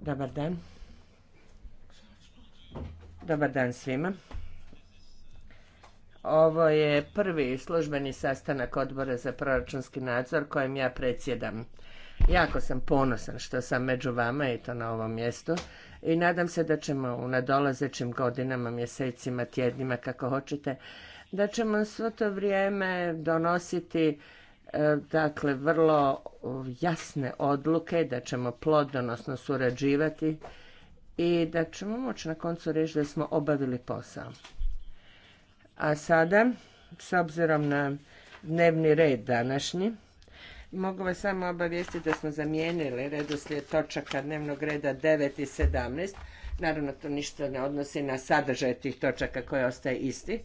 Dobar dan. Dobar dan svima. Ovo je prvi službeni sastanak odbora za proračunski nadzor kojem ja predsjedam. Jako sam ponosan što sam među vama i to na ovom mjestu i nadam se da ćemo u nadolazećim godinama, mjesecima, tjednima, kako hoćete, da ćemo svo to vrijeme donositi E, dakle vrlo jasne odluke da ćemo plodonosno surađivati i da ćemo moći na koncu reći da smo obavili posao. A sada, s obzirom na dnevni red današnji, mogu vas samo obavijestiti da smo zamijenili redoslijed točaka dnevnog reda 9 i 17. Naravno, to ništa ne odnosi na sadržaj tih točaka koje ostaje isti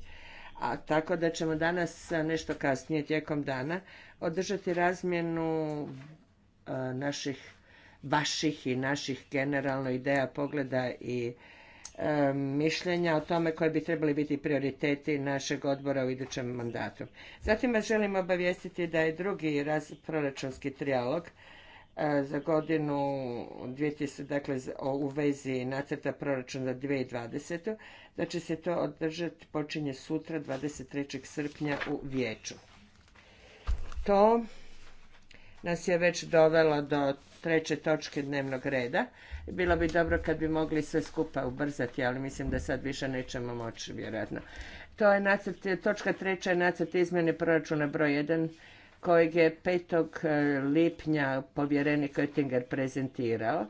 a tako da ćemo danas nešto kasnije tijekom dana održati razmjenu naših, vaših i naših generalno ideja, pogleda i mišljenja o tome koje bi trebali biti prioriteti našeg odbora u idućem mandatu. Zatim vas želim obavijestiti da je drugi proračunski trijalog E, za godinu dakle u vezi nacrta proračuna 2020. da će se to održati počinje sutra 23. srpnja u Vijeću. To nas je već dovelo do treće točke dnevnog reda. Bilo bi dobro kad bi mogli sve skupa ubrzati, ali mislim da sad više nećemo moći vjerojatno. To je nacrt, točka treća je nacrt izmjene proračuna broj 1 kojeg je 5. E, lipnja povjerenik Oettinger prezentirao.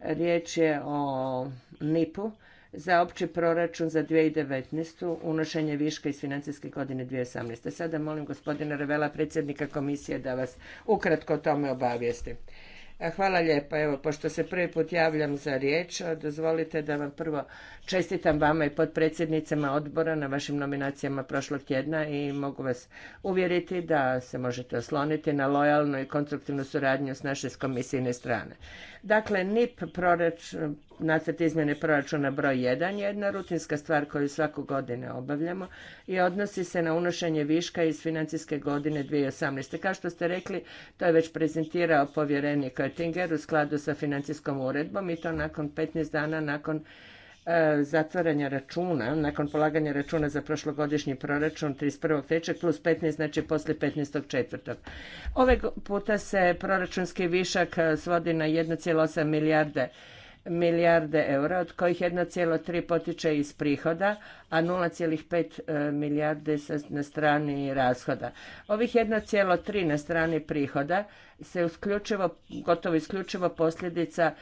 Riječ je o NIP-u za opći proračun za 2019. unošenje viška iz financijske godine 2018. Sada molim gospodina Revela, predsjednika komisije, da vas ukratko o tome obavijesti. E, hvala lijepa. Evo, pošto se prvi put javljam za riječ, e, dozvolite da vam prvo čestitam vama i podpredsjednicama odbora na vašim nominacijama prošlog tjedna i mogu vas uvjeriti da se možete osloniti na lojalnu i konstruktivnu suradnju s naše komisijne strane. Dakle, NIP proračun, nacrt izmjene proračuna broj 1 je jedna rutinska stvar koju svaku godine obavljamo i odnosi se na unošenje viška iz financijske godine 2018. Kao što ste rekli, to je već prezentirao povjerenik Oettinger u skladu sa financijskom uredbom i to nakon 15 dana nakon e, zatvaranja računa, nakon polaganja računa za prošlogodišnji proračun 31. 31.3. plus 15, znači poslije četvrtog. Ove puta se proračunski višak e, svodi na 1,8 milijarde milijarde eura, od kojih 1,3 potiče iz prihoda, a 0,5 e, milijarde na strani rashoda. Ovih 1,3 na strani prihoda se isključivo, gotovo isključivo posljedica,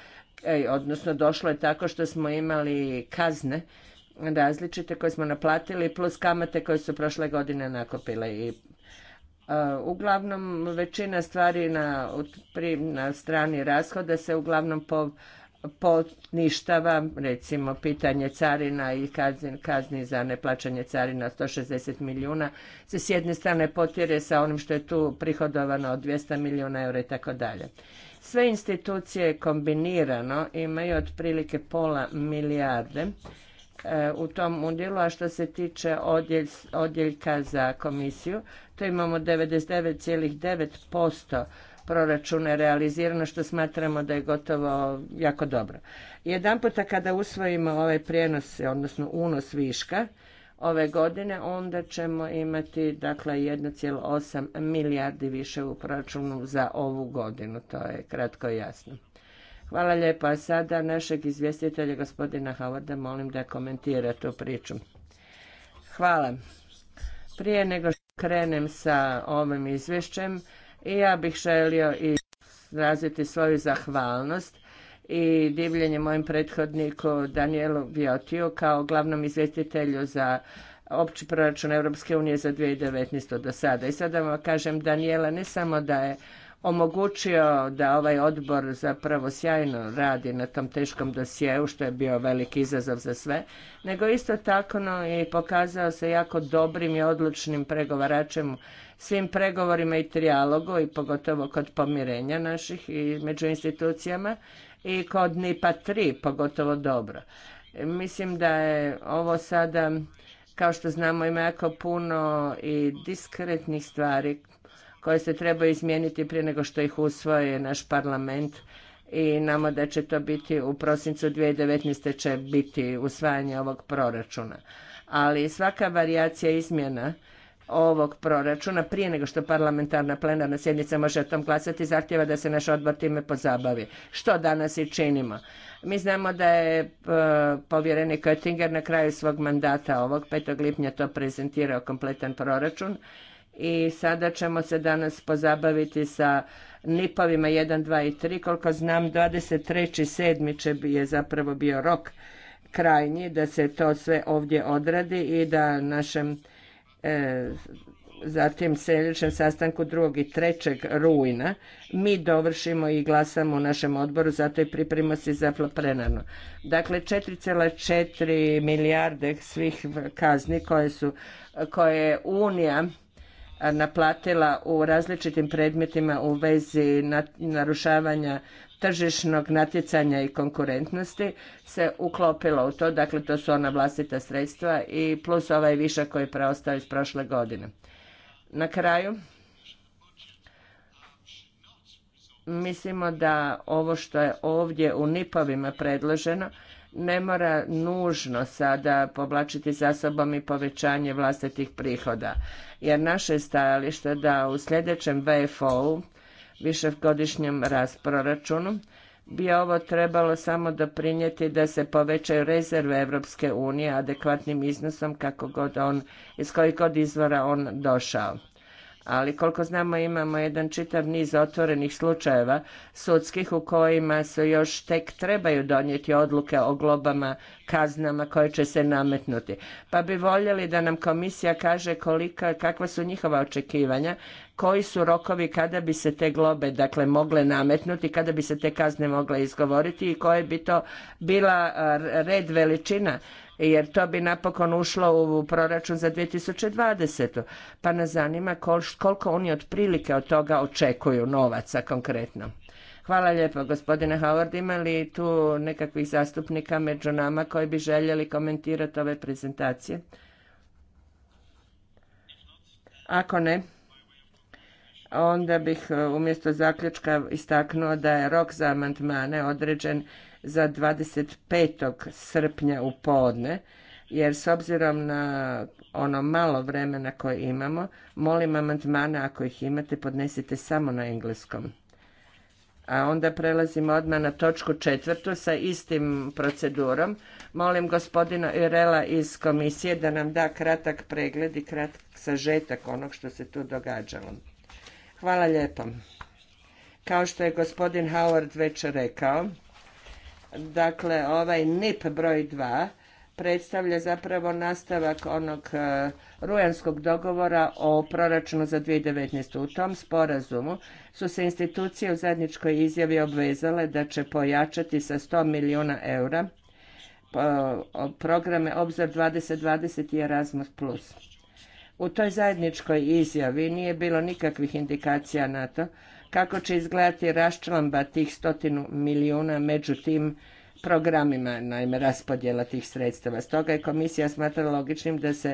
odnosno došlo je tako što smo imali kazne različite koje smo naplatili, plus kamate koje su prošle godine nakopile i e, Uglavnom, većina stvari na, na strani rashoda se uglavnom po, poništava recimo pitanje carina i kazni, kazni za neplaćanje carina 160 milijuna se s jedne strane potjere sa onim što je tu prihodovano od 200 milijuna eura i tako dalje. Sve institucije kombinirano imaju otprilike pola milijarde e, u tom udjelu, a što se tiče odjeljka za komisiju, to imamo 99,9% proračuna realizirano što smatramo da je gotovo jako dobro. Jedan puta kada usvojimo ovaj prijenos, odnosno unos viška ove godine, onda ćemo imati dakle 1,8 milijardi više u proračunu za ovu godinu. To je kratko i jasno. Hvala lijepo. A sada našeg izvjestitelja gospodina Havarda molim da komentira tu priču. Hvala. Prije nego što krenem sa ovim izvješćem, i ja bih želio izraziti svoju zahvalnost i divljenje mojem prethodniku Danielu Viotiju kao glavnom izvjestitelju za opći proračun Europske unije za 2019. do sada. I sada vam kažem, Daniela ne samo da je omogućio da ovaj odbor zapravo sjajno radi na tom teškom dosjeu, što je bio veliki izazov za sve, nego isto tako i pokazao se jako dobrim i odlučnim pregovaračem svim pregovorima i trijalogu i pogotovo kod pomirenja naših i među institucijama i kod NIPA 3 pogotovo dobro. Mislim da je ovo sada, kao što znamo, ima jako puno i diskretnih stvari koje se treba izmijeniti prije nego što ih usvoje naš parlament i namo da će to biti u prosincu 2019. će biti usvajanje ovog proračuna. Ali svaka varijacija izmjena ovog proračuna prije nego što parlamentarna plenarna sjednica može o tom glasati zahtjeva da se naš odbor time pozabavi. Što danas i činimo. Mi znamo da je e, povjerenik Oettinger na kraju svog mandata ovog 5. lipnja to prezentirao kompletan proračun i sada ćemo se danas pozabaviti sa nipovima 1, 2 i 3. Koliko znam 23. će je zapravo bio rok krajnji da se to sve ovdje odradi i da našem E, zatim sljedećem sastanku 2. i 3. rujna mi dovršimo i glasamo u našem odboru, zato i pripremimo se za plenarno. Dakle, 4,4 milijarde svih kazni koje su, koje je Unija naplatila u različitim predmetima u vezi narušavanja tržišnog natjecanja i konkurentnosti se uklopilo u to, dakle to su ona vlastita sredstva i plus ovaj višak koji je preostao iz prošle godine. Na kraju, mislimo da ovo što je ovdje u NIP-ovima predloženo ne mora nužno sada povlačiti za sobom i povećanje vlastitih prihoda. Jer naše stajalište da u sljedećem VFO-u višegodišnjem rasproračunu, bi ovo trebalo samo doprinijeti da se povećaju rezerve Europske unije adekvatnim iznosom kako god on, iz kojih god izvora on došao ali koliko znamo imamo jedan čitav niz otvorenih slučajeva sudskih u kojima se još tek trebaju donijeti odluke o globama, kaznama koje će se nametnuti. Pa bi voljeli da nam komisija kaže kolika, kakva su njihova očekivanja, koji su rokovi kada bi se te globe dakle mogle nametnuti, kada bi se te kazne mogle izgovoriti i koje bi to bila red veličina jer to bi napokon ušlo u proračun za 2020. Pa nas zanima koliko oni otprilike od toga očekuju novaca konkretno. Hvala lijepo gospodine Howard. Ima li tu nekakvih zastupnika među nama koji bi željeli komentirati ove prezentacije? Ako ne, onda bih uh, umjesto zaključka istaknuo da je rok za amandmane određen za 25. srpnja u podne, jer s obzirom na ono malo vremena koje imamo, molim amandmane ako ih imate podnesite samo na engleskom. A onda prelazimo odmah na točku četvrtu sa istim procedurom. Molim gospodina Irela iz komisije da nam da kratak pregled i kratak sažetak onog što se tu događalo. Hvala lijepo. Kao što je gospodin Howard već rekao, Dakle, ovaj NIP broj 2 predstavlja zapravo nastavak onog e, rujanskog dogovora o proračunu za 2019. U tom sporazumu su se institucije u zajedničkoj izjavi obvezale da će pojačati sa 100 milijuna eura programe Obzor 2020 i Erasmus+. U toj zajedničkoj izjavi nije bilo nikakvih indikacija na to kako će izgledati raščlamba tih stotinu milijuna među tim programima, naime raspodjela tih sredstava. Stoga je komisija smatrala logičnim da se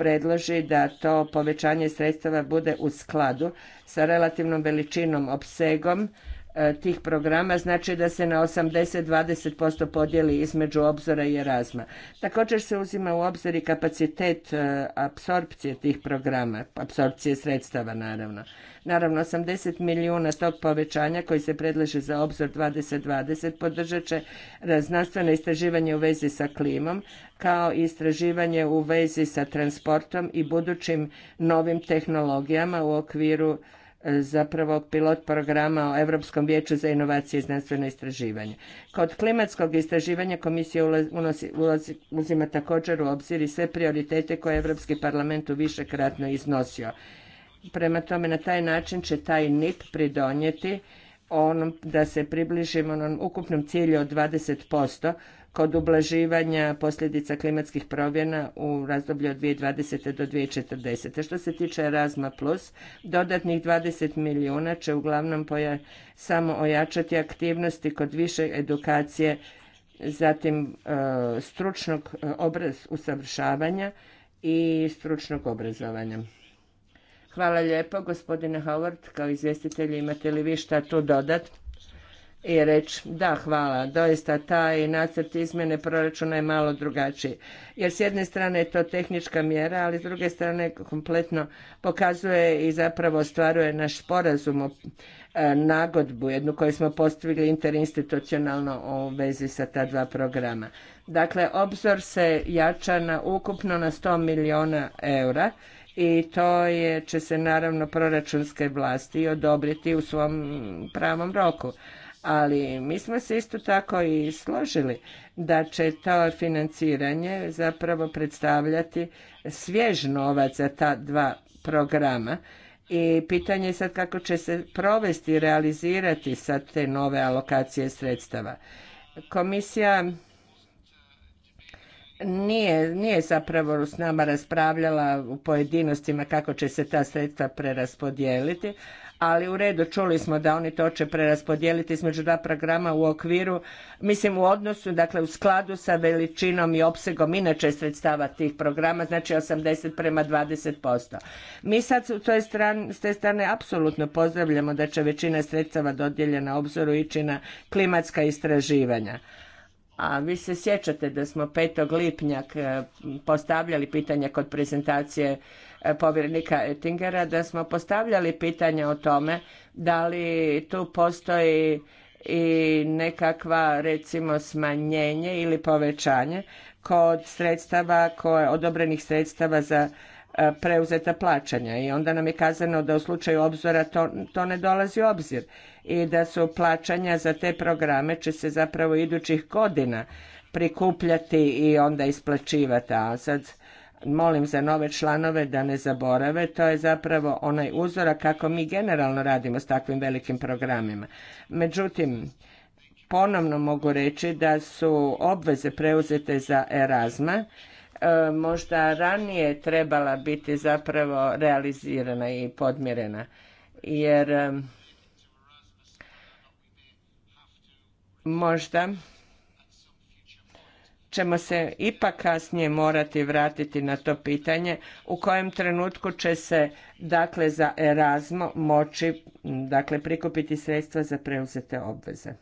predloži da to povećanje sredstava bude u skladu sa relativnom veličinom, opsegom E, tih programa znači da se na 80-20% podijeli između obzora i razma. Također se uzima u obzir i kapacitet e, apsorpcije tih programa, apsorpcije sredstava naravno. Naravno, 80 milijuna tog povećanja koji se predlaže za obzor 2020 podržat će znanstveno istraživanje u vezi sa klimom, kao i istraživanje u vezi sa transportom i budućim novim tehnologijama u okviru zapravo pilot programa o Europskom vijeću za inovacije i znanstveno istraživanje. Kod klimatskog istraživanja komisija uzima također u obzir i sve prioritete koje je Europski parlament u višekratno iznosio. Prema tome, na taj način će taj NIP pridonijeti onom da se približimo onom ukupnom cilju od 20% kod ublaživanja posljedica klimatskih promjena u razdoblju od 2020. do 2040. Što se tiče Erasma Plus, dodatnih 20 milijuna će uglavnom samo ojačati aktivnosti kod više edukacije, zatim e, stručnog e, obraz usavršavanja i stručnog obrazovanja. Hvala lijepo, gospodine Howard, kao izvjestitelji imate li vi šta tu dodati? i reći da hvala, doista taj nacrt izmjene proračuna je malo drugačiji. Jer s jedne strane je to tehnička mjera, ali s druge strane kompletno pokazuje i zapravo stvaruje naš sporazum o e, nagodbu, jednu koju smo postavili interinstitucionalno u vezi sa ta dva programa. Dakle, obzor se jača na ukupno na 100 milijuna eura i to je, će se naravno proračunske vlasti odobriti u svom pravom roku ali mi smo se isto tako i složili da će to financiranje zapravo predstavljati svjež novac za ta dva programa i pitanje je sad kako će se provesti i realizirati sad te nove alokacije sredstava. Komisija nije, nije zapravo s nama raspravljala u pojedinostima kako će se ta sredstva preraspodijeliti, ali u redu čuli smo da oni to će preraspodijeliti između dva programa u okviru, mislim u odnosu, dakle u skladu sa veličinom i opsegom inače sredstava tih programa, znači 80 prema 20%. Mi sad s te strane apsolutno pozdravljamo da će većina sredstava dodijeljena obzoru ići na klimatska istraživanja. A vi se sjećate da smo 5. lipnja postavljali pitanje kod prezentacije E, povjerenika Ettingera da smo postavljali pitanje o tome da li tu postoji i nekakva recimo smanjenje ili povećanje kod sredstava koje odobrenih sredstava za e, preuzeta plaćanja i onda nam je kazano da u slučaju obzora to, to ne dolazi u obzir i da su plaćanja za te programe će se zapravo idućih godina prikupljati i onda isplaćivati. A sad molim za nove članove da ne zaborave, to je zapravo onaj uzorak kako mi generalno radimo s takvim velikim programima. Međutim, ponovno mogu reći da su obveze preuzete za Erasma e, možda ranije trebala biti zapravo realizirana i podmirena. Jer e, možda ćemo se ipak kasnije morati vratiti na to pitanje u kojem trenutku će se dakle za Erasmo moći dakle prikupiti sredstva za preuzete obveze. E,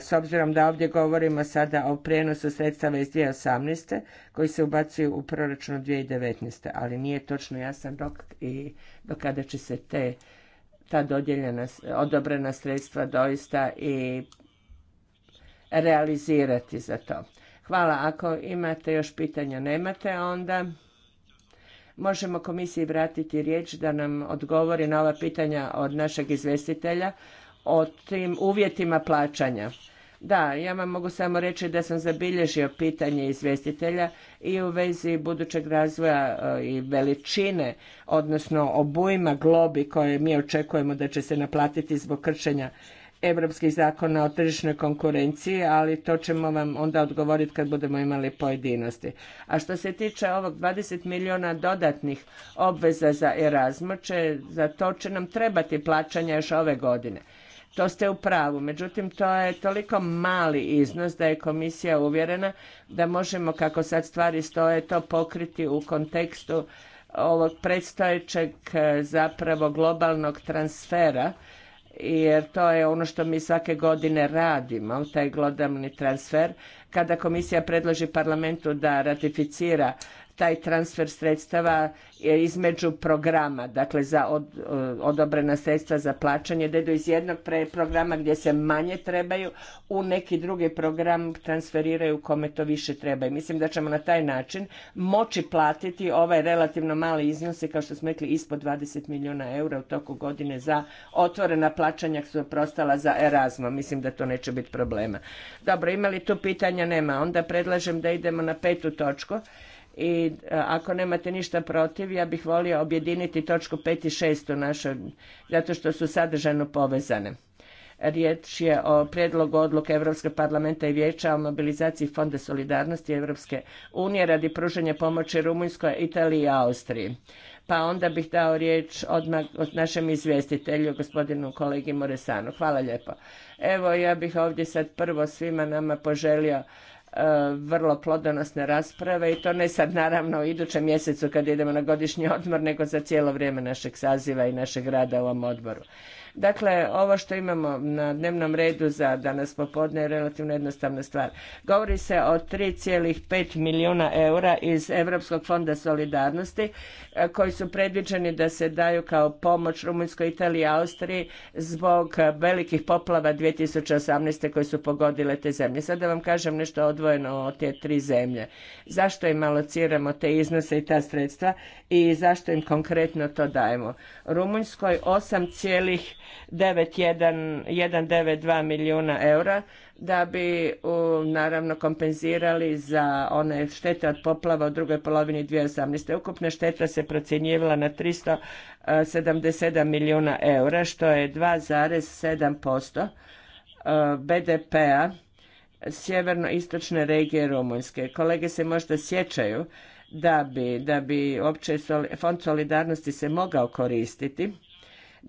s obzirom da ovdje govorimo sada o prijenosu sredstava iz 2018. koji se ubacuju u proračun 2019. ali nije točno jasan dok i do kada će se te ta dodijeljena odobrena sredstva doista i realizirati za to. Hvala. Ako imate još pitanja, nemate, onda možemo komisiji vratiti riječ da nam odgovori na ova pitanja od našeg izvjestitelja o tim uvjetima plaćanja. Da, ja vam mogu samo reći da sam zabilježio pitanje izvjestitelja i u vezi budućeg razvoja e, i veličine, odnosno obujma globi koje mi očekujemo da će se naplatiti zbog kršenja europskih zakona o tržišnoj konkurenciji, ali to ćemo vam onda odgovoriti kad budemo imali pojedinosti. A što se tiče ovog 20 milijuna dodatnih obveza za Erasmo, za to će nam trebati plaćanja još ove godine. To ste u pravu. Međutim, to je toliko mali iznos da je komisija uvjerena da možemo, kako sad stvari stoje, to pokriti u kontekstu ovog predstojećeg e, zapravo globalnog transfera jer to je ono što mi svake godine radimo, taj globalni transfer. Kada komisija predloži parlamentu da ratificira taj transfer sredstava između programa, dakle za od, eh, odobrena sredstva za plaćanje, da idu iz jednog programa gdje se manje trebaju u neki drugi program transferiraju kome to više treba. I mislim da ćemo na taj način moći platiti ovaj relativno mali iznose, kao što smo rekli, ispod 20 milijuna eura u toku godine za otvorena plaćanja koja su prostala za Erasmo. Mislim da to neće biti problema. Dobro, imali tu pitanja? Nema. Onda predlažem da idemo na petu točku i e, ako nemate ništa protiv, ja bih volio objediniti točku 5 i 6 u našoj, zato što su sadržajno povezane. Riječ je o prijedlogu odluke Europskog parlamenta i vijeća o mobilizaciji Fonda solidarnosti Europske unije radi pružanja pomoći Rumunjskoj, Italiji i Austriji. Pa onda bih dao riječ odmah od našem izvjestitelju, gospodinu kolegi Moresanu. Hvala lijepo. Evo, ja bih ovdje sad prvo svima nama poželio E, vrlo plodonosne rasprave i to ne sad naravno u idućem mjesecu kad idemo na godišnji odmor nego za cijelo vrijeme našeg saziva i našeg rada u ovom odboru. Dakle, ovo što imamo na dnevnom redu za danas popodne je relativno jednostavna stvar. Govori se o 3,5 milijuna eura iz Europskog fonda solidarnosti e, koji su predviđeni da se daju kao pomoć Rumunjskoj, Italiji i Austriji zbog velikih poplava 2018. koje su pogodile te zemlje. sada da vam kažem nešto odvojeno o te tri zemlje. Zašto im alociramo te iznose i ta sredstva i zašto im konkretno to dajemo? Rumunjskoj 8,5 192 milijuna eura da bi naravno kompenzirali za one štete od poplava u drugoj polovini 2018. Ukupna šteta se procjenjivala na 377 milijuna eura što je 2,7% e, BDP-a sjeverno-istočne regije Rumunjske. Kolege se možda sjećaju da bi, da bi uopće Fond solidarnosti se mogao koristiti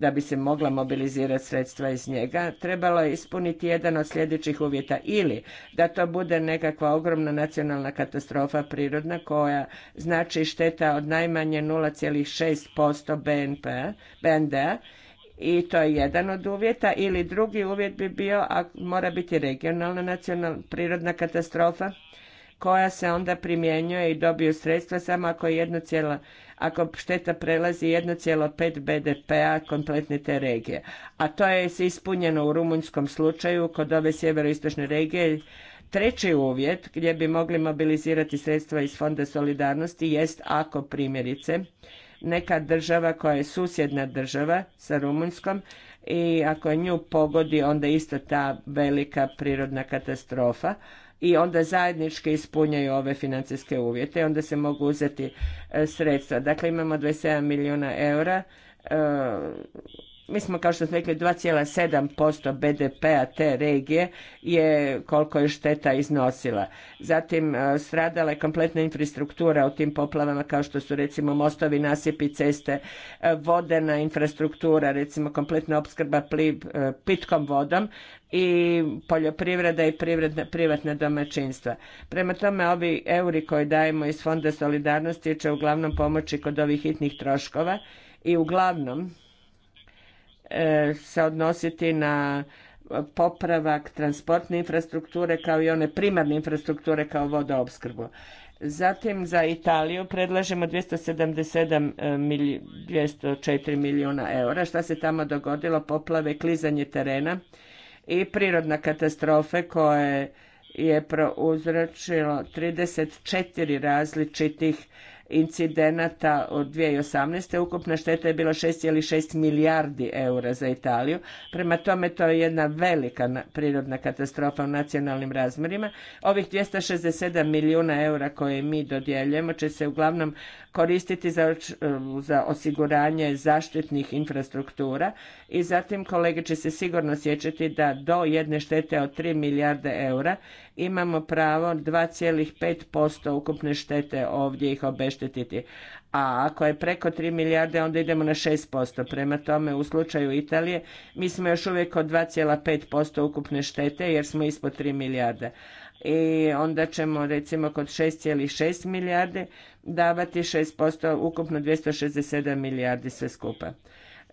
da bi se mogla mobilizirati sredstva iz njega, trebalo je ispuniti jedan od sljedećih uvjeta ili da to bude nekakva ogromna nacionalna katastrofa prirodna koja znači šteta od najmanje 0,6% BNP, bnd i to je jedan od uvjeta ili drugi uvjet bi bio, a mora biti regionalna nacionalna prirodna katastrofa koja se onda primjenjuje i dobiju sredstva samo ako, jedno cijela, ako šteta prelazi 1,5 BDP-a kompletne te regije. A to je ispunjeno u rumunjskom slučaju kod ove sjeveroistočne regije. Treći uvjet gdje bi mogli mobilizirati sredstva iz Fonda solidarnosti jest ako primjerice neka država koja je susjedna država sa Rumunjskom i ako nju pogodi onda isto ta velika prirodna katastrofa i onda zajednički ispunjaju ove financijske uvjete i onda se mogu uzeti e, sredstva. Dakle, imamo 27 milijuna eura e, mi smo kao što ste rekli 2,7% BDP-a te regije je koliko je šteta iznosila. Zatim e, stradala je kompletna infrastruktura u tim poplavama kao što su recimo mostovi, nasipi, ceste, e, vodena infrastruktura, recimo kompletna opskrba e, pitkom vodom i poljoprivreda i privredna, privatna domaćinstva. Prema tome, ovi euri koje dajemo iz Fonda solidarnosti će uglavnom pomoći kod ovih hitnih troškova i uglavnom E, se odnositi na popravak transportne infrastrukture kao i one primarne infrastrukture kao vodoopskrbu. Zatim za Italiju predlažemo 277 milij, 204 milijuna eura. Šta se tamo dogodilo? Poplave, klizanje terena i prirodna katastrofe koje je prouzročilo 34 različitih incidenata od 2018. Ukupna šteta je bila 6,6 milijardi eura za Italiju. Prema tome to je jedna velika prirodna katastrofa u nacionalnim razmerima. Ovih 267 milijuna eura koje mi dodjeljujemo će se uglavnom koristiti e, za, osiguranje zaštitnih infrastruktura i zatim kolege će se sigurno sjećati da do jedne štete od 3 milijarde eura imamo pravo 2,5% ukupne štete ovdje ih obeštetiti. A ako je preko 3 milijarde, onda idemo na 6%. Prema tome, u slučaju Italije, mi smo još uvijek od 2,5% ukupne štete jer smo ispod 3 milijarde i onda ćemo recimo kod 6,6 milijarde davati 6%, ukupno 267 milijardi sve skupa.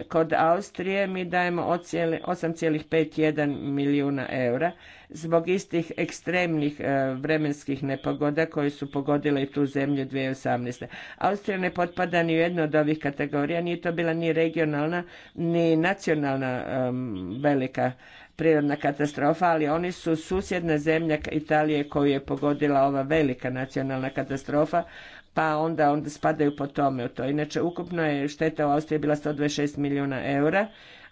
Kod Austrije mi dajemo 8,51 milijuna eura zbog istih ekstremnih e, vremenskih nepogoda koje su pogodile i tu zemlju 2018. Austrija ne potpada ni u jednu od ovih kategorija, nije to bila ni regionalna ni nacionalna velika prirodna katastrofa, ali oni su susjedna zemlja Italije koju je pogodila ova velika nacionalna katastrofa, pa onda, onda spadaju po tome u to. Inače, ukupno je šteta u Austriji bila 126 milijuna eura,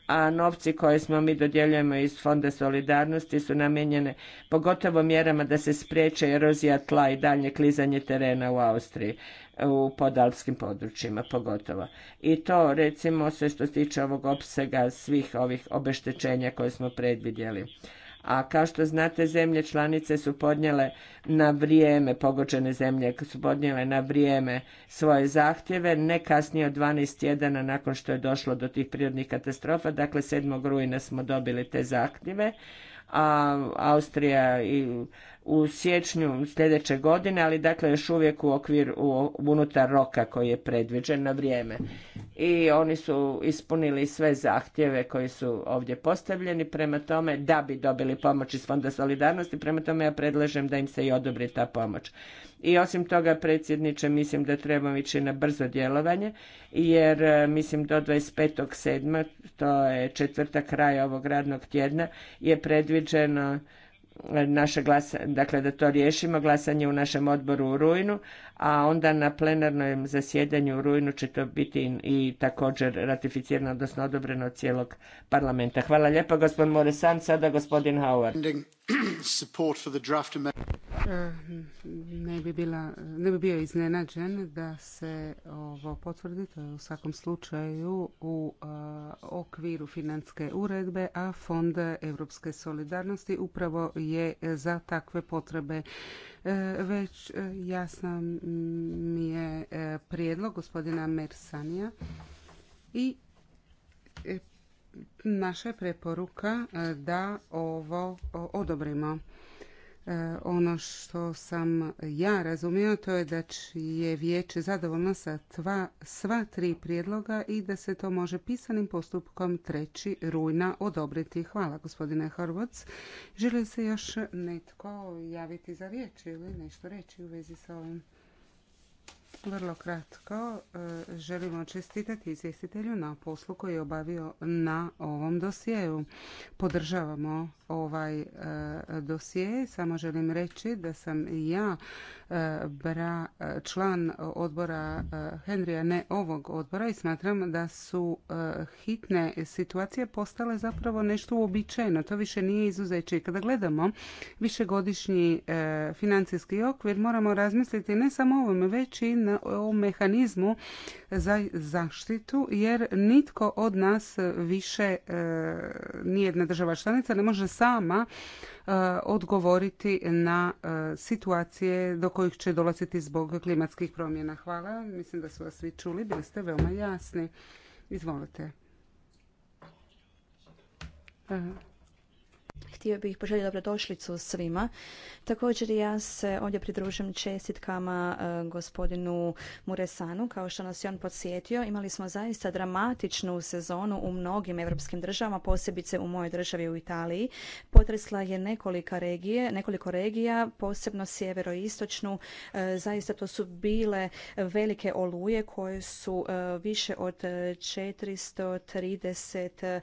a novci koje smo mi dodjeljujemo iz Fonda solidarnosti su namijenjene pogotovo mjerama da se spriječe erozija tla i daljnje klizanje terena u Austriji u podalpskim područjima pogotovo. I to recimo sve što se tiče ovog opsega svih ovih obeštećenja koje smo predvidjeli. A kao što znate, zemlje članice su podnijele na vrijeme, pogođene zemlje su podnijele na vrijeme svoje zahtjeve, ne kasnije od 12 tjedana nakon što je došlo do tih prirodnih katastrofa, dakle 7. rujna smo dobili te zahtjeve, a Austrija i u siječnju sljedeće godine, ali dakle još uvijek u okvir u, unutar roka koji je predviđen na vrijeme. I oni su ispunili sve zahtjeve koji su ovdje postavljeni prema tome da bi dobili pomoć iz Fonda solidarnosti, prema tome ja predlažem da im se i odobri ta pomoć. I osim toga, predsjedniče, mislim da trebamo ići na brzo djelovanje, jer e, mislim do 25.7., to je četvrta kraja ovog radnog tjedna, je predviđeno naše glasa, dakle da to riješimo, glasanje u našem odboru u rujnu, a onda na plenarnom zasjedanju u rujnu će to biti i također ratificirano, odnosno odobreno od cijelog parlamenta. Hvala lijepa gospodin Moresan, sada gospodin Howard. Eh, ne bi, bio iznenađen da se ovo potvrdi, to je u svakom slučaju u eh, okviru financijske uredbe, a Fond Europske solidarnosti upravo je za takve potrebe E, već e, jasna mi je e, prijedlog gospodina Mersanija i naša je preporuka da ovo odobrimo. E, ono što sam ja razumio to je da je vijeće zadovoljno sa tva, sva tri prijedloga i da se to može pisanim postupkom 3. rujna odobriti. Hvala gospodine Horvac. Želi se još netko javiti za riječ ili nešto reći u vezi sa ovim? Vrlo kratko, e, želimo čestitati izvjestitelju na poslu koji je obavio na ovom dosjeu. Podržavamo ovaj e, dosje, samo želim reći da sam ja e, član odbora Henrija, ne ovog odbora i smatram da su hitne situacije postale zapravo nešto uobičajeno. To više nije izuzeće. Kada gledamo višegodišnji financijski okvir, moramo razmisliti ne samo o ovome, već i na o mehanizmu za zaštitu jer nitko od nas više, e, nijedna država članica, ne može sama e, odgovoriti na e, situacije do kojih će dolaziti zbog klimatskih promjena. Hvala, mislim da su vas svi čuli, bili ste veoma jasni. Izvolite htio bih poželjeti dobrodošlicu svima. Također ja se ovdje pridružim čestitkama e, gospodinu Muresanu. Kao što nas je on podsjetio, imali smo zaista dramatičnu sezonu u mnogim europskim državama, posebice u mojoj državi u Italiji. Potresla je nekolika regije, nekoliko regija, posebno sjeveroistočnu. E, zaista to su bile velike oluje koje su e, više od 430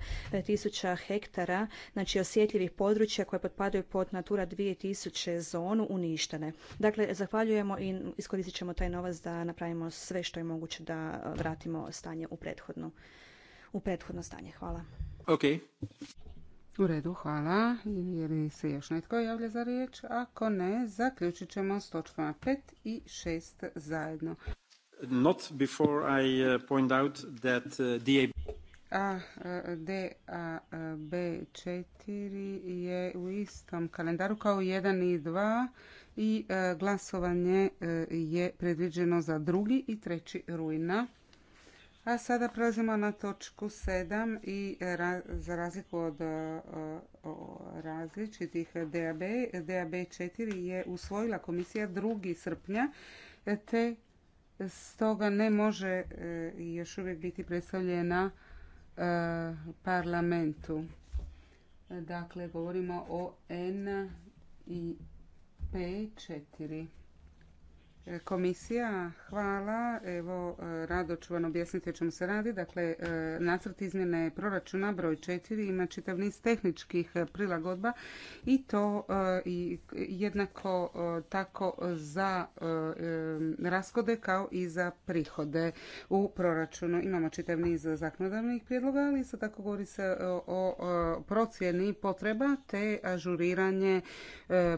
tisuća hektara, znači osjetljivih područja koje potpadaju pod Natura 2000 zonu uništene. Dakle, zahvaljujemo i iskoristit ćemo taj novac da napravimo sve što je moguće da e, vratimo stanje u prethodno, u prethodno stanje. Hvala. Ok. U redu, hvala. Je li se još netko javlja za riječ? Ako ne, zaključit ćemo s točkama 5 i 6 zajedno. Not before I uh, point out that uh, DAB a e, DAB4 e, je u istom kalendaru kao 1 i 2 i e, glasovanje je predviđeno za 2. i 3. rujna. A sada prelazimo na točku 7 i za razliku od različitih DAB, DAB4 je usvojila komisija 2. srpnja te stoga ne može još uvijek biti predstavljena Eh, parlamentu. Dakle, govorimo o N i P4. E, komisija, hvala. Evo, e, rado ću vam objasniti o čemu se radi. Dakle, e, nacrt izmjene proračuna broj 4 ima čitav niz tehničkih prilagodba i to jednako tako za raskode kao i za prihode u proračunu. Imamo čitav niz zakonodavnih prijedloga, ali isto tako govori se o procjeni potreba te ažuriranje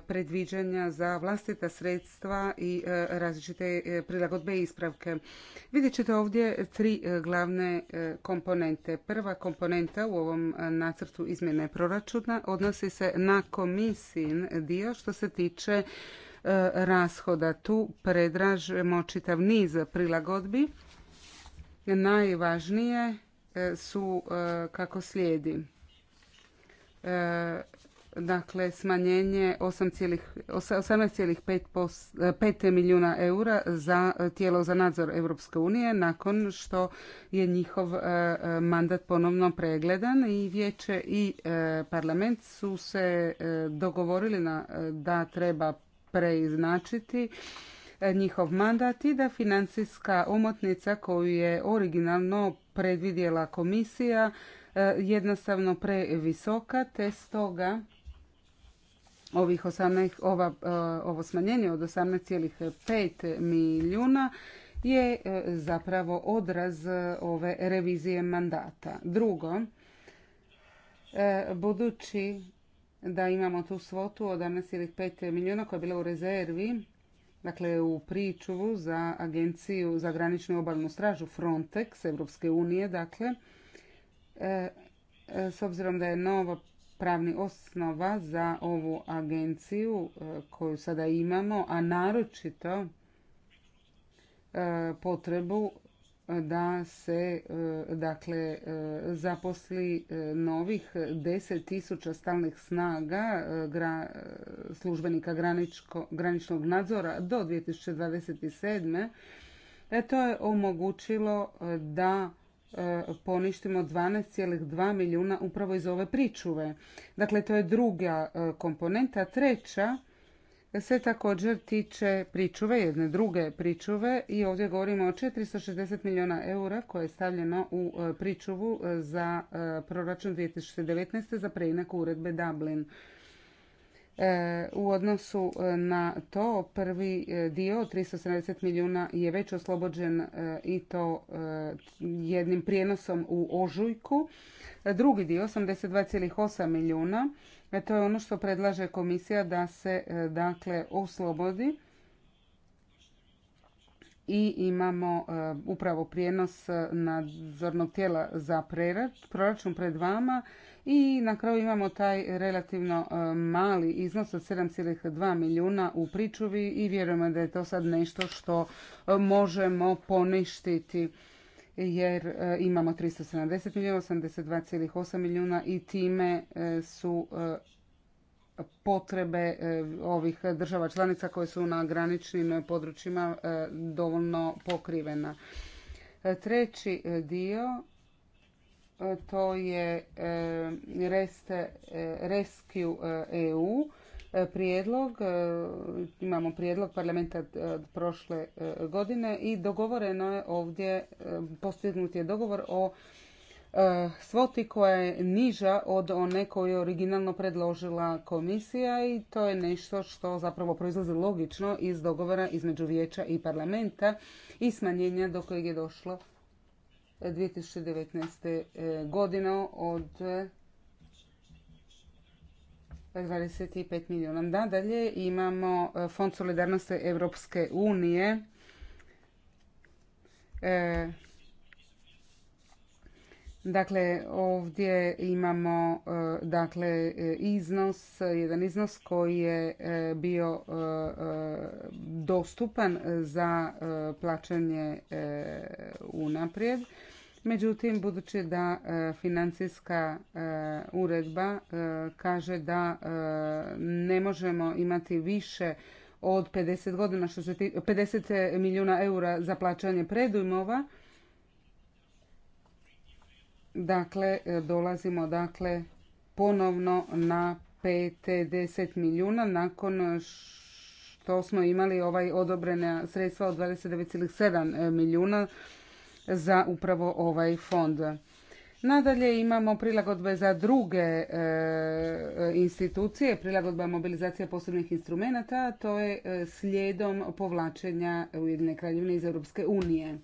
predviđanja za vlastita sredstva i različite e, prilagodbe i ispravke. Vidjet ćete ovdje tri e, glavne e, komponente. Prva komponenta u ovom nacrtu izmjene proračuna odnosi se na komisin dio što se tiče rashoda. Tu predražemo čitav niz prilagodbi. Najvažnije su kako slijedi dakle smanjenje 18,5 eh, milijuna eura za eh, tijelo za nadzor Europske unije nakon što je njihov eh, mandat ponovno pregledan i vijeće i parlament su se dogovorili da treba preiznačiti njihov mandat i da financijska omotnica koju je originalno predvidjela komisija jednostavno previsoka te stoga ovih 18, ova, e, ovo smanjenje od 18,5 milijuna je e, zapravo odraz ove revizije mandata. Drugo, e, budući da imamo tu svotu od 11,5 milijuna koja je bila u rezervi, dakle u pričuvu za agenciju za graničnu obalnu stražu Frontex Evropske unije, dakle, s obzirom da je novo pravni osnova za ovu agenciju e, koju sada imamo, a naročito e, potrebu e, da se dakle zaposli novih 10.000 stalnih snaga službenika graničko, graničnog nadzora do 2027. E, to je omogućilo da E, poništimo 12,2 milijuna upravo iz ove pričuve. Dakle, to je druga e, komponenta. Treća se također tiče pričuve, jedne druge pričuve i ovdje govorimo o 460 milijuna eura koje je stavljeno u e, pričuvu za proračun 2019. za preinak uredbe Dublin. E, u odnosu e, na to prvi e, dio 370 milijuna je već oslobođen i to jednim prijenosom u ožujku. Drugi dio 82,8 milijuna to je ono što predlaže komisija da se dakle oslobodi i imamo upravo prijenos nadzornog tijela za proračun pred vama i na kraju imamo taj relativno e, mali iznos od 7,2 milijuna u pričuvi i vjerujemo da je to sad nešto što e, možemo poništiti jer e, imamo 370 milijuna, 82,8 milijuna i time su potrebe ovih država članica koje su na graničnim područjima dovoljno pokrivena. Treći dio to je e, e, Rescue EU e prijedlog. Imamo prijedlog parlamenta prošle godine i dogovoreno je ovdje, postignut je dogovor o svoti koja je niža od one koju je originalno predložila komisija i to je nešto što zapravo proizlazi logično iz dogovora između vijeća i parlamenta i smanjenja do kojeg je došlo 2019. E, godine od 25 e, milijuna. Nadalje imamo e, Fond solidarnosti Europske unije Dakle, ovdje imamo dakle, iznos, jedan iznos koji je bio dostupan za plaćanje unaprijed. Međutim, budući da e, financijska e, uredba e, kaže da ne možemo imati više od 50 godina 50 milijuna eura za plaćanje predujmova, dakle dolazimo dakle ponovno na 50 milijuna nakon što smo imali ovaj odobrena sredstva od 29,7 milijuna za upravo ovaj fond. Nadalje imamo prilagodbe za druge e, institucije, prilagodba mobilizacija posebnih instrumenata, to je e, slijedom povlačenja Ujedine kraljevine iz Europske unije.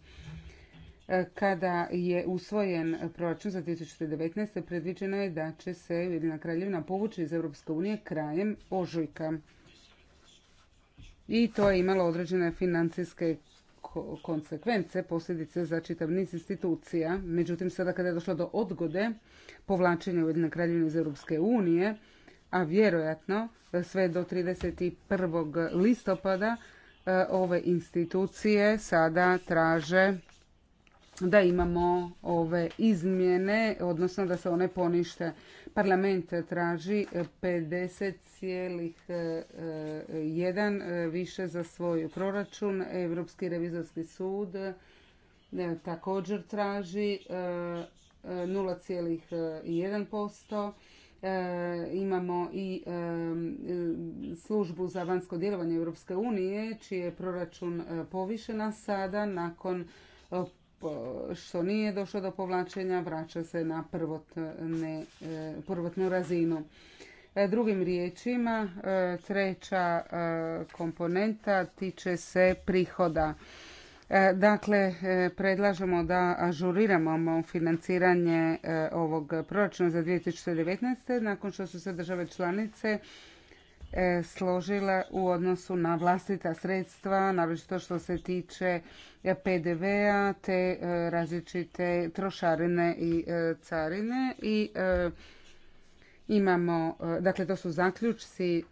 E, kada je usvojen proračun za 2019. predviđeno je da će se Ujedina kraljevina povući iz Europske unije krajem ožujka. I to je imalo određene financijske konsekvence, posljedice za čitav niz institucija. Međutim, sada kada je došlo do odgode povlačenja Ujedine kraljevine iz Europske unije, a vjerojatno e, sve do 31. listopada e, ove institucije sada traže da imamo ove izmjene, odnosno da se one ponište. Parlament traži 50,1 e, e, e, više za svoj proračun. Europski revizorski sud također traži 0,1%. posto imamo i službu za vanjsko djelovanje Europske unije, čiji je proračun povišena sada nakon što nije došlo do povlačenja vraća se na e, prvotnu razinu. E, drugim riječima, e, treća komponenta tiče se prihoda. Dakle, predlažemo da ažuriramo financiranje ovog proračuna za 2019. nakon što su se države članice E, složila u odnosu na vlastita sredstva, naročito što se tiče e, PDV-a te e, različite trošarine i carine i imamo, dakle to su zaključci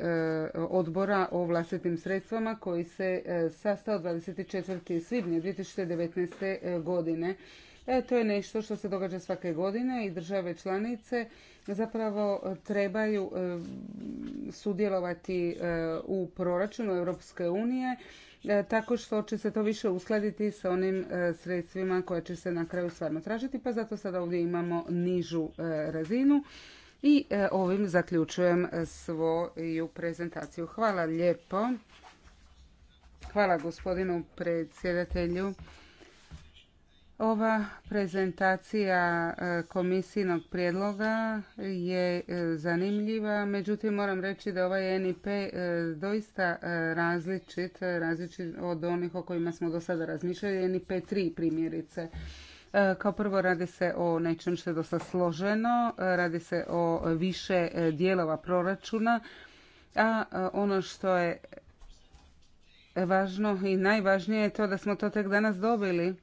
odbora o vlastitim sredstvama koji se sastao 24. svibnja 2019. godine. to je nešto što se događa svake godine i države članice zapravo e, trebaju e, sudjelovati e, u proračunu Europske unije tako što će se to više uskladiti sa onim sredstvima koja će se na kraju stvarno tražiti, pa zato sada ovdje imamo nižu razinu. I ovim zaključujem svoju prezentaciju. Hvala lijepo. Hvala gospodinu predsjedatelju. Ova prezentacija e, komisijnog prijedloga je e, zanimljiva, međutim moram reći da ovaj NIP e, doista različit, različit od onih o kojima smo do sada razmišljali, NIP 3 primjerice. Kao prvo radi se o nečem što je dosta složeno, radi se o više dijelova proračuna, a ono što je važno i najvažnije je to da smo to tek danas dobili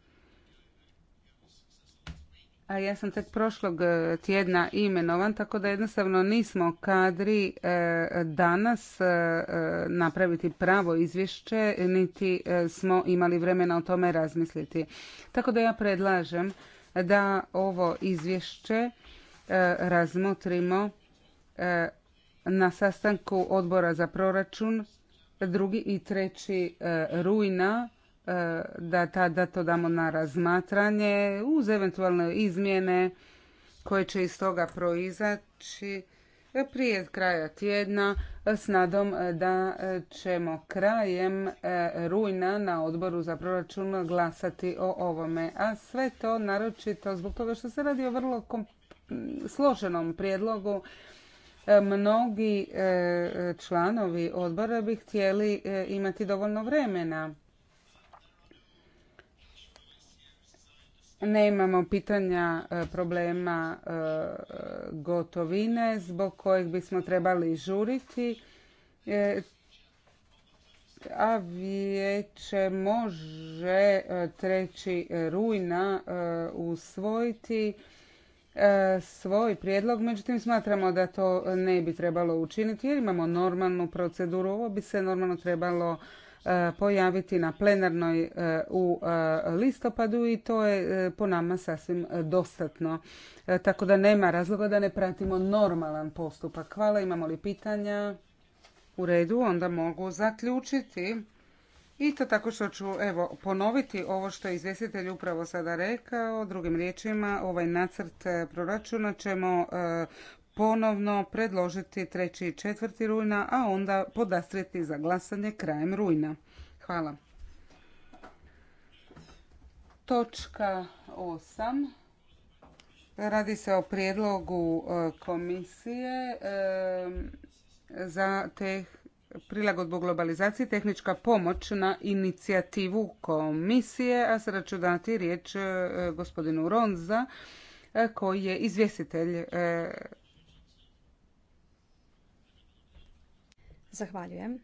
a ja sam tek prošlog e, tjedna imenovan, tako da jednostavno nismo kadri e, danas e, napraviti pravo izvješće, niti smo imali vremena o tome razmisliti. Tako da ja predlažem da ovo izvješće razmotrimo na sastanku odbora za proračun drugi i treći rujna E, da to damo na razmatranje uz eventualne izmjene koje će iz toga proizaći e, prije kraja tjedna e, s nadom da ćemo krajem rujna na odboru za proračun glasati o ovome. A sve to naročito zbog toga što se radi o vrlo složenom prijedlogu mnogi članovi odbora bi htjeli imati dovoljno vremena imamo pitanja e, problema e, gotovine zbog kojeg bismo trebali žuriti e, a vijeće može 3. rujna usvojiti svoj prijedlog, međutim smatramo da to ne bi trebalo učiniti jer imamo normalnu proceduru. Ovo bi se normalno trebalo E, pojaviti na plenarnoj e, u e, listopadu i to je po nama sasvim dostatno. Tako da nema razloga da ne pratimo normalan postupak. Hvala, imamo li pitanja? U redu, onda mogu zaključiti. I to tako što ću evo, ponoviti ovo što je izvjestitelj upravo sada rekao. Drugim riječima, ovaj nacrt proračuna ćemo ponovno predložiti 3. i 4. rujna, a onda podastrijeti za glasanje krajem rujna. Hvala. Točka 8. Radi se o prijedlogu e, komisije e, za te prilagodbu globalizaciji tehnička pomoć na inicijativu komisije, a sada ću dati riječ e, gospodinu Ronza koji je izvjestitelj Zahvaljujem.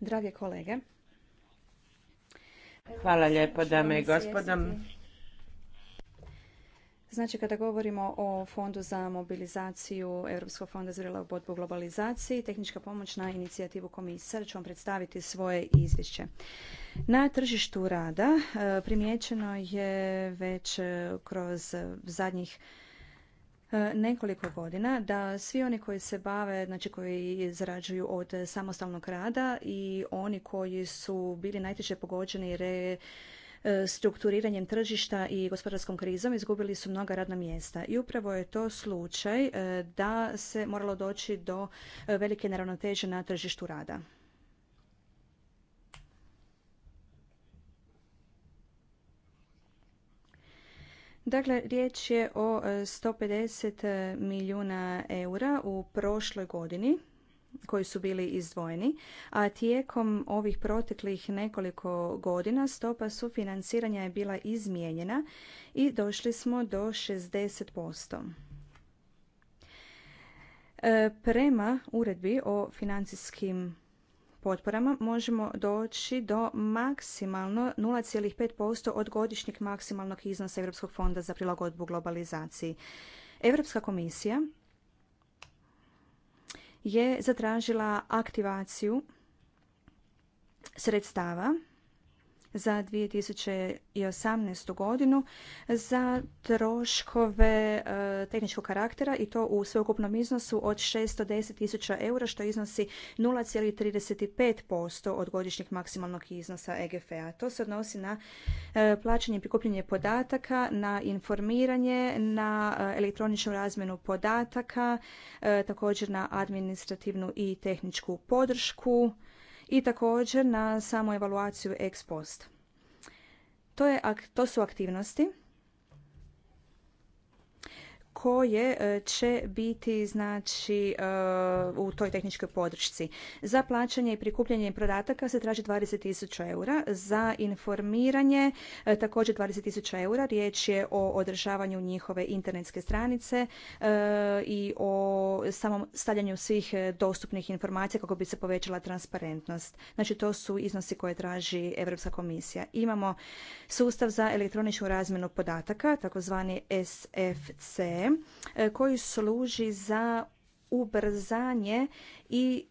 Drage kolege. Hvala lijepo, dame i gospodom. Znači, kada govorimo o Fondu za mobilizaciju Europskog fonda za prilagodbu globalizaciji, tehnička pomoć na inicijativu komisar će vam predstaviti svoje izvješće. Na tržištu rada e, primijećeno je već e, kroz zadnjih E, nekoliko godina da svi oni koji se bave, znači koji izrađuju od samostalnog rada i oni koji su bili najteže pogođeni re, e, strukturiranjem tržišta i gospodarskom krizom izgubili su mnoga radna mjesta. I upravo je to slučaj e, da se moralo doći do velike neravnoteže na tržištu rada. Dakle, riječ je o 150 e, e, milijuna eura u prošloj godini koji su bili izdvojeni, a tijekom ovih proteklih nekoliko godina stopa sufinanciranja je bila izmijenjena i došli smo do 60%. E, prema uredbi o financijskim potporama možemo doći do maksimalno 0,5% od godišnjeg maksimalnog iznosa Europskog fonda za prilagodbu globalizaciji. Europska komisija je zatražila aktivaciju sredstava za 2018. godinu za troškove e, tehničkog karaktera i to u sveukupnom iznosu od 610 tisuća eura što iznosi 0,35% od godišnjeg maksimalnog iznosa EGF-a. To se odnosi na e, plaćanje i prikupljanje podataka, na informiranje, na e, elektroničnu razmjenu podataka, također na administrativnu i tehničku podršku, i također na samu evaluaciju ex post. To, je, to su aktivnosti koje e, će biti znači e, u toj tehničkoj podršci. Za plaćanje i prikupljanje podataka se traži 20.000 eura, za informiranje e, također 20.000 eura. Riječ je o održavanju njihove internetske stranice i o samom stavljanju svih dostupnih informacija kako bi se povećala transparentnost. Znači to su iznosi koje traži Europska komisija. Imamo sustav za elektroničku razmjenu podataka, takozvani SFC E, koji služi za ubrzanje i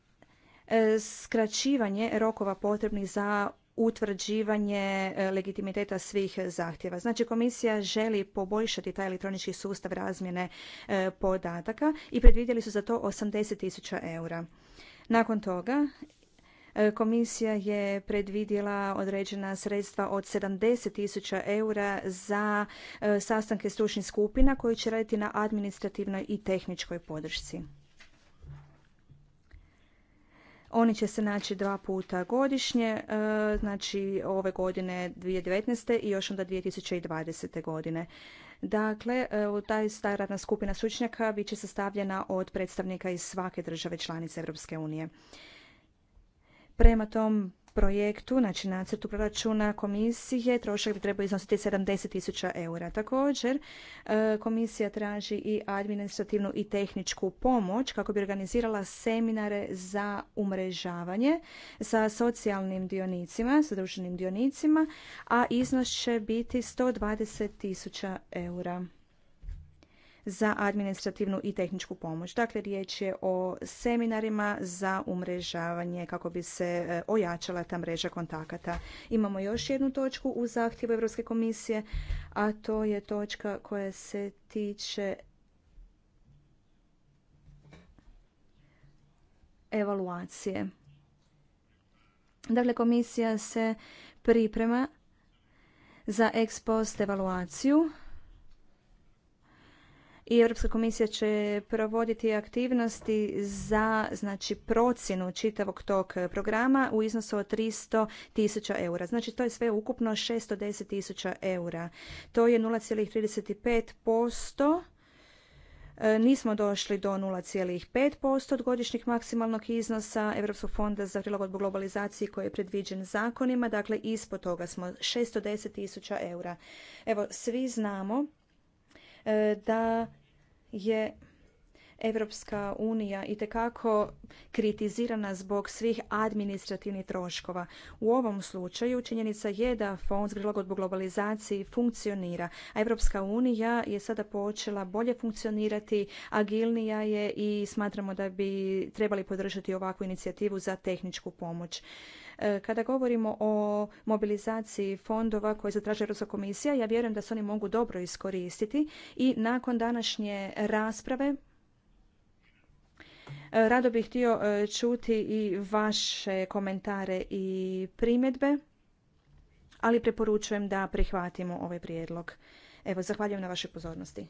e, skraćivanje rokova potrebnih za utvrđivanje e, legitimiteta svih zahtjeva. Znači komisija želi poboljšati taj elektronički sustav razmjene podataka i predvidjeli su za to 80 tisuća eura. Nakon toga E, komisija je predvidjela određena sredstva od 70 tisuća eura za e, sastanke stručnih skupina koji će raditi na administrativnoj i tehničkoj podršci. Oni će se naći dva puta godišnje, e, znači ove godine 2019. i još onda 2020. godine. Dakle, taj ta radna skupina stručnjaka bit će sastavljena od predstavnika iz svake države članice Europske unije. Prema tom projektu, znači nacrtu proračuna komisije, trošak bi trebao iznositi 70.000 tisuća eura. Također, e, komisija traži i administrativnu i tehničku pomoć kako bi organizirala seminare za umrežavanje sa socijalnim dionicima, sa društvenim dionicima, a iznos će biti 120.000 tisuća eura za administrativnu i tehničku pomoć. Dakle, riječ je o seminarima za umrežavanje kako bi se e, ojačala ta mreža kontakata. Imamo još jednu točku u zahtjevu Europske komisije, a to je točka koja se tiče evaluacije. Dakle, komisija se priprema za ex post evaluaciju i Europska komisija će provoditi aktivnosti za znači procjenu čitavog tog programa u iznosu od 300 tisuća eura. Znači to je sve ukupno 610 tisuća eura. To je 0,35% e, nismo došli do 0,5% od godišnjeg maksimalnog iznosa Europskog fonda za prilagodbu globalizaciji koji je predviđen zakonima, dakle ispod toga smo 610 tisuća eura. Evo, svi znamo E, da je Evropska unija i tekako kritizirana zbog svih administrativnih troškova. U ovom slučaju činjenica je da fond za prilagodbu globalizaciji funkcionira, a Evropska unija je sada počela bolje funkcionirati, agilnija je i smatramo da bi trebali podržati ovakvu inicijativu za tehničku pomoć. E, kada govorimo o mobilizaciji fondova koje zatraži Europska komisija, ja vjerujem da se oni mogu dobro iskoristiti i nakon današnje rasprave E, rado bih htio e, čuti i vaše komentare i primjedbe, ali preporučujem da prihvatimo ovaj prijedlog. Evo, zahvaljujem na vašoj pozornosti.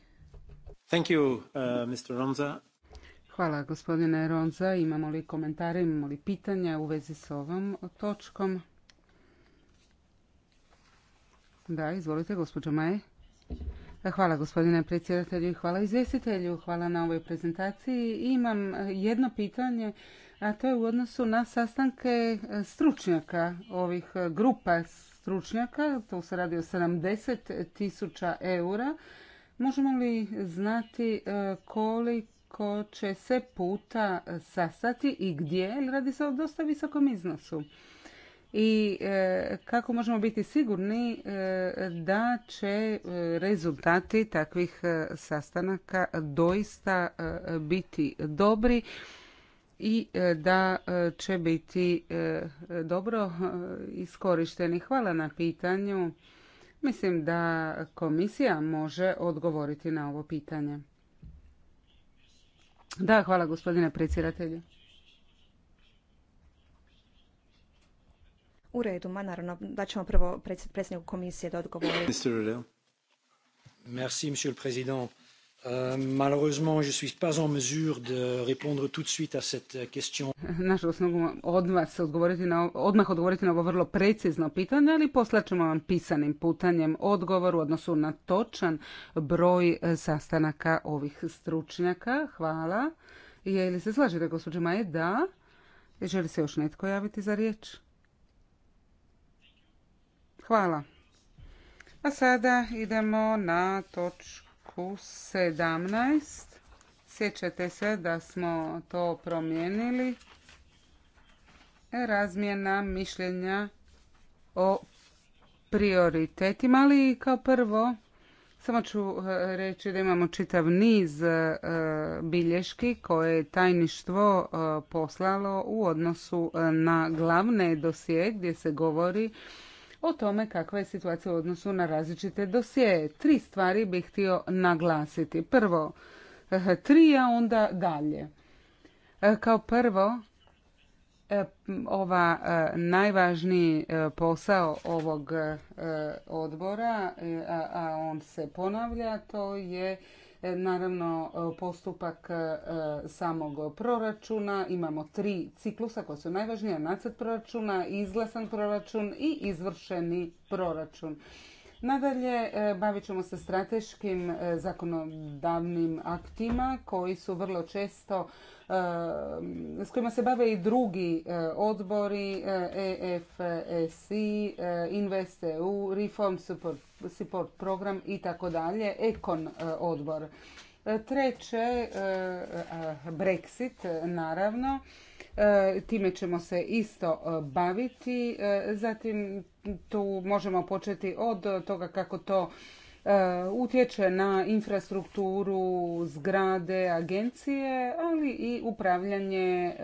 Thank you, e, Mr. Ronza. Hvala gospodine Ronza. Imamo li komentare, imamo li pitanja u vezi s ovom točkom? Da, izvolite gospođo Maje. Hvala gospodine predsjedatelju i hvala izvjestitelju. Hvala na ovoj prezentaciji. Imam jedno pitanje, a to je u odnosu na sastanke stručnjaka ovih grupa stručnjaka. To se radi o 70 tisuća eura. Možemo li znati e, koliko će se puta sastati i gdje? Radi se o dosta visokom iznosu i e, kako možemo biti sigurni e, da će e, rezultati takvih sastanaka doista biti dobri i da će biti dobro iskorišteni. Hvala na pitanju. Mislim da komisija može odgovoriti na ovo pitanje. Da, hvala gospodine predsjedatelju. U redu, ma naravno, da ćemo prvo predsjedniku komisije da odgovori. Merci, monsieur le président. Euh, malheureusement, je suis pas en mesure de répondre tout de suite à cette question. Nažalost, odmah se odgovoriti na, odmah odgovoriti na ovo vrlo precizno pitanje, ali poslaćemo vam pisanim putanjem odgovor u odnosu na točan broj e, sastanaka ovih stručnjaka. Hvala. Je li se slažete, gospođo Maje? Da. Želi se još netko javiti za riječ? Hvala. A sada idemo na točku 17. Sjećate se da smo to promijenili. Razmjena mišljenja o prioritetima, ali kao prvo samo ću e, reći da imamo čitav niz e, bilješki koje je tajništvo e, poslalo u odnosu na glavne dosije gdje se govori o tome kakva je situacija u odnosu na različite dosije. Tri stvari bih htio naglasiti. Prvo, eh, tri, a onda dalje. Eh, kao prvo, eh, ova najvažniji posao ovog odbora, a on se ponavlja, to je E, naravno e, postupak e, samog proračuna. Imamo tri ciklusa koja su najvažnija, nacrt proračuna, izglasan proračun i izvršeni proračun. Nadalje, e, bavit ćemo se strateškim e, zakonodavnim aktima koji su vrlo često, e, s kojima se bave i drugi odbori, EFSI, InvestEU, Reform Support Program i tako dalje, Ekon odbor. Treće, Brexit, naravno. E, time ćemo se isto e, baviti. E, zatim tu možemo početi od toga kako to utječe na infrastrukturu, zgrade, agencije, ali i upravljanje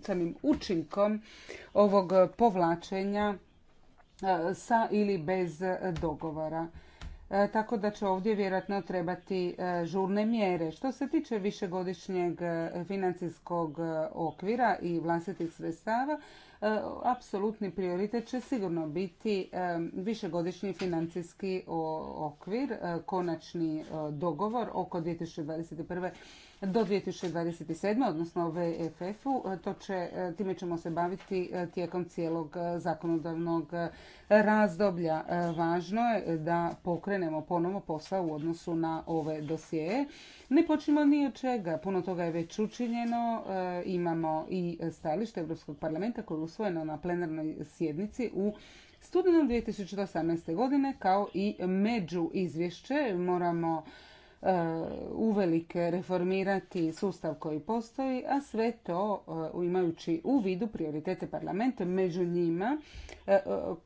samim učinkom ovog povlačenja sa ili bez dogovora. E, tako da će ovdje vjerojatno trebati e, žurne mjere. Što se tiče višegodišnjeg e, financijskog okvira i vlastitih sredstava, apsolutni prioritet će sigurno biti višegodišnji financijski okvir, konačni dogovor oko 2021 do 2027. odnosno VFF-u. To će, time ćemo se baviti e, tijekom cijelog e, zakonodavnog e, razdoblja. Važno je da pokrenemo ponovno posao u odnosu na ove dosije. Ne počnemo ni od čega. Puno toga je već učinjeno. Imamo i stajalište Europskog parlamenta koje je usvojeno na plenarnoj sjednici u studenom 2018. godine kao i među izvješće moramo E, uvelike reformirati sustav koji postoji, a sve to e, imajući u vidu prioritete parlamenta, među njima e,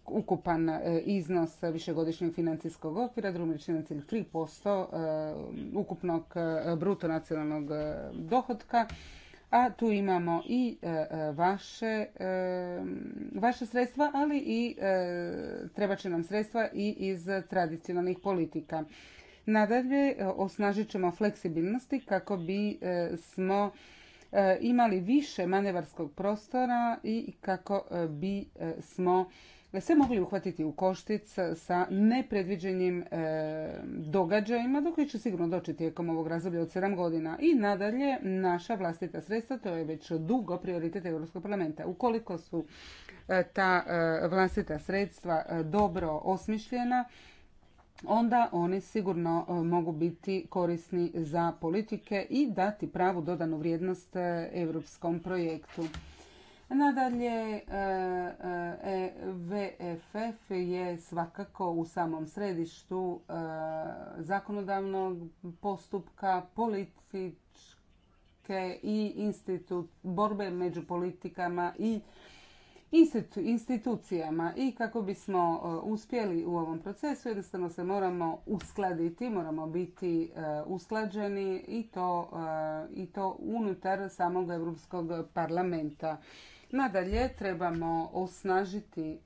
ukupan iznos višegodišnjeg financijskog okvira, drumični cilj 3% ukupnog bruto nacionalnog dohotka, a tu imamo i vaše, sredstva, ali i treba će nam sredstva i iz tradicionalnih politika. Nadalje, e, osnažit ćemo fleksibilnosti kako bi e, smo e, imali više manevarskog prostora i kako bi smo sve mogli uhvatiti u koštic sa nepredviđenim događajima do koji će sigurno doći tijekom ovog razdoblja od 7 godina. I nadalje, naša vlastita sredstva, to je već dugo prioritet Europskog parlamenta. Ukoliko su ta vlastita sredstva dobro osmišljena, onda oni sigurno e, mogu biti korisni za politike i dati pravu dodanu vrijednost e, europskom projektu. Nadalje, e, VFF je svakako u samom središtu zakonodavnog postupka, političke i institut, borbe među politikama i institucijama i kako bismo e, uspjeli u ovom procesu jednostavno se moramo uskladiti, moramo biti e, usklađeni i to, e, i to unutar samog Europskog parlamenta. Nadalje, trebamo osnažiti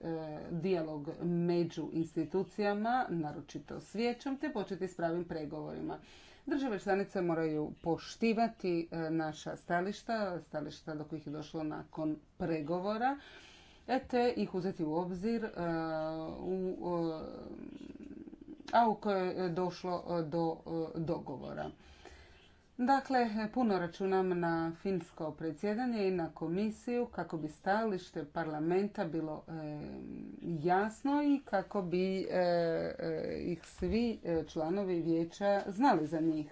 dijalog među institucijama, naročito s vijećom, te početi s pravim pregovorima. Države članice moraju poštivati naša stališta, stališta do kojih je došlo nakon pregovora E, te ih uzeti u obzir e, e, a u kojoj je došlo do dogovora. Dakle, puno računam na finsko predsjedanje i na komisiju kako bi stajalište parlamenta bilo jasno i kako bi ih svi članovi vijeća znali za njih.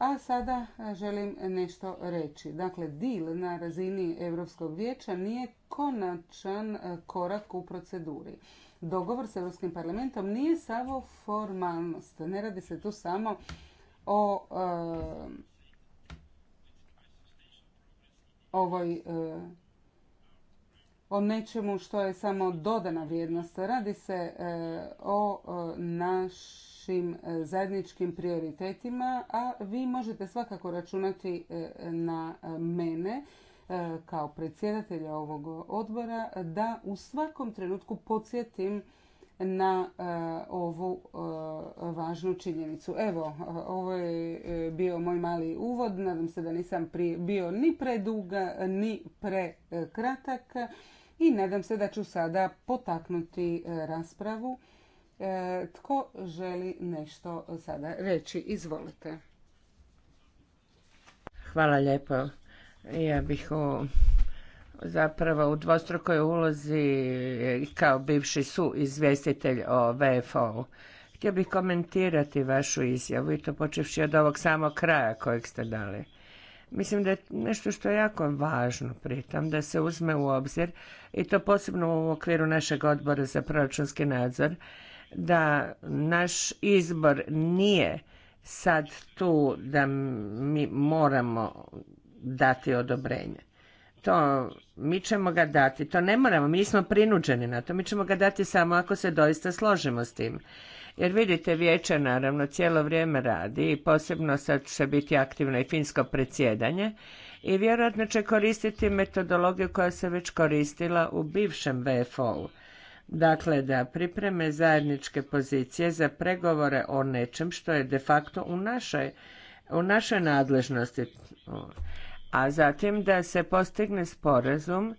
A sada e, želim nešto reći. Dakle, dil na razini Europskog vijeća nije konačan e, korak u proceduri. Dogovor s Europskim parlamentom nije samo formalnost. Ne radi se tu samo o e, ovoj o nečemu što je samo dodana vrijednost. Radi se o naš našim e, zajedničkim prioritetima, a vi možete svakako računati e, na e, mene kao predsjedatelja ovog odbora da u svakom trenutku podsjetim na ovu važnu činjenicu. Evo, ovo je bio moj mali uvod. Nadam se da nisam bio ni preduga, ni prekratak i nadam se da ću sada potaknuti raspravu E, tko želi nešto sada reći? Izvolite. Hvala lijepo. Ja bih u, zapravo u dvostrukoj ulozi kao bivši su izvjestitelj o VFO-u. Htio bih komentirati vašu izjavu i to počevši od ovog samog kraja kojeg ste dali. Mislim da je nešto što je jako važno pritom da se uzme u obzir i to posebno u okviru našeg odbora za proračunski nadzor da naš izbor nije sad tu da mi moramo dati odobrenje. To mi ćemo ga dati, to ne moramo, mi smo prinuđeni na to, mi ćemo ga dati samo ako se doista složimo s tim. Jer vidite, vijeće naravno cijelo vrijeme radi i posebno sad će biti aktivno i finsko predsjedanje i vjerojatno će koristiti metodologiju koja se već koristila u bivšem VFO-u Dakle, da pripreme zajedničke pozicije za pregovore o nečem što je de facto u našoj, u našoj nadležnosti. A zatim da se postigne sporazum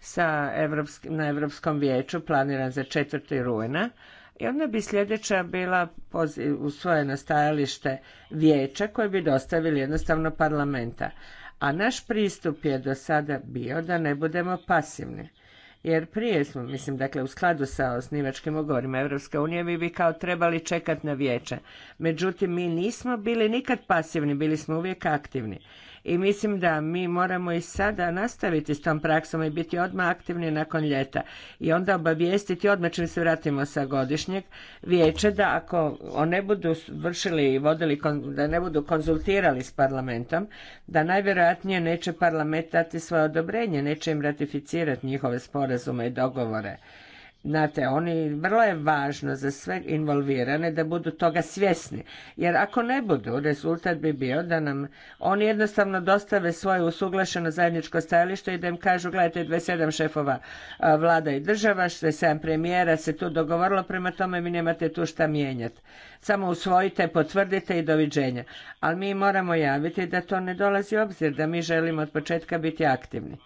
sa na Europskom vijeću planiran za 4. rujna i onda bi sljedeća bila usvojena stajalište vijeća koje bi dostavili jednostavno parlamenta. A naš pristup je do sada bio da ne budemo pasivni jer prije smo, mislim, dakle, u skladu sa osnivačkim ugovorima Europske unije, mi bi kao trebali čekati na vijeće. Međutim, mi nismo bili nikad pasivni, bili smo uvijek aktivni i mislim da mi moramo i sada nastaviti s tom praksom i biti odmah aktivni nakon ljeta i onda obavijestiti odmah čim se vratimo sa godišnjeg vijeće da ako ne budu vršili i vodili, da ne budu konzultirali s parlamentom, da najvjerojatnije neće parlament dati svoje odobrenje, neće im ratificirati njihove sporazume i dogovore Znate, oni, vrlo je važno za sve involvirane da budu toga svjesni. Jer ako ne budu, rezultat bi bio da nam oni jednostavno dostave svoje usuglašeno zajedničko stajalište i da im kažu, gledajte, 27 šefova vlada i država, 27 premijera se tu dogovorilo, prema tome vi nemate tu šta mijenjati. Samo usvojite, potvrdite i doviđenja. Ali mi moramo javiti da to ne dolazi u obzir, da mi želimo od početka biti aktivni.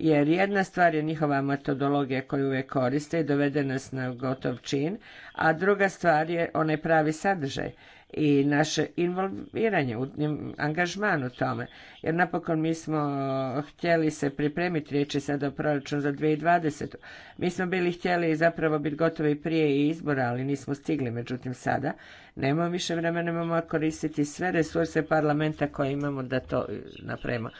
Jer jedna stvar je njihova metodologija koju uvijek koriste i dovede nas na gotov čin, a druga stvar je onaj pravi sadržaj i naše involviranje, angažman u tome. Jer napokon mi smo htjeli se pripremiti riječi sada o proračun za 2020. Mi smo bili htjeli zapravo biti gotovi prije izbora, ali nismo stigli. Međutim, sada nemamo više vremena, imamo koristiti sve resurse parlamenta koje imamo da to e, napravimo.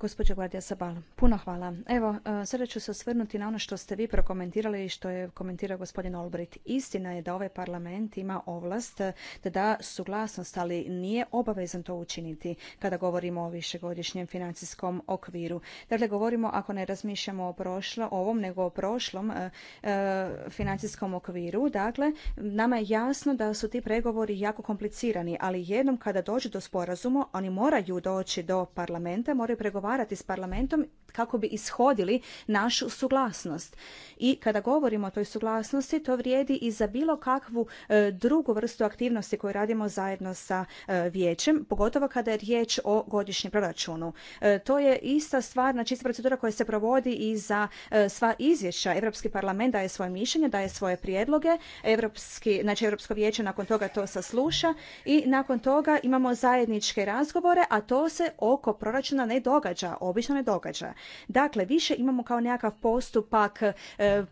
Gospođo Guardia Sabal, puno hvala. Evo, e, sada ću se osvrnuti na ono što ste vi prokomentirali i što je komentirao gospodin Olbrit. Istina je da ovaj parlament ima ovlast da da suglasnost, ali nije obavezan to učiniti kada govorimo o višegodišnjem financijskom okviru. Dakle, govorimo ako ne razmišljamo o prošlo, ovom, nego o prošlom e, e, financijskom okviru. Dakle, nama je jasno da su ti pregovori jako komplicirani, ali jednom kada dođe do sporazuma, oni moraju doći do parlamenta, moraju pregovarati razgovarati s parlamentom kako bi ishodili našu suglasnost. I kada govorimo o toj suglasnosti, to vrijedi i za bilo kakvu e, drugu vrstu aktivnosti koju radimo zajedno sa e, vijećem, pogotovo kada je riječ o godišnjem proračunu. E, to je ista stvar, znači ista procedura koja se provodi i za sva izvješća. Europski parlament daje svoje mišljenje, daje svoje prijedloge, Europski, znači Europsko vijeće nakon toga to sasluša i nakon toga imamo zajedničke razgovore, a to se oko proračuna ne događa, obično ne događa. Dakle, više imamo kao nekakav postupak e,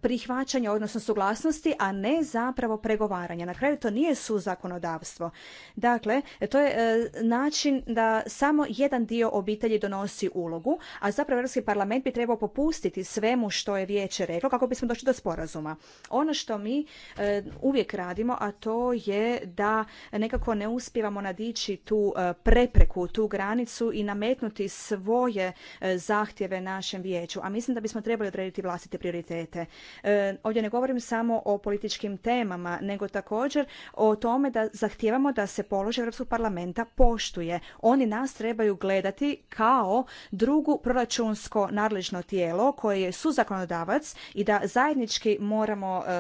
prihvaćanja, odnosno suglasnosti, a ne zapravo pregovaranja. Na kraju to nije su zakonodavstvo. Dakle, to je e, način da samo jedan dio obitelji donosi ulogu, a zapravo Europski parlament bi trebao popustiti svemu što je vijeće reklo kako bismo došli do sporazuma. Ono što mi e, uvijek radimo, a to je da nekako ne uspijevamo nadići tu prepreku, tu granicu i nametnuti svoje zahtjeve našem vijeću, a mislim da bismo trebali odrediti vlastite prioritete. E, ovdje ne govorim samo o političkim temama, nego također o tome da zahtijevamo da se položaj Europskog parlamenta poštuje. Oni nas trebaju gledati kao drugu proračunsko nadležno tijelo koje je suzakonodavac i da zajednički moramo e,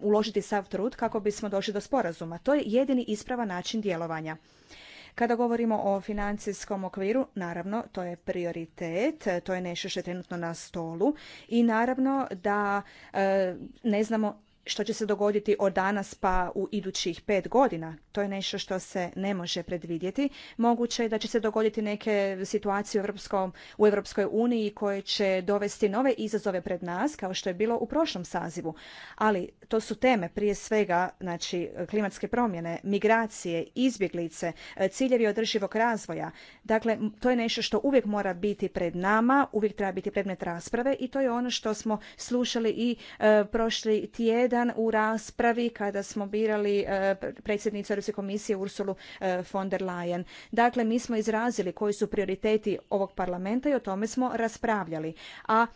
uložiti sav trud kako bismo došli do sporazuma. To je jedini ispravan način djelovanja. Kada govorimo o financijskom okviru, naravno, to je prioritet, to je nešto što je trenutno na stolu i naravno da e, ne znamo što će se dogoditi od danas pa u idućih pet godina, to je nešto što se ne može predvidjeti. Moguće je da će se dogoditi neke situacije u, u Evropskoj uniji koje će dovesti nove izazove pred nas, kao što je bilo u prošlom sazivu. Ali to su teme prije svega, znači klimatske promjene, migracije, izbjeglice, ciljevi održivog razvoja. Dakle, to je nešto što uvijek mora biti pred nama, uvijek treba biti predmet rasprave i to je ono što smo slušali i e, prošli tjedan tjedan u raspravi kada smo birali e, predsjednicu Europske komisije Ursulu e, von der Leyen. Dakle, mi smo izrazili koji su prioriteti ovog parlamenta i o tome smo raspravljali. A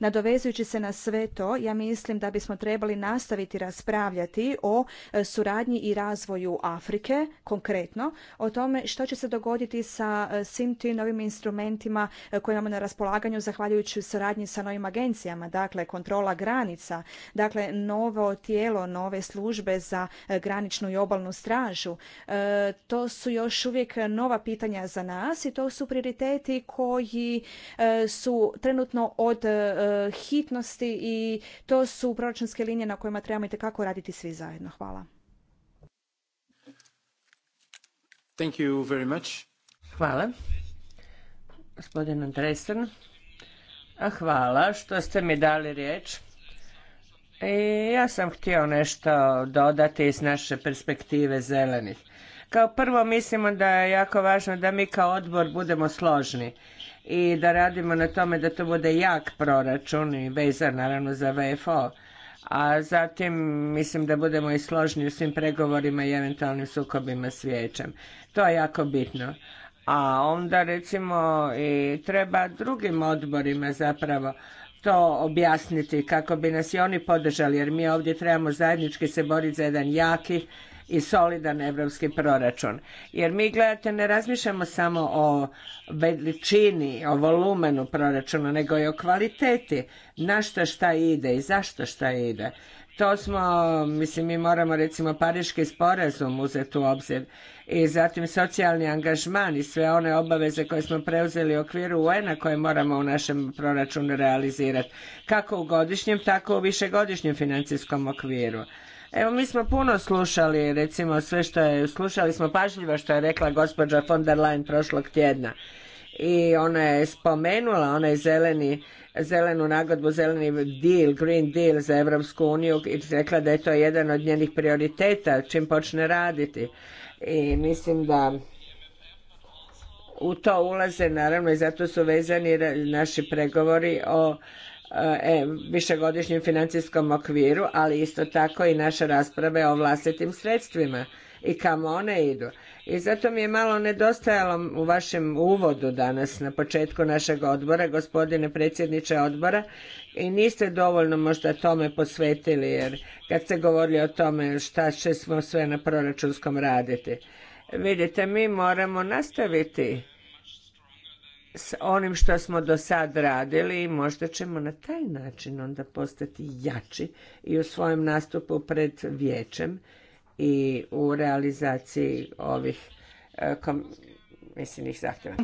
Nadovezujući se na sve to, ja mislim da bismo trebali nastaviti raspravljati o e, suradnji i razvoju Afrike, konkretno, o tome što će se dogoditi sa e, svim tim novim instrumentima e, koje imamo na raspolaganju zahvaljujući suradnji sa novim agencijama, dakle kontrola granica, dakle novo tijelo, nove službe za graničnu i obalnu stražu. To su još uvijek nova pitanja za nas i to su prioriteti koji su trenutno od E, hitnosti i to su proračunske linije na kojima trebamo itekako raditi svi zajedno. Hvala. Thank you very much. Hvala. Gospodin Andresen. A hvala što ste mi dali riječ. I ja sam htio nešto dodati iz naše perspektive zelenih. Kao prvo mislimo da je jako važno da mi kao odbor budemo složni i da radimo na tome da to bude jak proračun i vezan naravno za VFO. A zatim mislim da budemo i složni u svim pregovorima i eventualnim sukobima s vijećem. To je jako bitno. A onda recimo i treba drugim odborima zapravo to objasniti kako bi nas i oni podržali jer mi ovdje trebamo zajednički se boriti za jedan jaki i solidan europski proračun. Jer mi, gledate, ne razmišljamo samo o veličini, o volumenu proračuna, nego i o kvaliteti na što šta ide i zašto šta ide. To smo, mislim, mi moramo recimo Pariški sporazum uzeti u obzir i zatim socijalni angažman i sve one obaveze koje smo preuzeli u okviru UN-a koje moramo u našem proračunu realizirati, kako u godišnjem, tako u višegodišnjem financijskom okviru. Evo, mi smo puno slušali, recimo sve što je, slušali smo pažljivo što je rekla gospođa von der Leyen prošlog tjedna. I ona je spomenula onaj zeleni, zelenu nagodbu, zeleni deal, green deal za Evropsku uniju i rekla da je to jedan od njenih prioriteta čim počne raditi. I mislim da u to ulaze naravno i zato su vezani naši pregovori o e, višegodišnjem financijskom okviru, ali isto tako i naše rasprave o vlastitim sredstvima i kamo one idu. I zato mi je malo nedostajalo u vašem uvodu danas na početku našeg odbora, gospodine predsjedniče odbora, i niste dovoljno možda tome posvetili, jer kad ste govorili o tome šta ćemo sve na proračunskom raditi. Vidite, mi moramo nastaviti s onim što smo do sad radili i možda ćemo na taj način onda postati jači i u svojem nastupu pred vijećem i u realizaciji ovih e, kom, zahtjeva.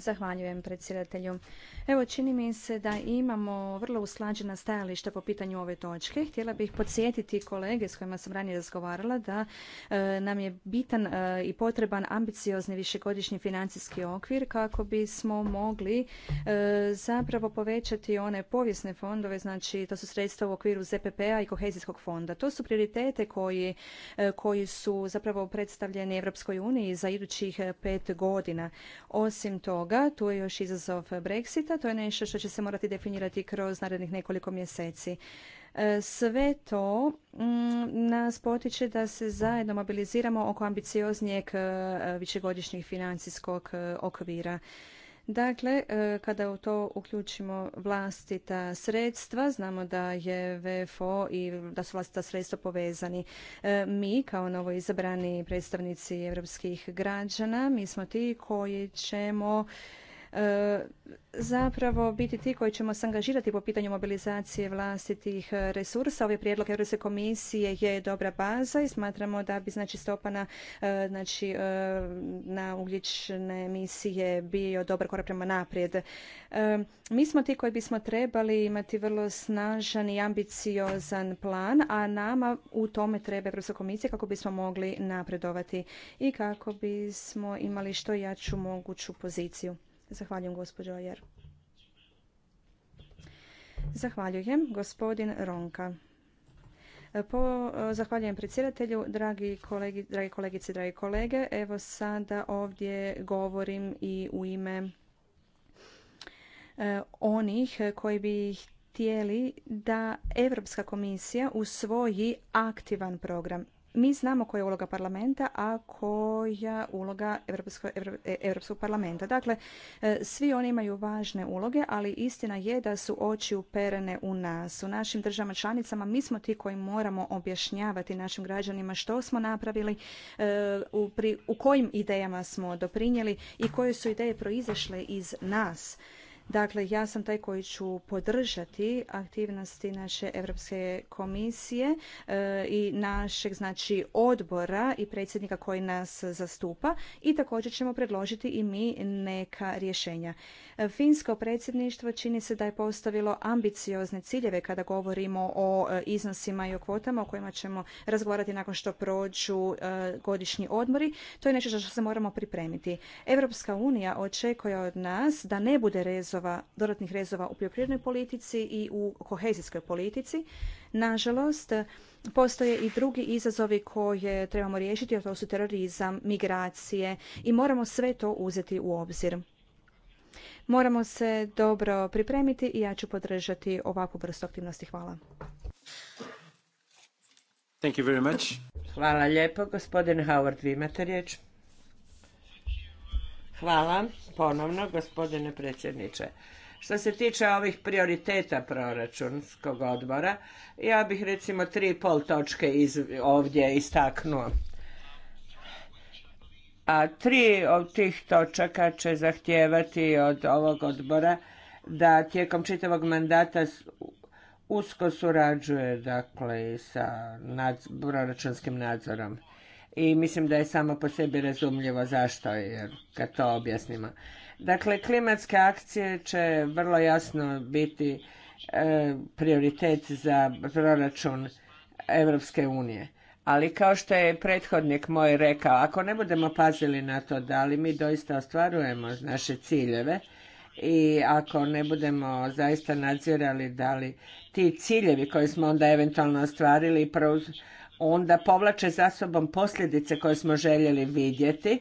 Zahvaljujem predsjedatelju. Evo, čini mi se da imamo vrlo usklađena stajališta po pitanju ove točke. Htjela bih podsjetiti kolege s kojima sam ranije razgovarala da e, nam je bitan e, i potreban ambiciozni višegodišnji financijski okvir kako bismo mogli e, zapravo povećati one povijesne fondove, znači to su sredstva u okviru ZPP-a i kohezijskog fonda. To su prioritete koji, koji su zapravo predstavljeni Europskoj uniji za idućih pet godina. Osim toga, toga, tu je još izazov Brexita, to je nešto što će se morati definirati kroz narednih nekoliko mjeseci. E, sve to mm, nas potiče da se zajedno mobiliziramo oko ambicioznijeg e, višegodišnjeg financijskog e, okvira. Dakle, e, kada u to uključimo vlastita sredstva, znamo da je VFO i da su vlastita sredstva povezani. E, mi, kao novo izabrani predstavnici europskih građana, mi smo ti koji ćemo E, zapravo biti ti koji ćemo se angažirati po pitanju mobilizacije vlastitih resursa. Ovaj prijedlog Europske komisije je dobra baza i smatramo da bi znači stopana na, e, znači, e, na ugljične emisije bio dobar korak prema naprijed. Mi smo ti koji bismo trebali imati vrlo snažan i ambiciozan plan, a nama u tome treba Europska komisija kako bismo mogli napredovati i kako bismo imali što jaču moguću poziciju. Zahvaljujem, gospođo Ajer. Zahvaljujem, gospodin Ronka. Po, zahvaljujem predsjedatelju, dragi, kolegi, dragi kolegice, dragi kolege. Evo sada ovdje govorim i u ime e, onih koji bi htjeli da Europska komisija usvoji aktivan program mi znamo koja je uloga parlamenta, a koja uloga Europskog e- parlamenta. Dakle, e, svi oni imaju važne uloge, ali istina je da su oči uperene u nas. U našim državama članicama mi smo ti koji moramo objašnjavati našim građanima što smo napravili, e, u kojim idejama smo doprinijeli i koje su ideje proizašle iz nas Dakle, ja sam taj koji ću podržati aktivnosti naše Europske komisije e, i našeg znači odbora i predsjednika koji nas zastupa i također ćemo predložiti i mi neka rješenja. E, Finsko predsjedništvo čini se da je postavilo ambiciozne ciljeve kada govorimo o e, iznosima i o kvotama o kojima ćemo razgovarati nakon što prođu godišnji odmori. To je nešto za što se moramo pripremiti. Europska unija očekuje od nas da ne bude rezo rezova, dodatnih rezova u poljoprivrednoj politici i u kohezijskoj politici. Nažalost, postoje i drugi izazovi koje trebamo riješiti, a to su terorizam, migracije i moramo sve to uzeti u obzir. Moramo se dobro pripremiti i ja ću podržati ovakvu vrstu aktivnosti. Hvala. Thank you very much. Hvala lijepo. Gospodin Howard, vi imate riječ. Hvala ponovno, gospodine predsjedniče. Što se tiče ovih prioriteta proračunskog odbora, ja bih recimo tri pol točke ovdje istaknuo. A tri od tih točaka će zahtijevati od ovog odbora da tijekom čitavog mandata usko surađuje dakle, sa proračunskim nadzorom i mislim da je samo po sebi razumljivo zašto jer kad to objasnimo. Dakle, klimatske akcije će vrlo jasno biti e, prioritet za proračun Europske unije. Ali kao što je prethodnik moj rekao, ako ne budemo pazili na to da li mi doista ostvarujemo naše ciljeve i ako ne budemo zaista nadzirali da li ti ciljevi koje smo onda eventualno ostvarili i onda povlače za sobom posljedice koje smo željeli vidjeti,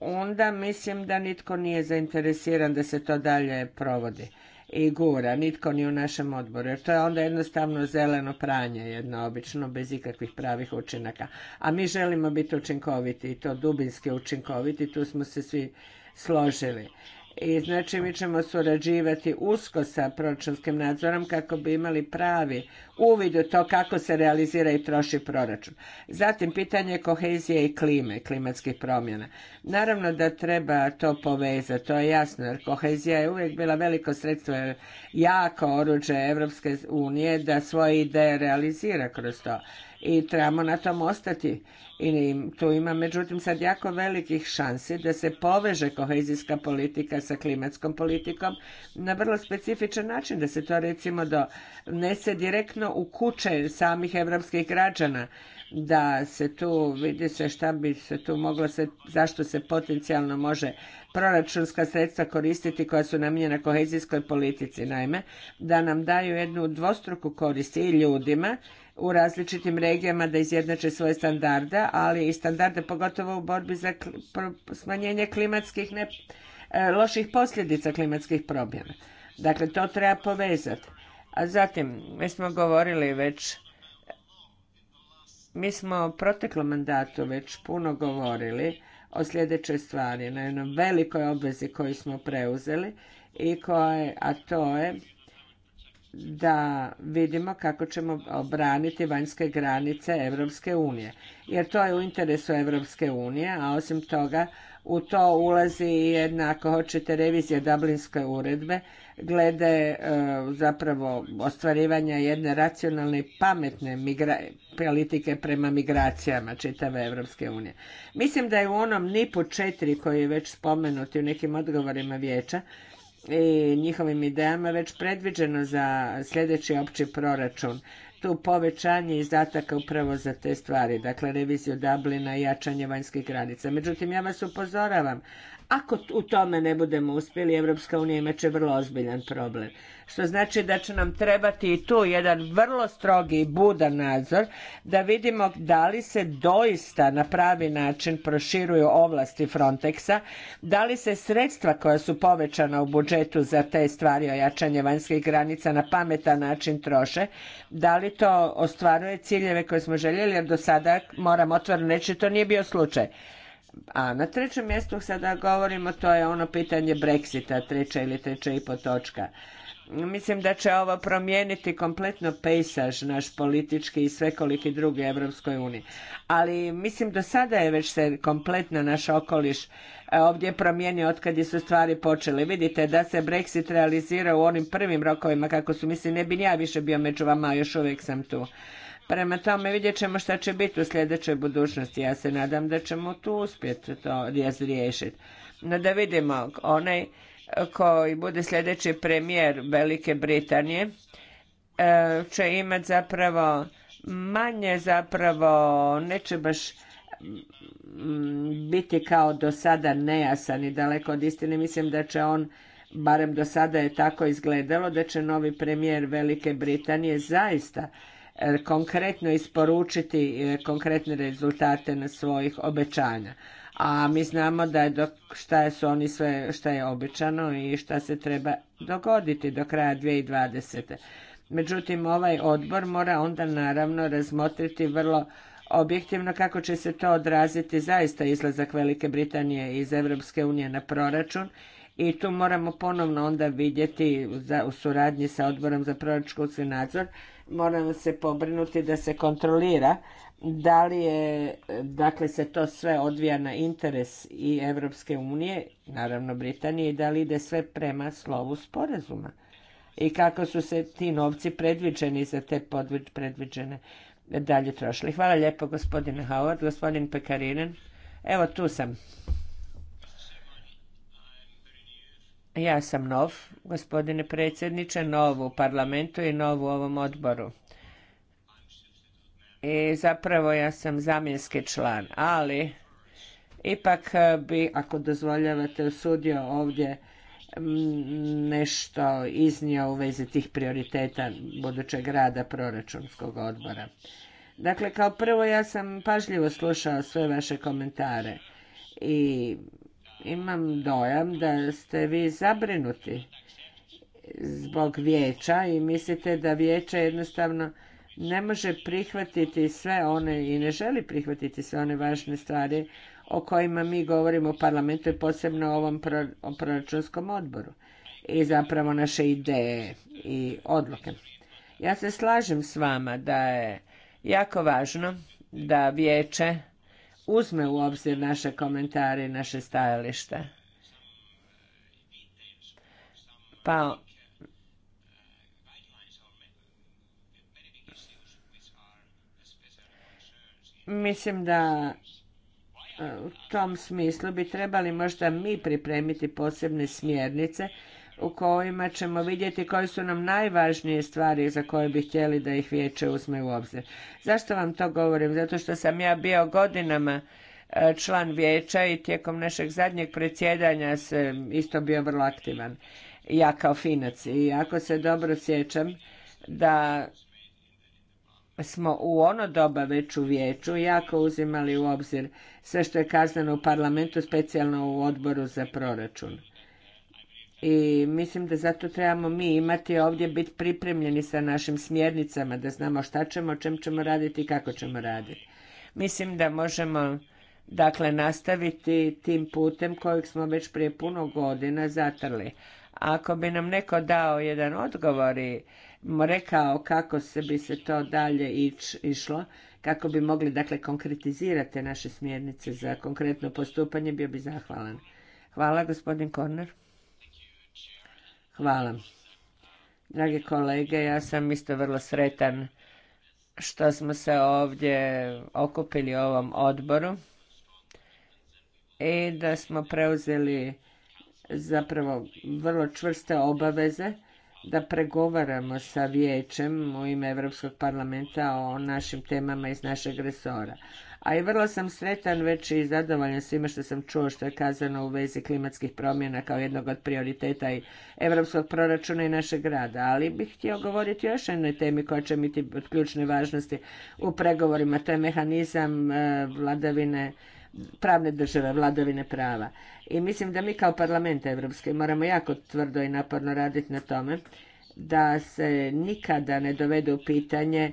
onda mislim da nitko nije zainteresiran da se to dalje provodi i gura, nitko ni u našem odboru, jer to je onda jednostavno zeleno pranje, jedno obično, bez ikakvih pravih učinaka. A mi želimo biti učinkoviti i to dubinski učinkoviti, tu smo se svi složili. I znači mi ćemo surađivati usko sa proračunskim nadzorom kako bi imali pravi uvid u to kako se realizira i troši proračun. Zatim pitanje kohezije i klime, klimatskih promjena. Naravno da treba to povezati, to je jasno, jer kohezija je uvijek bila veliko sredstvo, jako oruđe Evropske unije da svoje ideje realizira kroz to i trebamo na tom ostati. I tu ima međutim sad jako velikih šansi da se poveže kohezijska politika sa klimatskom politikom na vrlo specifičan način, da se to recimo donese direktno u kuće samih evropskih građana, da se tu vidi se šta bi se tu moglo se, zašto se potencijalno može proračunska sredstva koristiti koja su namijenjena kohezijskoj politici, naime, da nam daju jednu dvostruku korist i ljudima u različitim regijama da izjednače svoje standarde, ali i standarde pogotovo u borbi za smanjenje klimatskih e, loših posljedica klimatskih promjena. Dakle, to treba povezati. A zatim, mi smo govorili već, mi smo u proteklom mandatu već puno govorili o sljedećoj stvari, na jednom velikoj obvezi koju smo preuzeli i koje, a to je da vidimo kako ćemo obraniti vanjske granice Europske unije. Jer to je u interesu Europske unije, a osim toga u to ulazi i jedna, ako hoćete, revizija Dublinske uredbe glede e, zapravo ostvarivanja jedne racionalne i pametne politike prema migracijama čitave Evropske unije. Mislim da je u onom NIP-u 4 koji je već spomenuti u nekim odgovorima vijeća i njihovim idejama već predviđeno za sljedeći opći proračun. Tu povećanje izdataka upravo za te stvari, dakle reviziju Dublina i jačanje vanjskih granica. Međutim, ja vas upozoravam, ako u tome ne budemo uspjeli, Evropska unija imat će vrlo ozbiljan problem što znači da će nam trebati i tu jedan vrlo strogi i budan nadzor da vidimo da li se doista na pravi način proširuju ovlasti Frontexa, da li se sredstva koja su povećana u budžetu za te stvari ojačanje vanjskih granica na pametan način troše, da li to ostvaruje ciljeve koje smo željeli, jer do sada moram otvoreno reći to nije bio slučaj. A na trećem mjestu sada govorimo, to je ono pitanje Brexita, treća ili treća i po točka. Mislim da će ovo promijeniti kompletno pejsaž naš politički i svekoliki drugi Evropskoj uniji. Ali mislim do sada je već se kompletno naš okoliš e, ovdje promijenio od su stvari počele. Vidite da se Brexit realizira u onim prvim rokovima kako su, mislim ne bi ja više bio među vama, još uvijek sam tu. Prema tome vidjet ćemo šta će biti u sljedećoj budućnosti. Ja se nadam da ćemo tu uspjeti to riješiti. No da vidimo, onaj koji bude sljedeći premijer Velike Britanije e, će imati zapravo manje zapravo neće baš mm, biti kao do sada nejasan i daleko od istine. Mislim da će on, barem do sada je tako izgledalo, da će novi premijer Velike Britanije zaista e, konkretno isporučiti e, konkretne rezultate na svojih obećanja a mi znamo da je dok, šta su oni sve, šta je običano i šta se treba dogoditi do kraja 2020. Međutim, ovaj odbor mora onda naravno razmotriti vrlo objektivno kako će se to odraziti zaista izlazak Velike Britanije iz Europske unije na proračun i tu moramo ponovno onda vidjeti za, u suradnji sa odborom za proračunski nadzor moramo se pobrinuti da se kontrolira da li je, dakle se to sve odvija na interes i Evropske unije, naravno Britanije, i da li ide sve prema slovu sporazuma i kako su se ti novci predviđeni za te predviđene dalje trošili. Hvala lijepo gospodine Howard, gospodin Pekarinen. Evo tu sam. Ja sam nov, gospodine predsjedniče, nov u parlamentu i nov u ovom odboru i zapravo ja sam zamjenski član, ali ipak eh, bi, ako dozvoljavate, usudio ovdje mm, nešto iznio u vezi tih prioriteta budućeg rada proračunskog odbora. Dakle, kao prvo ja sam pažljivo slušao sve vaše komentare i imam dojam da ste vi zabrinuti zbog vijeća i mislite da vijeće jednostavno ne može prihvatiti sve one i ne želi prihvatiti sve one važne stvari o kojima mi govorimo u parlamentu i posebno o ovom proračunskom odboru i zapravo naše ideje i odluke. Ja se slažem s vama da je jako važno da vijeće uzme u obzir naše komentare i naše stajališta. Pa Mislim da e, u tom smislu bi trebali možda mi pripremiti posebne smjernice u kojima ćemo vidjeti koje su nam najvažnije stvari za koje bi htjeli da ih vijeće uzme u obzir. Zašto vam to govorim? Zato što sam ja bio godinama e, član vijeća i tijekom našeg zadnjeg predsjedanja sam isto bio vrlo aktivan. Ja kao finac i ako se dobro sjećam da smo u ono doba već u vijeću jako uzimali u obzir sve što je kazano u parlamentu, specijalno u odboru za proračun. I mislim da zato trebamo mi imati ovdje biti pripremljeni sa našim smjernicama, da znamo šta ćemo, čem ćemo raditi i kako ćemo raditi. Mislim da možemo dakle nastaviti tim putem kojeg smo već prije puno godina zatrli. Ako bi nam neko dao jedan odgovor i rekao kako se bi se to dalje išlo, kako bi mogli dakle konkretizirati naše smjernice za konkretno postupanje, bio bi zahvalan. Hvala gospodin Korner. Hvala. Dragi kolege, ja sam isto vrlo sretan što smo se ovdje okupili u ovom odboru i da smo preuzeli zapravo vrlo čvrste obaveze da pregovaramo sa vijećem u ime Europskog parlamenta o našim temama iz našeg resora. A i vrlo sam sretan već i zadovoljan svima što sam čuo što je kazano u vezi klimatskih promjena kao jednog od prioriteta i europskog proračuna i našeg rada. Ali bih htio govoriti o još jednoj temi koja će biti od ključne važnosti u pregovorima. To je mehanizam eh, vladavine pravne države, vladavine prava. I mislim da mi kao parlament evropske moramo jako tvrdo i naporno raditi na tome da se nikada ne dovede u pitanje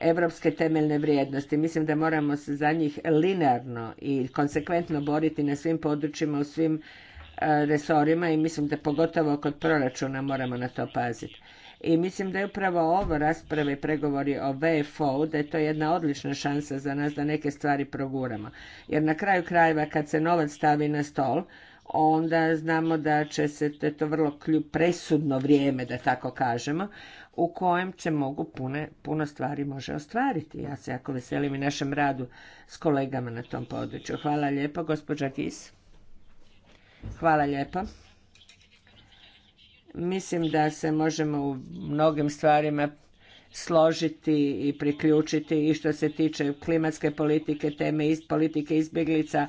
evropske temeljne vrijednosti. Mislim da moramo se za njih linearno i konsekventno boriti na svim područjima, u svim e, resorima i mislim da pogotovo kod proračuna moramo na to paziti. I mislim da je upravo ovo rasprave i pregovori o vfo da je to jedna odlična šansa za nas da neke stvari proguramo. Jer na kraju krajeva kad se novac stavi na stol, onda znamo da će se, to je to vrlo presudno vrijeme, da tako kažemo, u kojem će mogu pune, puno stvari može ostvariti. Ja se jako veselim i našem radu s kolegama na tom području. Hvala lijepo, gospođa Gis. Hvala lijepo. Mislim da se možemo u mnogim stvarima složiti i priključiti i što se tiče klimatske politike, teme politike izbjeglica,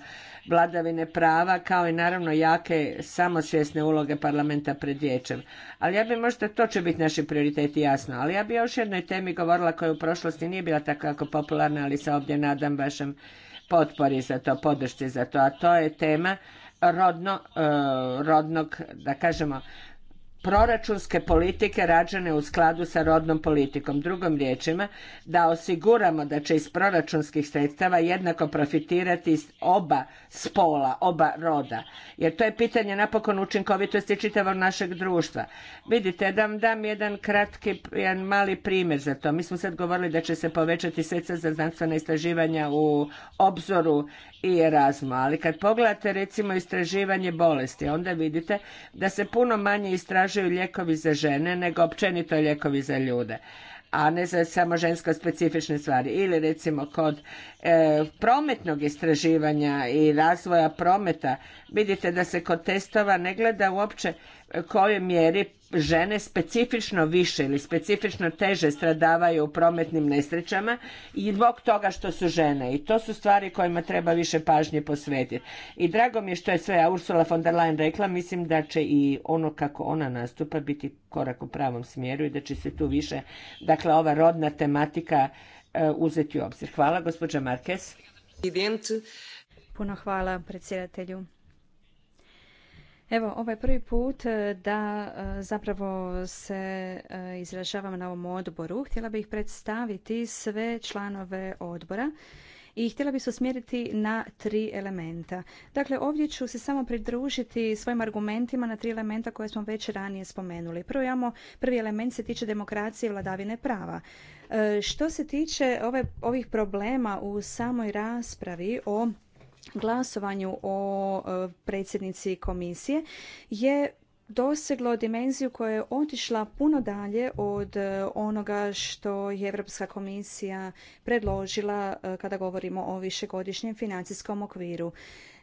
vladavine prava, kao i naravno jake samosvjesne uloge parlamenta pred vijećem. Ali ja bi možda, to će biti naši prioriteti jasno, ali ja bi još jednoj temi govorila koja u prošlosti nije bila tako popularna, ali se ovdje nadam vašem potpori za to, podršci za to, a to je tema rodno, e, rodnog, da kažemo, proračunske politike rađene u skladu sa rodnom politikom. Drugom riječima, da osiguramo da će iz proračunskih sredstava jednako profitirati oba spola, oba roda. Jer to je pitanje napokon učinkovitosti čitavog našeg društva. Vidite, da vam dam jedan kratki, jedan mali primjer za to. Mi smo sad govorili da će se povećati sredstva za znanstvena istraživanja u obzoru i erazmu. Ali kad pogledate recimo istraživanje bolesti, onda vidite da se puno manje istražuje Ljekovi lijekovi za žene, nego općenito lijekovi za ljude a ne za samo žensko specifične stvari. Ili recimo kod e, prometnog istraživanja i razvoja prometa vidite da se kod testova ne gleda uopće kojoj mjeri žene specifično više ili specifično teže stradavaju u prometnim nesrećama i zbog toga što su žene. I to su stvari kojima treba više pažnje posvetiti. I drago mi je što je sve Ursula von der Leyen rekla, mislim da će i ono kako ona nastupa biti korak u pravom smjeru i da će se tu više, dakle, ova rodna tematika e, uzeti u obzir. Hvala, gospođa Marquez. Puno hvala predsjedatelju. Evo, ovaj prvi put e, da e, zapravo se e, izražavam na ovom odboru. Htjela bih predstaviti sve članove odbora i htjela bih se usmjeriti na tri elementa. Dakle, ovdje ću se samo pridružiti svojim argumentima na tri elementa koje smo već ranije spomenuli. Prvo prvi element se tiče demokracije i vladavine prava. što se tiče ovih problema u samoj raspravi o glasovanju o e, predsjednici komisije je doseglo dimenziju koja je otišla puno dalje od e, onoga što je Europska komisija predložila e, kada govorimo o višegodišnjem financijskom okviru.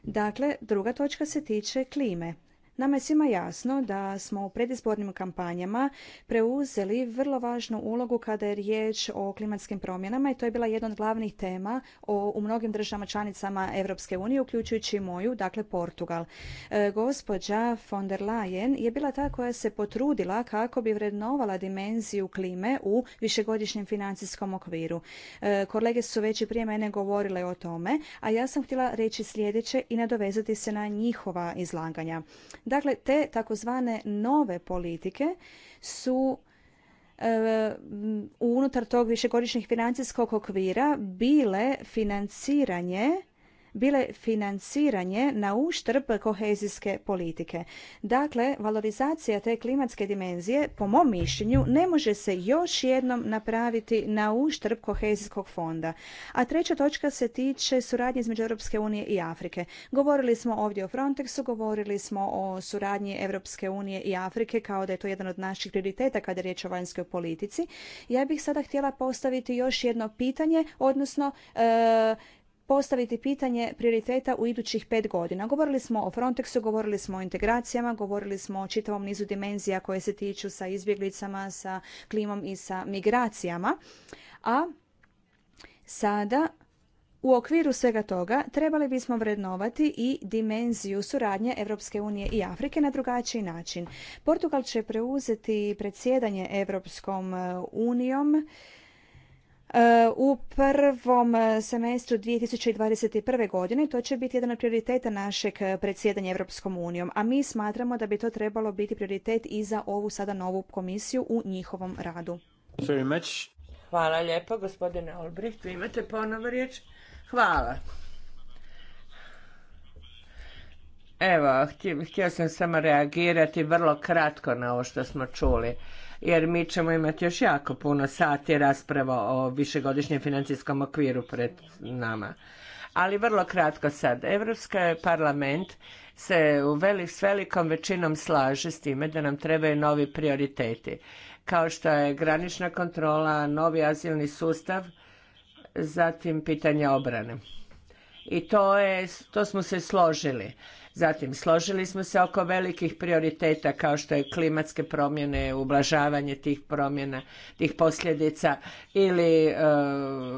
Dakle, druga točka se tiče klime. Nama je svima jasno da smo u predizbornim kampanjama preuzeli vrlo važnu ulogu kada je riječ o klimatskim promjenama i to je bila jedna od glavnih tema o, u mnogim državama članicama Europske unije, uključujući i moju, dakle Portugal. E, gospođa von der Leyen je bila ta koja se potrudila kako bi vrednovala dimenziju klime u višegodišnjem financijskom okviru. E, kolege su već i prije mene govorile o tome, a ja sam htjela reći sljedeće i nadovezati se na njihova izlaganja. Dakle, te takozvane nove politike su e, unutar tog višegodišnjeg financijskog okvira bile financiranje bile financiranje na uštrb kohezijske politike. Dakle, valorizacija te klimatske dimenzije, po mom mišljenju, ne može se još jednom napraviti na uštrb kohezijskog fonda. A treća točka se tiče suradnje između Europske unije i Afrike. Govorili smo ovdje o Frontexu, govorili smo o suradnji Europske unije i Afrike kao da je to jedan od naših prioriteta kada je riječ o vanjskoj politici. Ja bih sada htjela postaviti još jedno pitanje, odnosno e, postaviti pitanje prioriteta u idućih pet godina. Govorili smo o Frontexu, govorili smo o integracijama, govorili smo o čitavom nizu dimenzija koje se tiču sa izbjeglicama, sa klimom i sa migracijama. A sada u okviru svega toga trebali bismo vrednovati i dimenziju suradnje Europske unije i Afrike na drugačiji način. Portugal će preuzeti predsjedanje Europskom eh, unijom E, u prvom e, semestru 2021. godine. To će biti jedan od prioriteta našeg e, predsjedanja Europskom unijom, a mi smatramo da bi to trebalo biti prioritet i za ovu sada novu komisiju u njihovom radu. Hvala lijepo, gospodine Olbricht. imate ponovo riječ. Hvala. Evo, htio, htio sam samo reagirati vrlo kratko na ovo što smo čuli jer mi ćemo imati još jako puno sati rasprava o višegodišnjem financijskom okviru pred nama. Ali vrlo kratko sad. Europski parlament se u velik, s velikom većinom slaže s time da nam trebaju novi prioriteti, kao što je granična kontrola, novi azilni sustav, zatim pitanje obrane. I to, je, to smo se složili. Zatim, složili smo se oko velikih prioriteta kao što je klimatske promjene, ublažavanje tih promjena, tih posljedica ili e,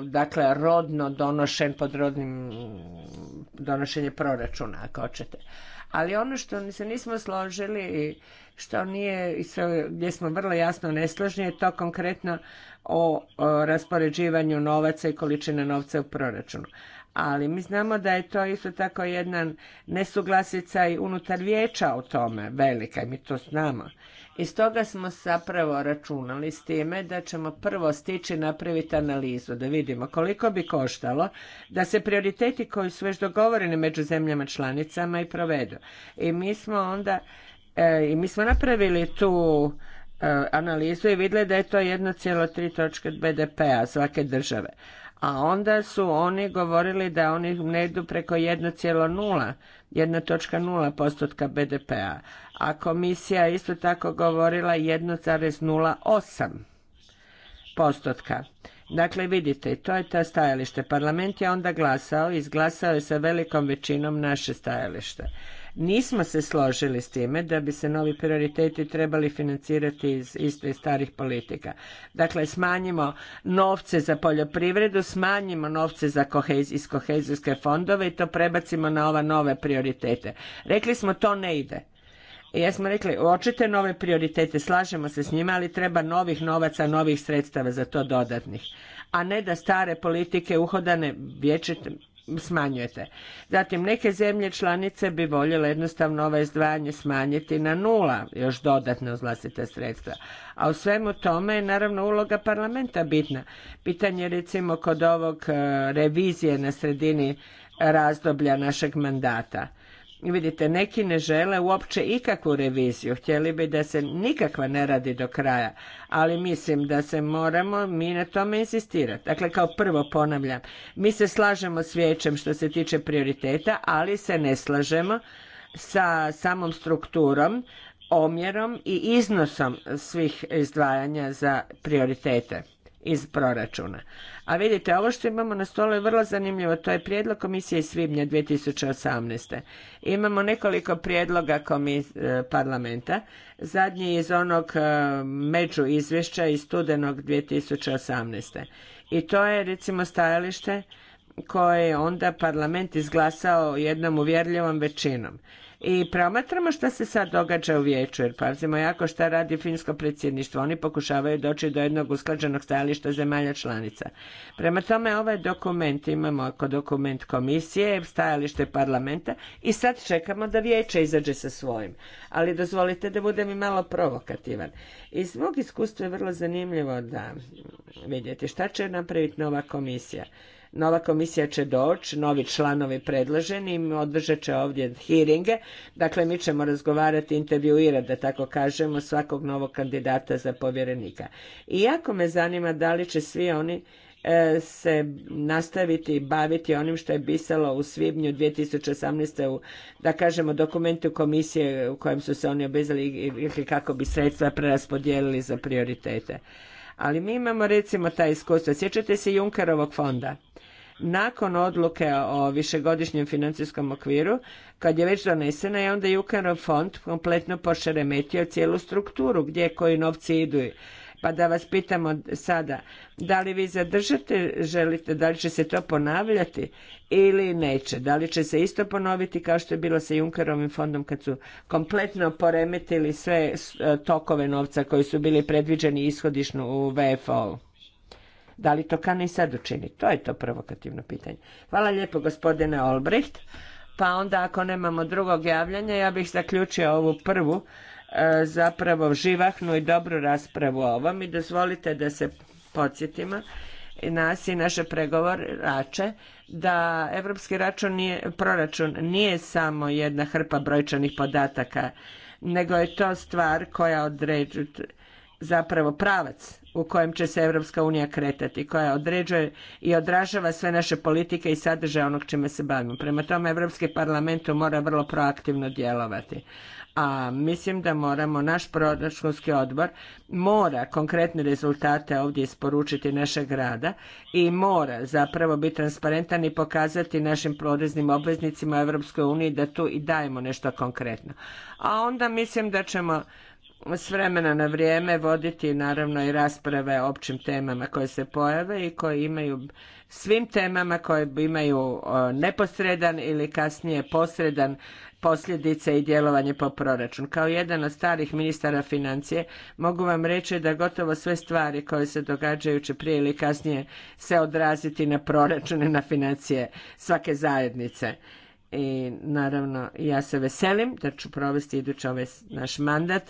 dakle rodno donošen pod rodnim donošenje proračuna ako hoćete. Ali ono što se nismo složili i što nije, gdje smo vrlo jasno nesložni je to konkretno o, o raspoređivanju novaca i količine novca u proračunu ali mi znamo da je to isto tako jedan nesuglasica i unutar vijeća o tome velika i mi to znamo. I stoga smo zapravo računali s time da ćemo prvo stići napraviti analizu, da vidimo koliko bi koštalo da se prioriteti koji su već dogovoreni među zemljama članicama i provedu. I mi smo onda e, i mi smo napravili tu e, analizu i vidjeli da je to 1,3 točke BDP-a svake države a onda su oni govorili da oni ne idu preko 1,0, 1.0 postotka BDP-a, a komisija isto tako govorila 1,08 postotka. Dakle, vidite, to je ta stajalište. Parlament je onda glasao, izglasao je sa velikom većinom naše stajalište. Nismo se složili s time da bi se novi prioriteti trebali financirati iz iste starih politika. Dakle, smanjimo novce za poljoprivredu, smanjimo novce za iz kohezijske fondove i to prebacimo na ova nove prioritete. Rekli smo to ne ide. I ja smo rekli, očite nove prioritete, slažemo se s njima, ali treba novih novaca, novih sredstava za to dodatnih. A ne da stare politike uhodane vječite smanjujete. Zatim, neke zemlje članice bi voljele jednostavno ovo izdvajanje smanjiti na nula, još dodatno uz sredstva. A u svemu tome je naravno uloga parlamenta bitna. Pitanje recimo kod ovog eh, revizije na sredini razdoblja našeg mandata. Vidite, neki ne žele uopće ikakvu reviziju, htjeli bi da se nikakva ne radi do kraja, ali mislim da se moramo mi na tome insistirati. Dakle, kao prvo ponavljam, mi se slažemo s vijećem što se tiče prioriteta, ali se ne slažemo sa samom strukturom, omjerom i iznosom svih izdvajanja za prioritete iz proračuna. A vidite, ovo što imamo na stolu je vrlo zanimljivo. To je prijedlog komisije iz svibnja 2018. Imamo nekoliko prijedloga komis e, parlamenta. Zadnji iz onog e, među izvješća iz studenog 2018. I to je recimo stajalište koje je onda parlament izglasao jednom uvjerljivom većinom i promatramo što se sad događa u vijeću, jer pazimo jako šta radi finsko predsjedništvo. Oni pokušavaju doći do jednog usklađenog stajališta zemalja članica. Prema tome ovaj dokument imamo ako dokument komisije, stajalište parlamenta i sad čekamo da vijeće izađe sa svojim. Ali dozvolite da budem i malo provokativan. Iz mog iskustva je vrlo zanimljivo da vidjeti šta će napraviti nova komisija. Nova komisija će doći, novi članovi predloženi, održat će ovdje hearinge, dakle mi ćemo razgovarati, intervjuirati, da tako kažemo, svakog novog kandidata za povjerenika. I jako me zanima da li će svi oni e, se nastaviti baviti onim što je pisalo u svibnju 2018. u, da kažemo, dokumentu komisije u kojem su se oni obvezali i kako bi sredstva preraspodijelili za prioritete. Ali mi imamo recimo ta iskustva. Sjećate se Junkerovog fonda. Nakon odluke o višegodišnjem financijskom okviru, kad je već donesena, je onda Junkerov fond kompletno pošeremetio cijelu strukturu gdje koji novci idu pa da vas pitamo sada, da li vi zadržate, želite, da li će se to ponavljati ili neće? Da li će se isto ponoviti kao što je bilo sa Junkerovim fondom kad su kompletno poremetili sve e, tokove novca koji su bili predviđeni ishodišno u VFO-u? Da li to kane i sad učini? To je to provokativno pitanje. Hvala lijepo gospodine Olbricht. Pa onda ako nemamo drugog javljanja, ja bih zaključio ovu prvu E, zapravo živahnu i dobru raspravu o ovom i dozvolite da se podsjetimo nas i naše pregovorače da europski račun nije, proračun nije samo jedna hrpa brojčanih podataka, nego je to stvar koja određuje zapravo pravac u kojem će se Europska unija kretati, koja određuje i odražava sve naše politike i sadržaje onog čime se bavimo. Prema tome, Europski parlament mora vrlo proaktivno djelovati a mislim da moramo, naš proračunski odbor mora konkretne rezultate ovdje isporučiti našeg rada i mora zapravo biti transparentan i pokazati našim poreznim obveznicima u Europskoj da tu i dajemo nešto konkretno. A onda mislim da ćemo s vremena na vrijeme voditi naravno i rasprave o općim temama koje se pojave i koje imaju svim temama koje imaju neposredan ili kasnije posredan posljedice i djelovanje po proračun. Kao jedan od starih ministara financije mogu vam reći da gotovo sve stvari koje se događaju će prije ili kasnije se odraziti na proračune, na financije svake zajednice. I naravno ja se veselim da ću provesti idući ovaj naš mandat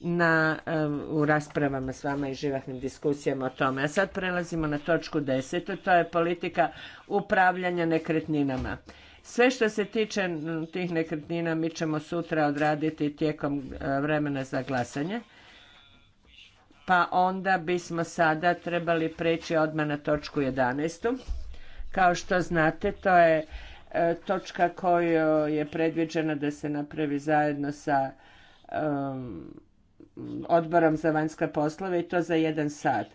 na, eh, u raspravama s vama i živahnim diskusijama o tome. A sad prelazimo na točku 10. To je politika upravljanja nekretninama. Sve što se tiče tih nekretnina mi ćemo sutra odraditi tijekom e, vremena za glasanje. Pa onda bismo sada trebali preći odmah na točku 11. Kao što znate, to je e, točka koju je predviđena da se napravi zajedno sa odborom za vanjske poslove i to za jedan sat.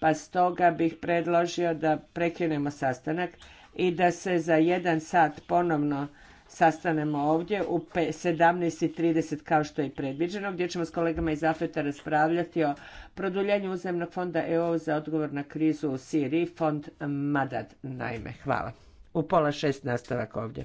Pa stoga bih predložio da prekinemo sastanak i da se za jedan sat ponovno sastanemo ovdje u 17.30 kao što je i predviđeno, gdje ćemo s kolegama iz Afeta raspravljati o produljenju uzemnog fonda EO za odgovor na krizu u Siriji, fond Madad, naime. Hvala. U pola šest nastavak ovdje.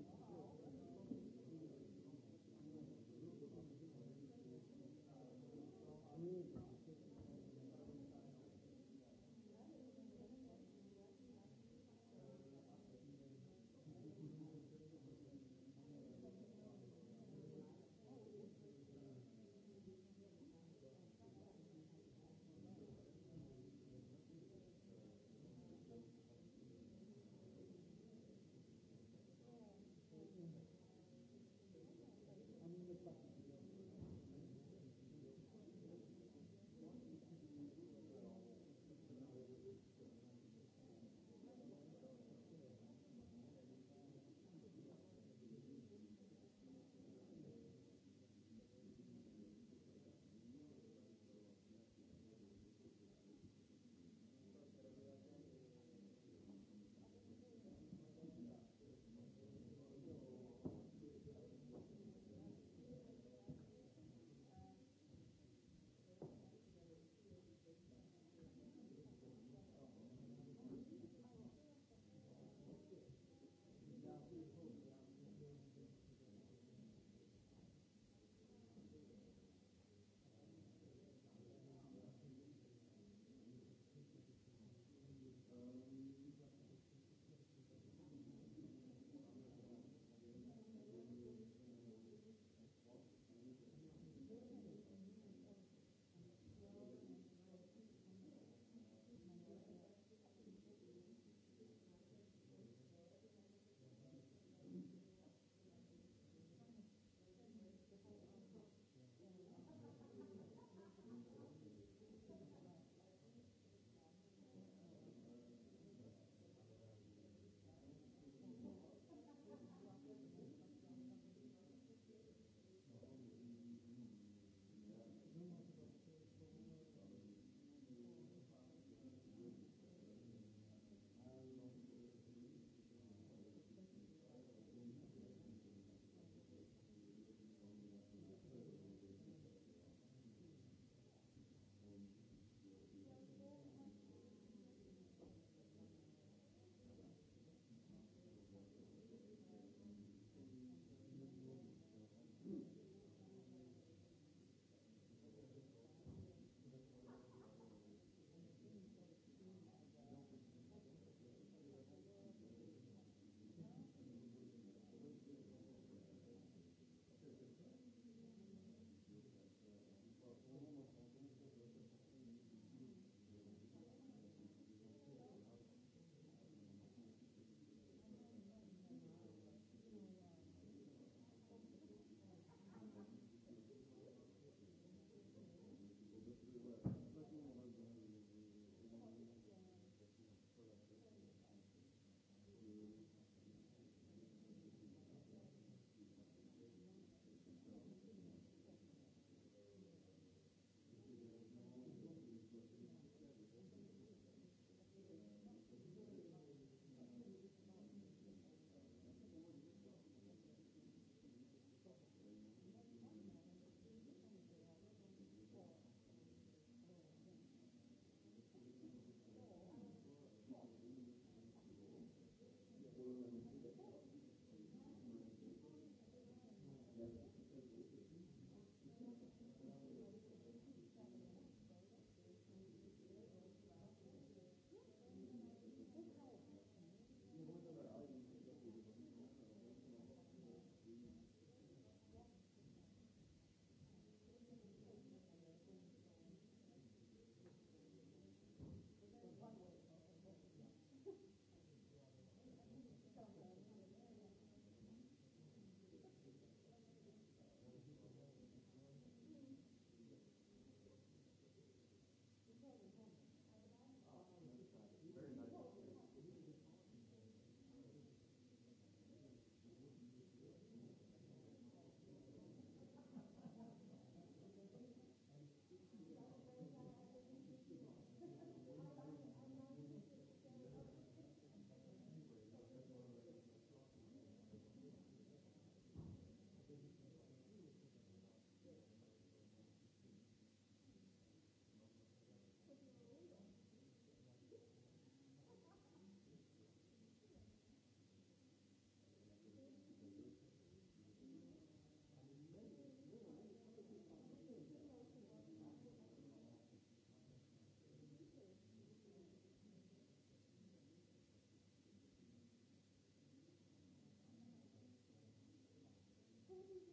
Hvala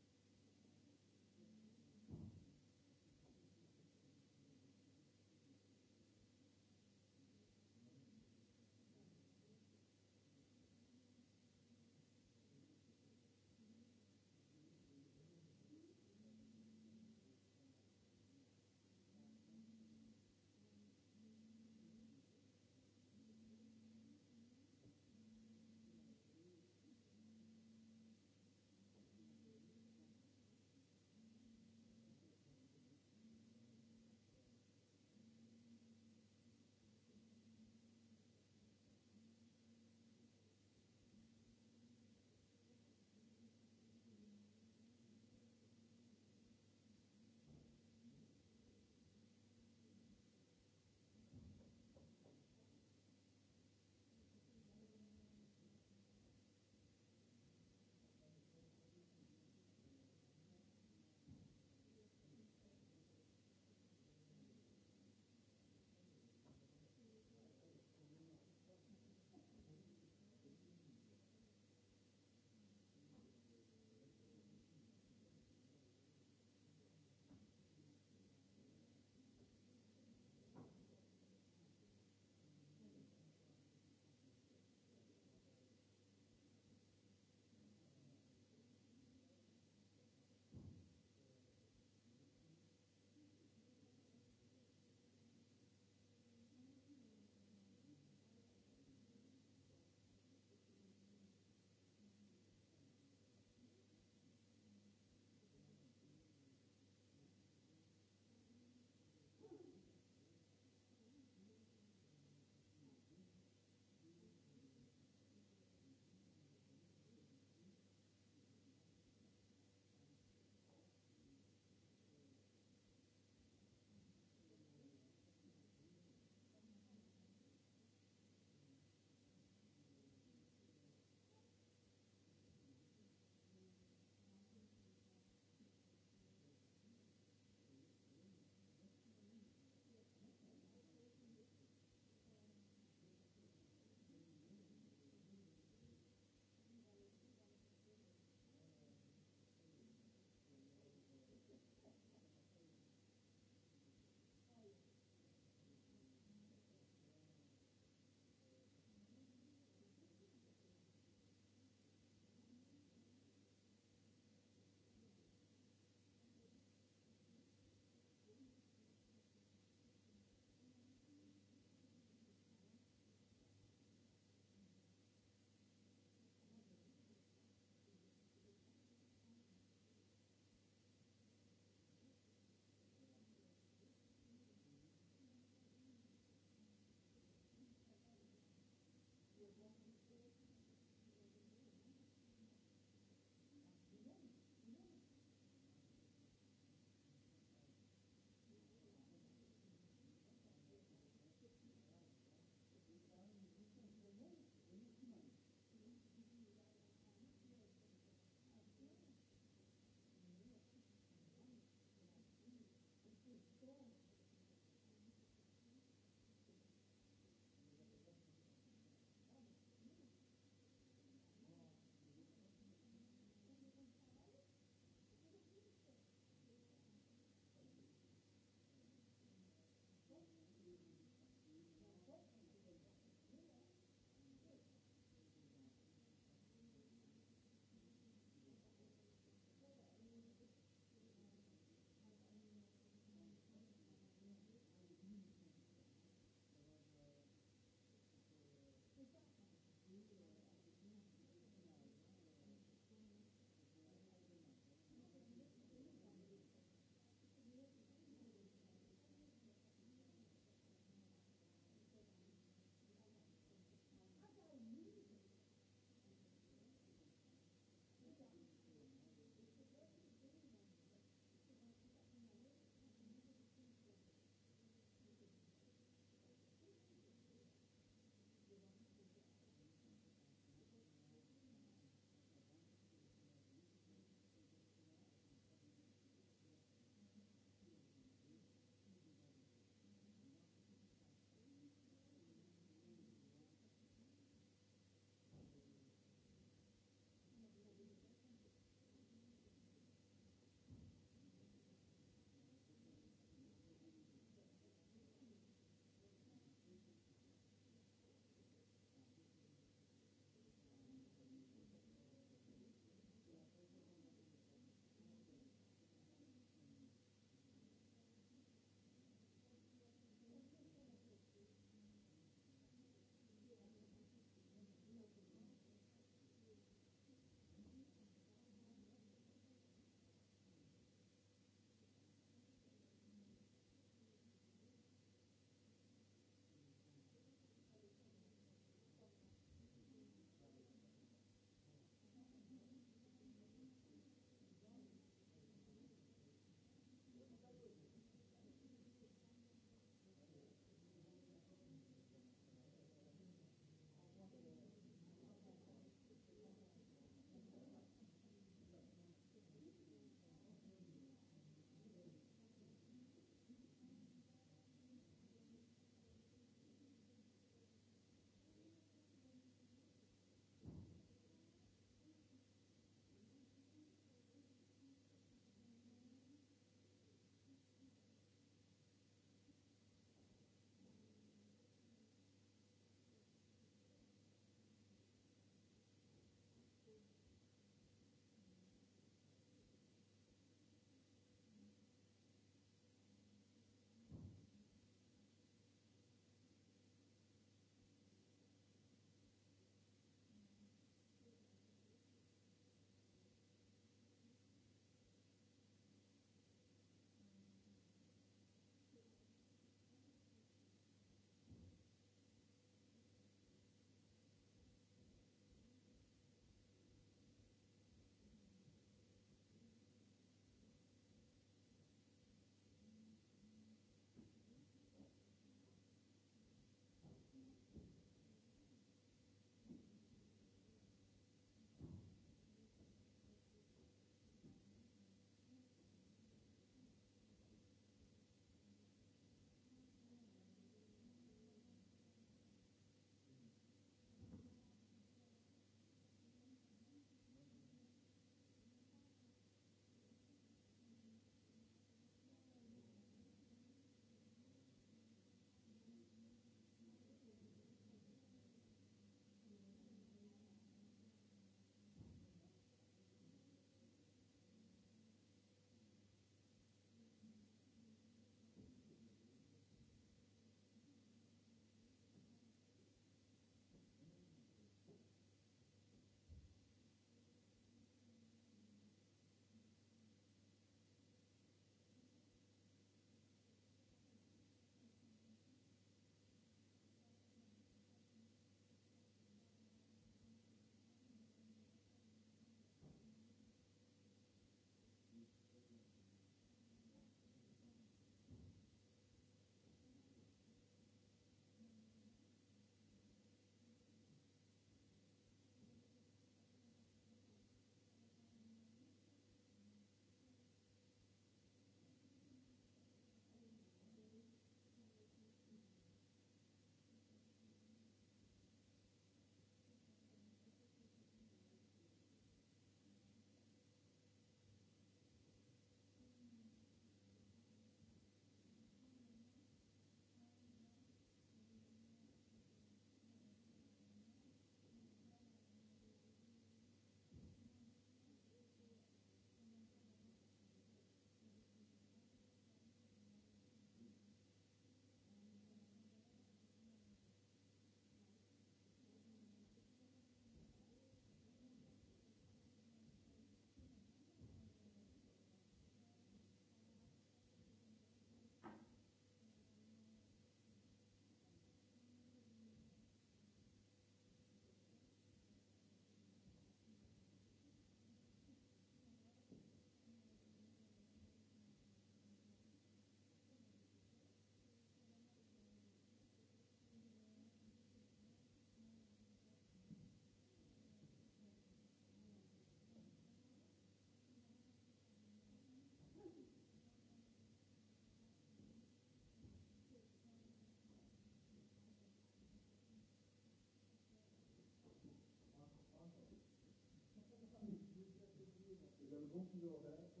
What do you go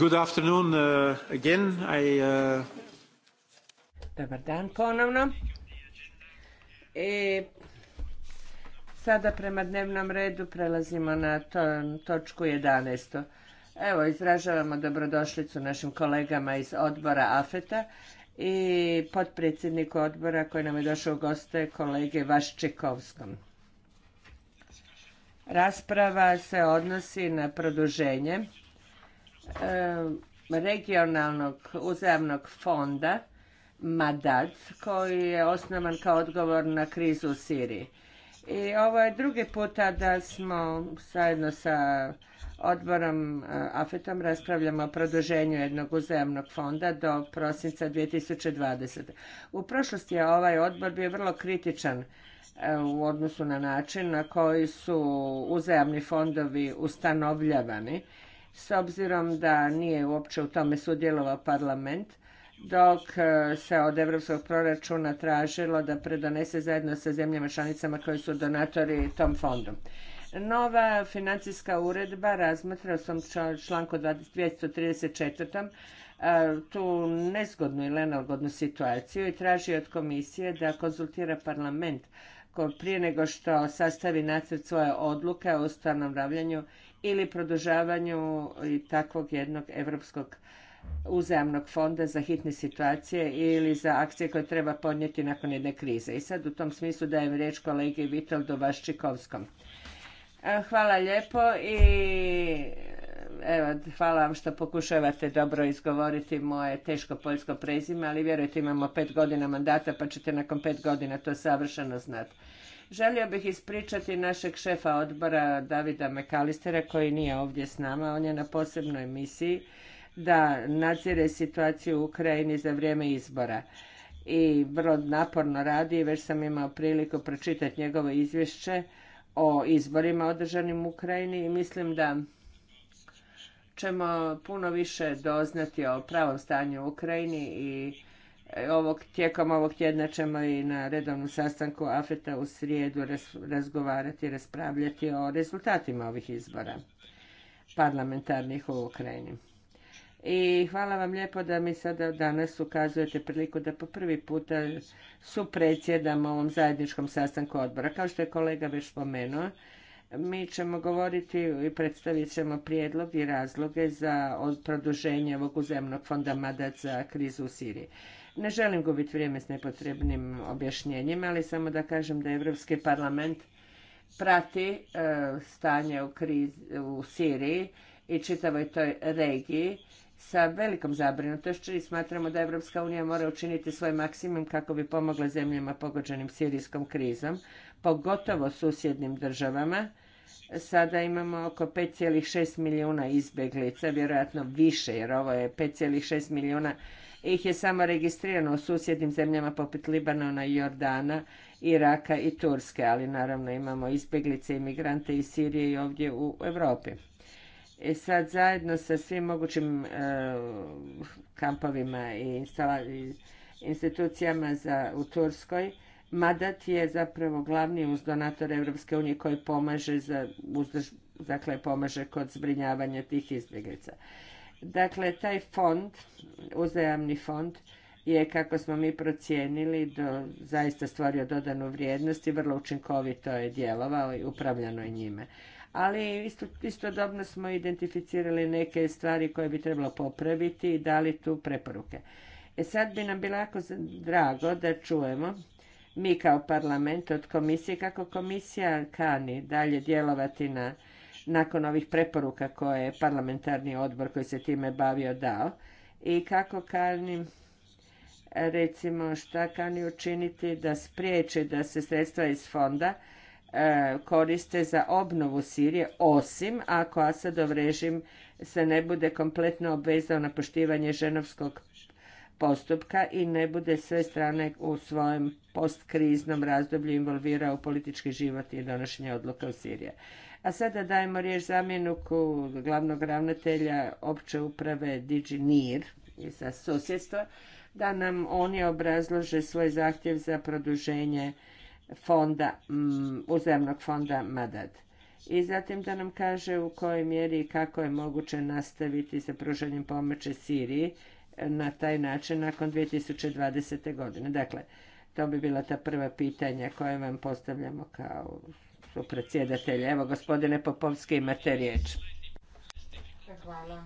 Uh, uh, Dobar dan ponovno. I sada prema dnevnom redu prelazimo na točku 11. Evo, izražavamo dobrodošlicu našim kolegama iz odbora AFETA i potpredsjedniku odbora koji nam je došao u goste, kolege Vaščekovskom. Rasprava se odnosi na produženje E, regionalnog uzajamnog fonda MADAD koji je osnovan kao odgovor na krizu u Siriji. I ovo je drugi puta da smo zajedno sa odborom e, AFET-om raspravljamo o produženju jednog uzajamnog fonda do prosinca 2020. U prošlosti je ovaj odbor bio vrlo kritičan e, u odnosu na način na koji su uzajamni fondovi ustanovljavani s obzirom da nije uopće u tome sudjelovao parlament, dok e, se od europskog proračuna tražilo da predonese zajedno sa zemljama članicama koji su donatori tom fondu. Nova financijska uredba razmatra u svom članku 234. E, tu nezgodnu ili nalgodnu situaciju i traži od komisije da konzultira parlament prije nego što sastavi nacrt svoje odluke o ustanovljavanju ili produžavanju takvog jednog europskog uzajamnog fonda za hitne situacije ili za akcije koje treba podnijeti nakon jedne krize. I sad u tom smislu dajem riječ kolegi Vitoldu Vaščikovskom. E, hvala lijepo i evo, hvala vam što pokušavate dobro izgovoriti moje teško poljsko prezime, ali vjerujte imamo pet godina mandata pa ćete nakon pet godina to savršeno znati. Želio bih ispričati našeg šefa odbora Davida Mekalistera koji nije ovdje s nama. On je na posebnoj misiji da nadzire situaciju u Ukrajini za vrijeme izbora i vrlo naporno radi. Već sam imao priliku pročitati njegovo izvješće o izborima održanim u Ukrajini i mislim da ćemo puno više doznati o pravom stanju u Ukrajini i E, ovog, tijekom ovog tjedna ćemo i na redovnom sastanku AFETA u srijedu razgovarati i raspravljati o rezultatima ovih izbora parlamentarnih u Ukrajini. I hvala vam lijepo da mi sada danas ukazujete priliku da po prvi puta supredsjedamo ovom zajedničkom sastanku odbora. Kao što je kolega već spomenuo, mi ćemo govoriti i predstavit ćemo prijedlog i razloge za produženje ovog uzemnog fonda Madad za krizu u Siriji. Ne želim gubiti vrijeme s nepotrebnim objašnjenjima, ali samo da kažem da Europski parlament prati e, stanje u, krizi, u Siriji i čitavoj toj regiji sa velikom zabrinutošću i smatramo da Evropska unija mora učiniti svoj maksimum kako bi pomogla zemljama pogođenim sirijskom krizom, pogotovo susjednim državama. Sada imamo oko 5,6 milijuna izbjeglica, vjerojatno više jer ovo je 5,6 milijuna izbjeglica ih je samo registrirano u susjednim zemljama poput Libanona, Jordana, Iraka i Turske, ali naravno imamo izbjeglice i migrante iz Sirije i ovdje u Europi. E sad zajedno sa svim mogućim e, kampovima i, institucijama za, u Turskoj, Madat je zapravo glavni uz donator Europske unije koji pomaže za uzdrž, dakle pomaže kod zbrinjavanja tih izbjeglica. Dakle, taj fond, uzajamni fond, je kako smo mi procijenili do, zaista stvorio dodanu vrijednost i vrlo učinkovito je djelovao i upravljano je njime. Ali isto, istodobno smo identificirali neke stvari koje bi trebalo popraviti i dali tu preporuke. E sad bi nam bilo jako drago da čujemo mi kao parlament od komisije kako komisija kani dalje djelovati na nakon ovih preporuka koje je parlamentarni odbor koji se time bavio dao i kako kanim recimo šta kani učiniti da spriječe da se sredstva iz fonda e, koriste za obnovu Sirije osim ako Asadov režim se ne bude kompletno obvezao na poštivanje ženovskog postupka i ne bude sve strane u svojem postkriznom razdoblju involvirao u politički život i donošenje odluka u Sirije. A sada dajemo riječ zamjeniku glavnog ravnatelja opće uprave DigiNIR za susjedstva, da nam oni obrazlože svoj zahtjev za produženje fonda, mm, uzemnog fonda MADAD. I zatim da nam kaže u kojoj mjeri i kako je moguće nastaviti sa pružanjem pomoći Siriji na taj način nakon 2020. godine. Dakle, to bi bila ta prva pitanja koje vam postavljamo kao predsjedatelj Evo, gospodine Popovski, imate riječ. Hvala.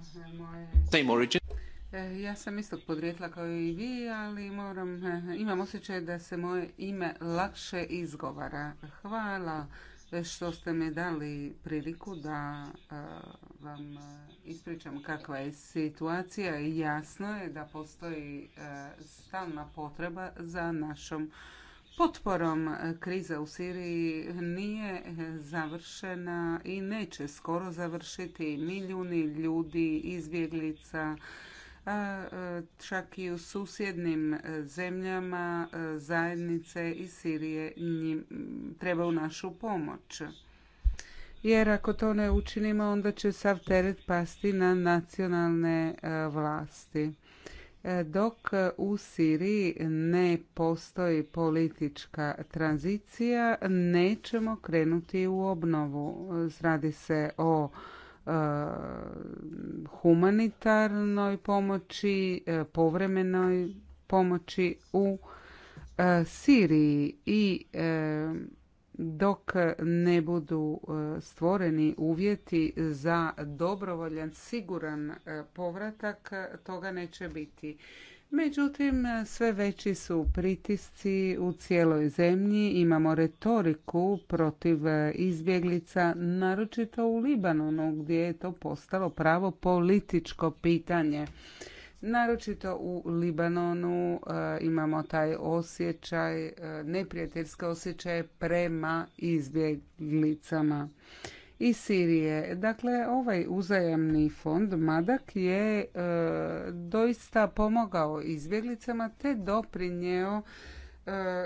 E, ja sam istog podrijetla kao i vi, ali moram, e, imam osjećaj da se moje ime lakše izgovara. Hvala e, što ste mi dali priliku da vam ispričam kakva je situacija. Jasno je da postoji stalna potreba za našom potporom e, kriza u Siriji nije e, završena i neće skoro završiti. Milijuni ljudi, izbjeglica, e, čak i u susjednim zemljama zajednice iz Sirije njim trebaju našu pomoć. Jer ako to ne učinimo, onda će sav teret pasti na nacionalne vlasti dok u Siriji ne postoji politička tranzicija, nećemo krenuti u obnovu. Radi se o e, humanitarnoj pomoći, e, povremenoj pomoći u e, Siriji i dok ne budu e, stvoreni uvjeti za dobrovoljan, siguran e, povratak, e, toga neće biti. Međutim, sve veći su pritisci u cijeloj zemlji. Imamo retoriku protiv izbjeglica, naročito u Libanonu, gdje je to postalo pravo političko pitanje. Naročito u Libanonu e, imamo taj osjećaj, e, neprijateljske osjećaje prema izbjeglicama i Sirije. Dakle, ovaj uzajamni fond Madak je e, doista pomogao izbjeglicama te doprinjeo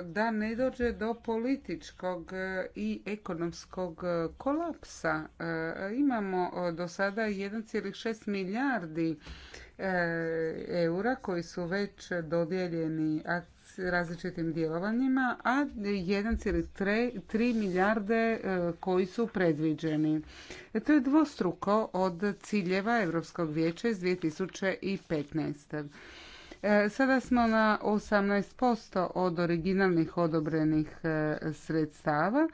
da ne dođe do političkog i ekonomskog kolapsa. imamo do sada 1,6 milijardi E, eura koji su već dodijeljeni različitim djelovanjima, a 1,3 milijarde e, koji su predviđeni. E, to je dvostruko od ciljeva Europskog vijeća iz 2015. Sada smo na 18% od originalnih odobrenih sredstava,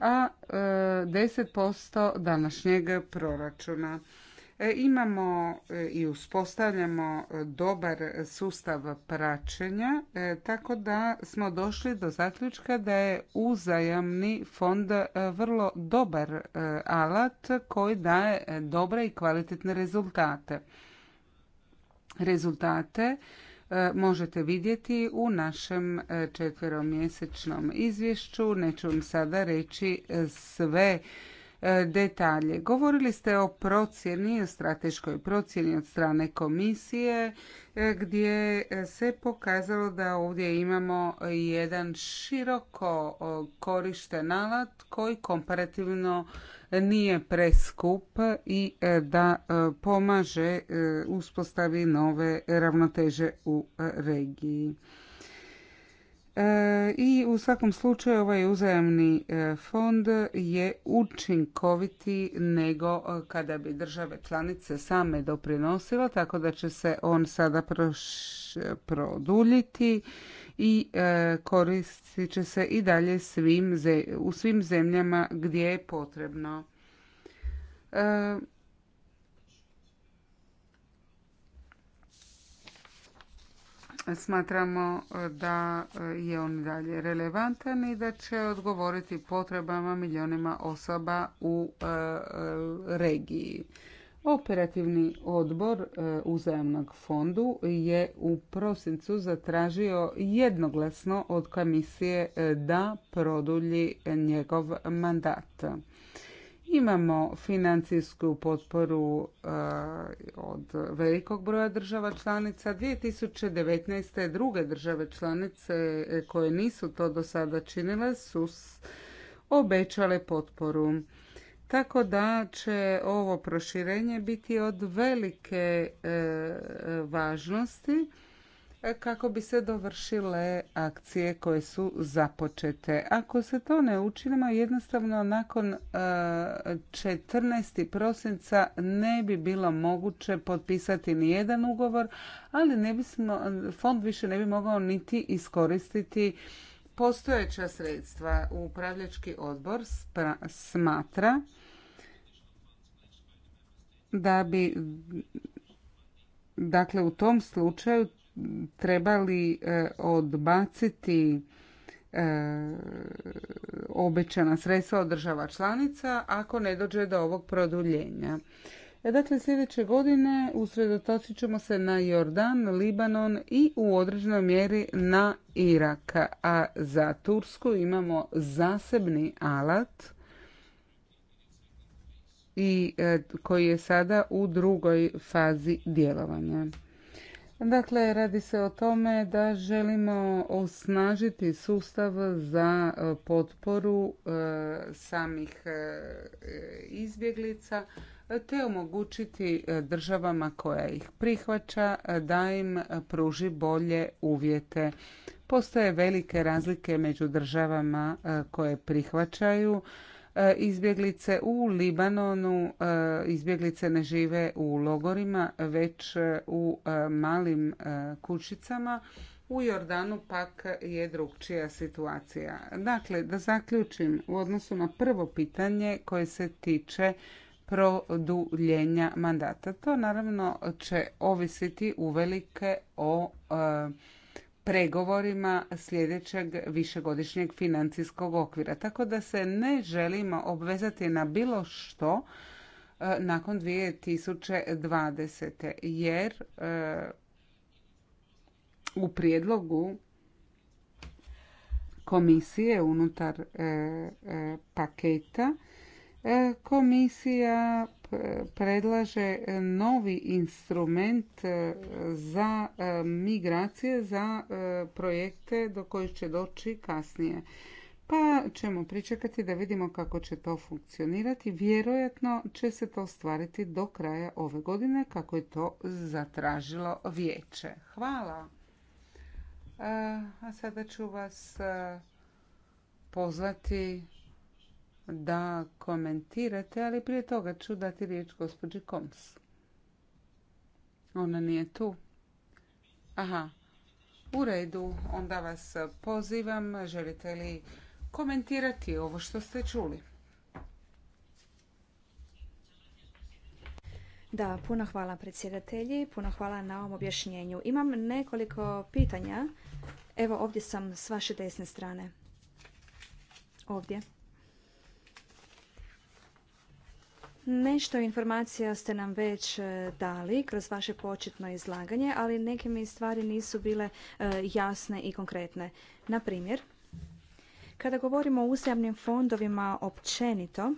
a 10% današnjeg proračuna. E, imamo e, i uspostavljamo e, dobar sustav praćenja, tako da smo došli do zaključka da je uzajamni fond vrlo dobar alat koji daje dobre i kvalitetne rezultate. Rezultate možete vidjeti u našem četveromjesečnom izvješću. Neću vam sada reći sve E, detalje. Govorili ste o procjeni, o strateškoj procjeni od strane komisije e, gdje se pokazalo da ovdje imamo jedan široko e, korišten alat koji komparativno nije preskup i da pomaže uspostavi nove ravnoteže u regiji. E, I u svakom slučaju ovaj uzajamni e, fond je učinkoviti nego e, kada bi države članice same doprinosila, tako da će se on sada produljiti i koristit će se i dalje u svim zemljama gdje je potrebno. Smatramo e, da e, je on dalje relevantan i da će odgovoriti potrebama milionima osoba u e, regiji. Operativni odbor uzajamnog fondu je u prosincu zatražio jednoglasno od komisije da produlji njegov mandat. Imamo financijsku potporu e, od velikog broja država članica. 2019. druge države članice koje nisu to do sada činile su obećale potporu. Tako da će ovo proširenje biti od velike e, važnosti kako bi se dovršile akcije koje su započete. Ako se to ne učinimo, jednostavno nakon 14. E, prosinca ne bi bilo moguće potpisati ni jedan ugovor, ali ne fond više ne bi mogao niti iskoristiti postojeća sredstva. Upravljački odbor smatra da bi Dakle, u tom slučaju trebali e, odbaciti e, obećana sredstva od država članica ako ne dođe do ovog produljenja. E, dakle, sljedeće godine usredotočit ćemo se na Jordan, Libanon i u određenoj mjeri na Irak. A za Tursku imamo zasebni alat i koji je sada u drugoj fazi djelovanja. Dakle, radi se o tome da želimo osnažiti sustav za e, potporu e, samih e, izbjeglica te omogućiti državama koja ih prihvaća da im pruži bolje uvjete. Postoje velike razlike među državama koje prihvaćaju E, izbjeglice u Libanonu, e, izbjeglice ne žive u logorima, već e, u malim kućicama. U Jordanu pak je drugčija situacija. Dakle, da zaključim u odnosu na prvo pitanje koje se tiče produljenja mandata. To naravno će ovisiti uvelike o pregovorima sljedećeg višegodišnjeg financijskog okvira. Tako da se ne želimo obvezati na bilo što e, nakon 2020. jer e, u prijedlogu komisije unutar e, paketa komisija predlaže novi instrument e, za e, migracije za e, projekte do kojih će doći kasnije. Pa ćemo pričekati da vidimo kako će to funkcionirati. Vjerojatno će se to ostvariti do kraja ove godine kako je to zatražilo vijeće. Hvala. A sada ću vas pozvati da komentirate, ali prije toga ću dati riječ gospođi Koms. Ona nije tu. Aha, u redu, onda vas pozivam. Želite li komentirati ovo što ste čuli? Da, puno hvala predsjedatelji, puno hvala na ovom objašnjenju. Imam nekoliko pitanja. Evo ovdje sam s vaše desne strane. Ovdje. Nešto informacija ste nam već e, dali kroz vaše početno izlaganje, ali neke mi stvari nisu bile e, jasne i konkretne. Na primjer, kada govorimo o uzajamnim fondovima općenito,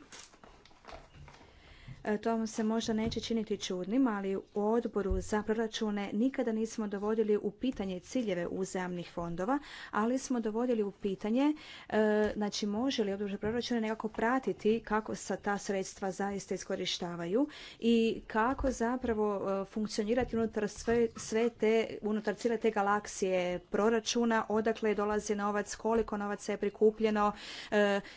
E, to se možda neće činiti čudnim, ali u odboru za proračune nikada nismo dovodili u pitanje ciljeve uzajamnih fondova, ali smo dovodili u pitanje e, znači može li odbor za proračune nekako pratiti kako se ta sredstva zaista iskorištavaju i kako zapravo e, funkcionirati unutar sve, sve te, unutar cijele te galaksije proračuna, odakle dolazi novac, koliko novaca je prikupljeno,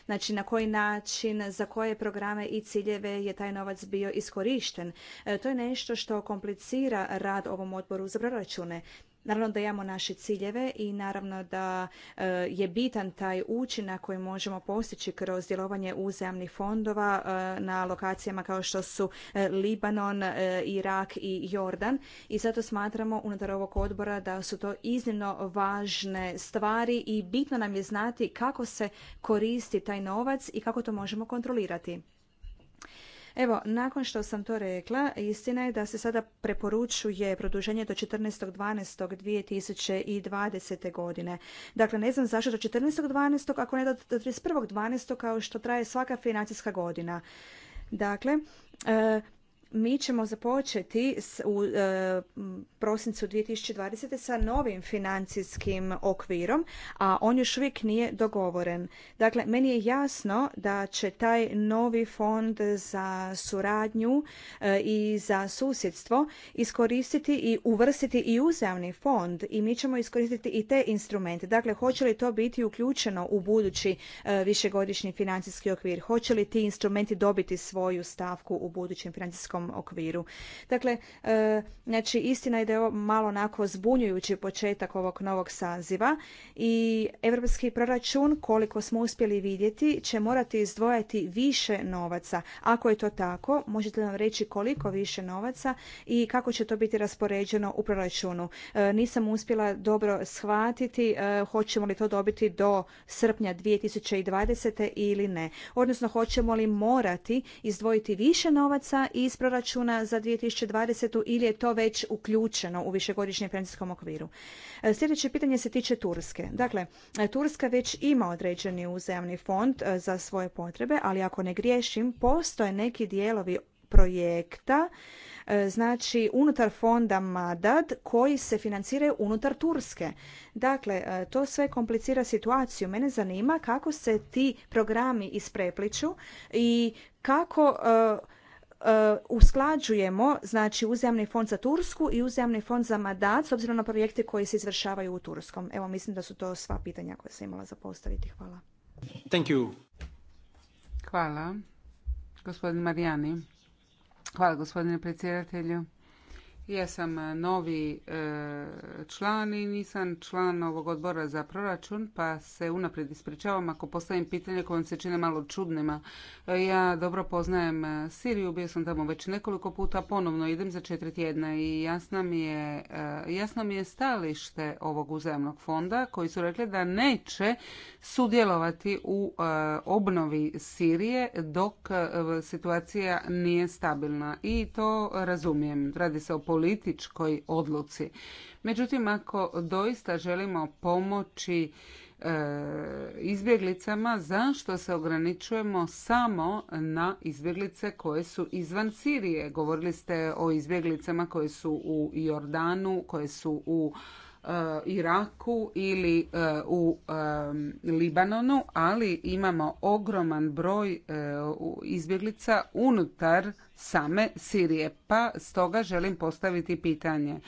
znači na koji način, za koje programe i ciljeve je taj novac bio iskorišten. E, to je nešto što komplicira rad ovom odboru za proračune. Naravno da imamo naše ciljeve i naravno da e, je bitan taj učinak koji možemo postići kroz djelovanje uzajamnih fondova e, na lokacijama kao što su Libanon, Irak i Jordan. I zato smatramo unutar ovog odbora da su to iznimno važne stvari i bitno nam je znati kako se koristi taj novac i kako to možemo kontrolirati. Evo, nakon što sam to rekla, istina je da se sada preporučuje produženje do 14.12.2020. godine. Dakle, ne znam zašto do 14.12. ako ne do 31.12. kao što traje svaka financijska godina. Dakle, e, mi ćemo započeti s, u e, dvije prosincu 2020. sa novim financijskim okvirom, a on još uvijek nije dogovoren. Dakle, meni je jasno da će taj novi fond za suradnju e, i za susjedstvo iskoristiti i uvrstiti i uzajamni fond i mi ćemo iskoristiti i te instrumente. Dakle, hoće li to biti uključeno u budući e, višegodišnji financijski okvir? Hoće li ti instrumenti dobiti svoju stavku u budućem financijskom okviru. Dakle, e, znači istina je da je ovo malo onako zbunjujući početak ovog novog saziva i europski proračun koliko smo uspjeli vidjeti će morati izdvojati više novaca. Ako je to tako, možete li nam reći koliko više novaca i kako će to biti raspoređeno u proračunu? E, nisam uspjela dobro shvatiti e, hoćemo li to dobiti do srpnja 2020. ili ne. Odnosno, hoćemo li morati izdvojiti više novaca iz proračuna proračuna za 2020. ili je to već uključeno u višegodišnjem financijskom okviru? E, sljedeće pitanje se tiče Turske. Dakle, e, Turska već ima određeni uzajamni fond e, za svoje potrebe, ali ako ne griješim, postoje neki dijelovi projekta, znači unutar fonda MADAD koji se financiraju unutar Turske. Dakle, to sve komplicira situaciju. Mene zanima kako se ti programi isprepliču i kako E, usklađujemo znači uzajamni fond za Tursku i uzajamni fond za Madad s obzirom na projekte koji se izvršavaju u Turskom. Evo mislim da su to sva pitanja koja sam imala za postaviti. Hvala. Thank you. Hvala. Gospodin Marijani. Hvala gospodine predsjedatelju. Ja sam e, novi e, član i nisam član ovog odbora za proračun, pa se unaprijed ispričavam ako postavim pitanje koje vam se čine malo čudnima. E, ja dobro poznajem Siriju, bio sam tamo već nekoliko puta, ponovno idem za četiri tjedna i jasno mi je, jasno mi je stalište ovog uzajemnog fonda koji su rekli da neće sudjelovati u obnovi Sirije dok situacija nije stabilna i to razumijem. Radi se o političkoj odluci. Međutim, ako doista želimo pomoći e, izbjeglicama, zašto se ograničujemo samo na izbjeglice koje su izvan Sirije? Govorili ste o izbjeglicama koje su u Jordanu, koje su u Eh, Iraku ili eh, u eh, Libanonu, ali imamo ogroman broj izbjeglica unutar same Sirije. Pa stoga želim postaviti pitanje.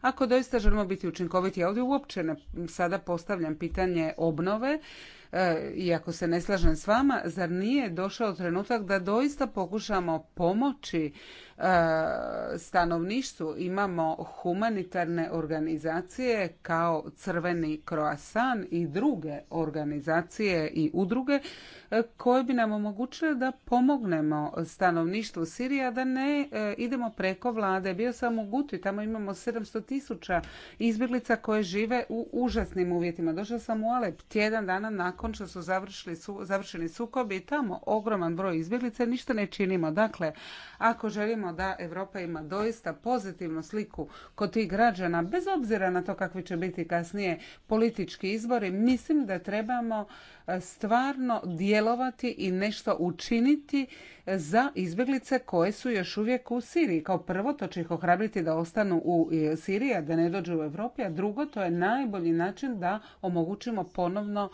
Ako doista želimo biti učinkoviti, ja ovdje uopće ne, sada postavljam pitanje obnove, iako se ne slažem s vama, zar nije došao trenutak da doista pokušamo pomoći E, stanovništvu imamo humanitarne organizacije kao Crveni Kroasan i druge organizacije i udruge e, koje bi nam omogućile da pomognemo stanovništvu Sirija da ne e, idemo preko vlade. Bio sam u Guti, tamo imamo 700 tisuća izbjeglica koje žive u užasnim uvjetima. Došao sam u Alep tjedan dana nakon što su završili, su, završeni sukobi i tamo ogroman broj izbjeglica, ništa ne činimo. Dakle, ako želimo da Europa ima doista pozitivnu sliku kod tih građana, bez obzira na to kakvi će biti kasnije politički izbori, mislim da trebamo e, stvarno djelovati i nešto učiniti e, za izbjeglice koje su još uvijek u Siriji. Kao prvo, to će ih ohrabriti da ostanu u e, Siriji, a da ne dođu u Europi, a drugo, to je najbolji način da omogućimo ponovno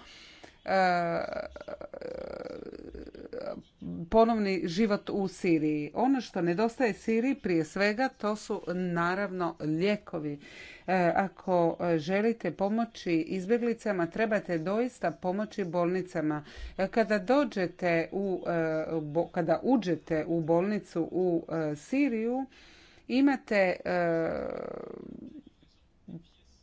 ponovni život u Siriji. Ono što nedostaje Siriji prije svega to su naravno lijekovi. E, ako želite pomoći izbjeglicama trebate doista pomoći bolnicama. E, kada dođete u, e, kada uđete u bolnicu u Siriju imate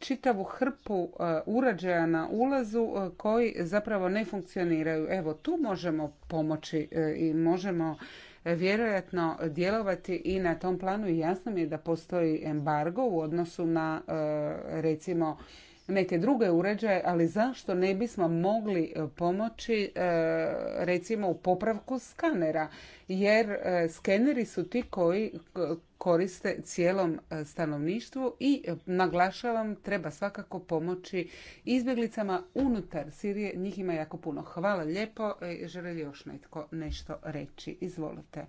čitavu hrpu e, uređaja na ulazu e, koji zapravo ne funkcioniraju. Evo tu možemo pomoći e, i možemo vjerojatno djelovati i na tom planu i jasno mi je da postoji embargo u odnosu na recimo neke druge uređaje, ali zašto ne bismo mogli pomoći recimo u popravku skanera? Jer skeneri su ti koji koriste cijelom e, stanovništvu i e, naglašavam treba svakako pomoći izbjeglicama unutar Sirije. Njih ima jako puno. Hvala lijepo. E, želi li još netko nešto reći? Izvolite.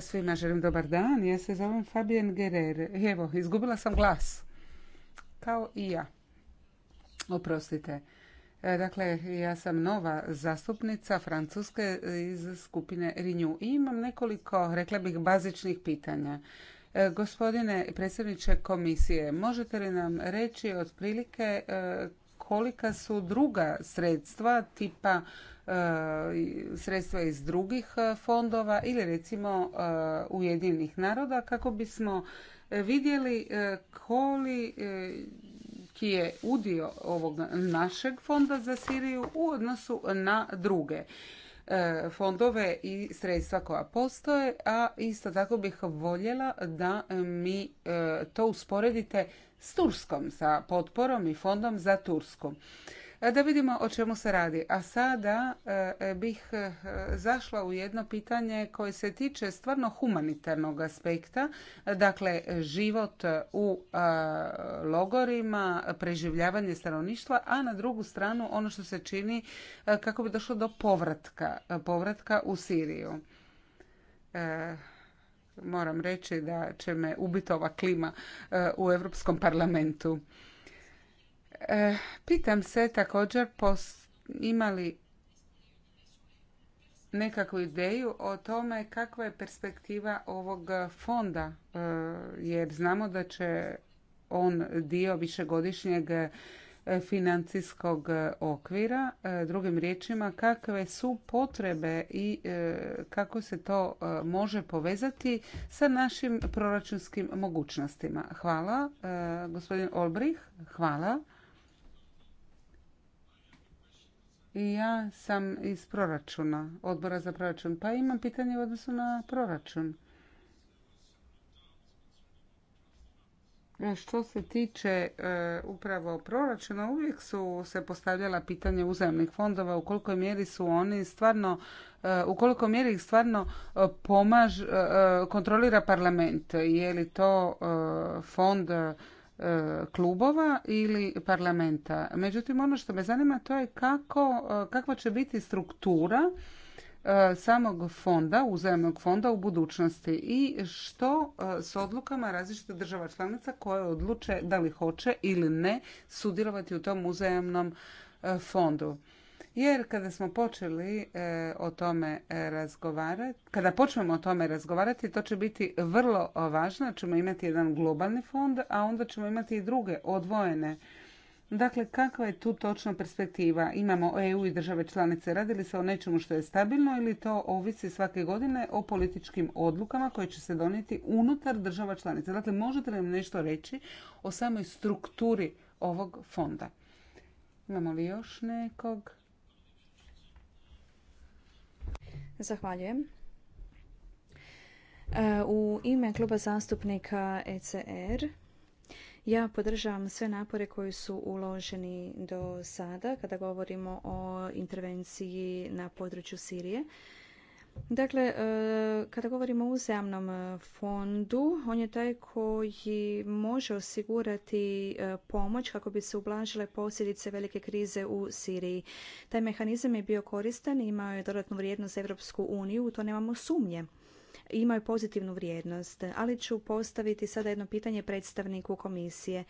Svima želim dobar dan. Ja se zovem Fabien Gerer. Evo, izgubila sam glas. Kao i ja. Oprostite. E, dakle, ja sam nova zastupnica Francuske iz skupine Renew i imam nekoliko, rekla bih, bazičnih pitanja. E, gospodine predsjedniče komisije, možete li nam reći otprilike e, kolika su druga sredstva tipa sredstva iz drugih fondova ili recimo Ujedinjenih naroda kako bismo vidjeli koli, je udio ovog našeg fonda za Siriju u odnosu na druge e, fondove i sredstva koja postoje, a isto tako bih voljela da mi e, to usporedite s Turskom, sa potporom i fondom za Tursku. E, da vidimo o čemu se radi. A sada e, e, bih zašla u jedno pitanje koje se tiče stvarno humanitarnog aspekta, dakle život u logorima, preživljavanje stanovništva, a na drugu stranu ono što se čini kako bi došlo do povratka, povratka u Siriju moram reći da će me ubiti ova klima u Europskom parlamentu. E, pitam se također imali nekakvu ideju o tome kakva je perspektiva ovog fonda, e, jer znamo da će on dio višegodišnjeg e, financijskog okvira. Drugim riječima, kakve su potrebe i kako se to može povezati sa našim proračunskim mogućnostima. Hvala. Gospodin Olbrih, hvala. I ja sam iz proračuna, odbora za proračun. Pa imam pitanje u odnosu na proračun. E, što se tiče e, upravo proračuna, uvijek su se postavljala pitanje uzajemnih fondova, u kolikoj mjeri su oni stvarno, e, u koliko mjeri ih stvarno pomaže kontrolira parlament. Je li to fond E, klubova ili parlamenta. Međutim, ono što me zanima to je kako, e, kakva će biti struktura e, samog fonda, uzajemnog fonda u budućnosti i što s odlukama različitih država članica koje odluče da li hoće ili ne sudjelovati u tom uzajemnom fondu. Jer kada smo počeli e, o tome razgovarati, kada počnemo o tome razgovarati, to će biti vrlo važno. Ćemo imati jedan globalni fond, a onda ćemo imati i druge odvojene. Dakle, kakva je tu točno perspektiva? Imamo EU i države članice. Radi li se o nečemu što je stabilno ili to ovisi svake godine o političkim odlukama koje će se donijeti unutar država članica? Dakle, možete li nam nešto reći o samoj strukturi ovog fonda? Imamo li još nekog? Zahvaljujem. E, u ime kluba zastupnika ECR ja podržavam sve napore koji su uloženi do sada kada govorimo o intervenciji na području Sirije. Dakle, e, kada govorimo o uzemnom e, fondu, on je taj koji može osigurati e, pomoć kako bi se ublažile posljedice velike krize u Siriji. Taj mehanizam je bio koristan i imao je dodatnu vrijednost za Europsku uniju, u to nemamo sumnje. Imao je pozitivnu vrijednost, ali ću postaviti sada jedno pitanje predstavniku komisije.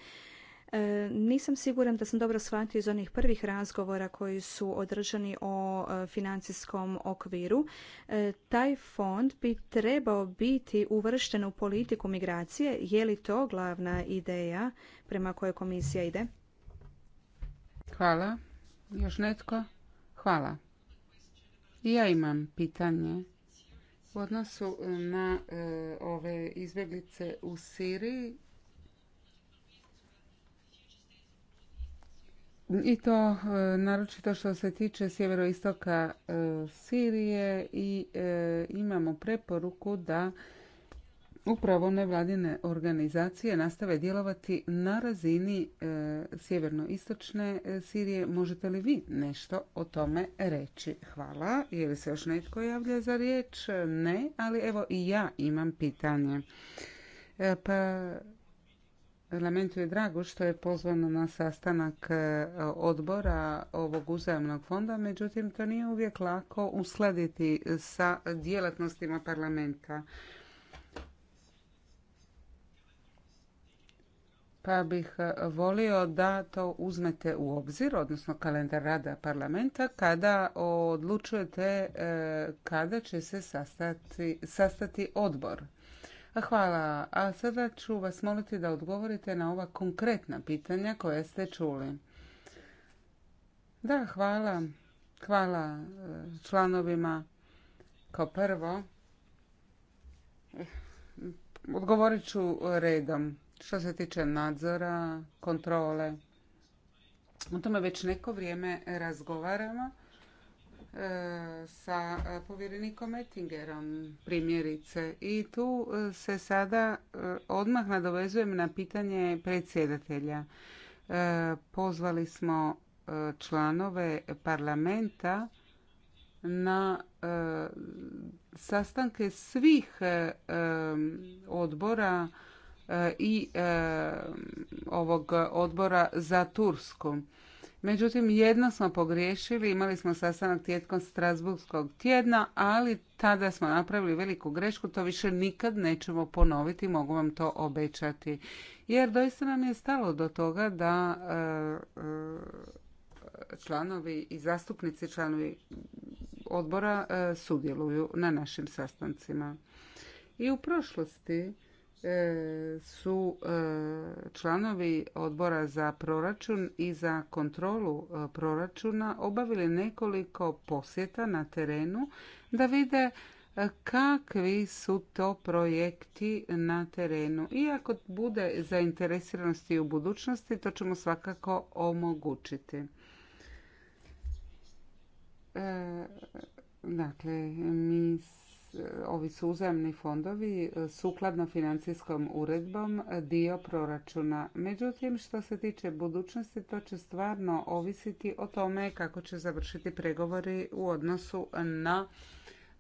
E, nisam siguran da sam dobro shvatio iz onih prvih razgovora koji su održani o e, financijskom okviru. E, taj fond bi trebao biti uvršten u politiku migracije. Je li to glavna ideja prema kojoj komisija ide? Hvala. Još netko? Hvala. Ja imam pitanje. U odnosu na ove izbjeglice u Siriji, i to e, naročito što se tiče sjeveroistoka e, Sirije i e, imamo preporuku da upravo nevladine organizacije nastave djelovati na razini sjeverno-istočne Sirije. Možete li vi nešto o tome reći? Hvala. Je li se još netko javlja za riječ? Ne, ali evo i ja imam pitanje. Pa Parlamentu je drago što je pozvano na sastanak e, odbora ovog uzajamnog fonda, međutim to nije uvijek lako uskladiti sa djelatnostima parlamenta. Pa bih e, volio da to uzmete u obzir, odnosno kalendar rada parlamenta, kada odlučujete e, kada će se sastati, sastati odbor. Hvala. A sada ću vas moliti da odgovorite na ova konkretna pitanja koja ste čuli. Da, hvala. Hvala e, članovima. Kao prvo, odgovorit ću redom. Što se tiče nadzora, kontrole, o tome već neko vrijeme razgovaramo E, sa e, povjerenikom Ettingerom primjerice i tu e, se sada odmah nadovezujem na pitanje predsjedatelja. Pozvali smo članove parlamenta na sastanke svih odbora i ovog odbora za Tursku. Međutim, jedno smo pogriješili, imali smo sastanak tijekom Strasburskog tjedna, ali tada smo napravili veliku grešku, to više nikad nećemo ponoviti, mogu vam to obećati. Jer doista nam je stalo do toga da e, e, članovi i zastupnici članovi odbora e, sudjeluju na našim sastancima. I u prošlosti E, su e, članovi odbora za proračun i za kontrolu e, proračuna obavili nekoliko posjeta na terenu da vide kakvi su to projekti na terenu. I ako bude zainteresiranosti u budućnosti, to ćemo svakako omogućiti. Dakle, mi ovi su fondovi e, sukladno financijskom uredbom e, dio proračuna. Međutim, što se tiče budućnosti, to će stvarno ovisiti o tome kako će završiti pregovori u odnosu na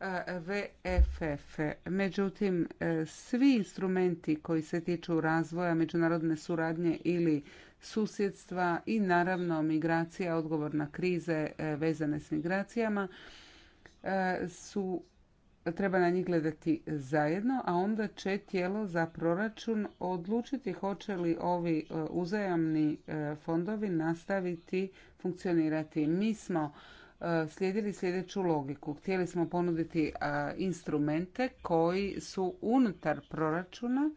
e, VFF. Međutim, svi instrumenti koji se tiču razvoja međunarodne suradnje ili susjedstva i naravno migracija, odgovor na krize vezane s migracijama su treba na njih gledati zajedno, a onda će tijelo za proračun odlučiti hoće li ovi e, uzajamni e, fondovi nastaviti funkcionirati. Mi smo e, slijedili sljedeću logiku. Htjeli smo ponuditi instrumente koji su unutar proračuna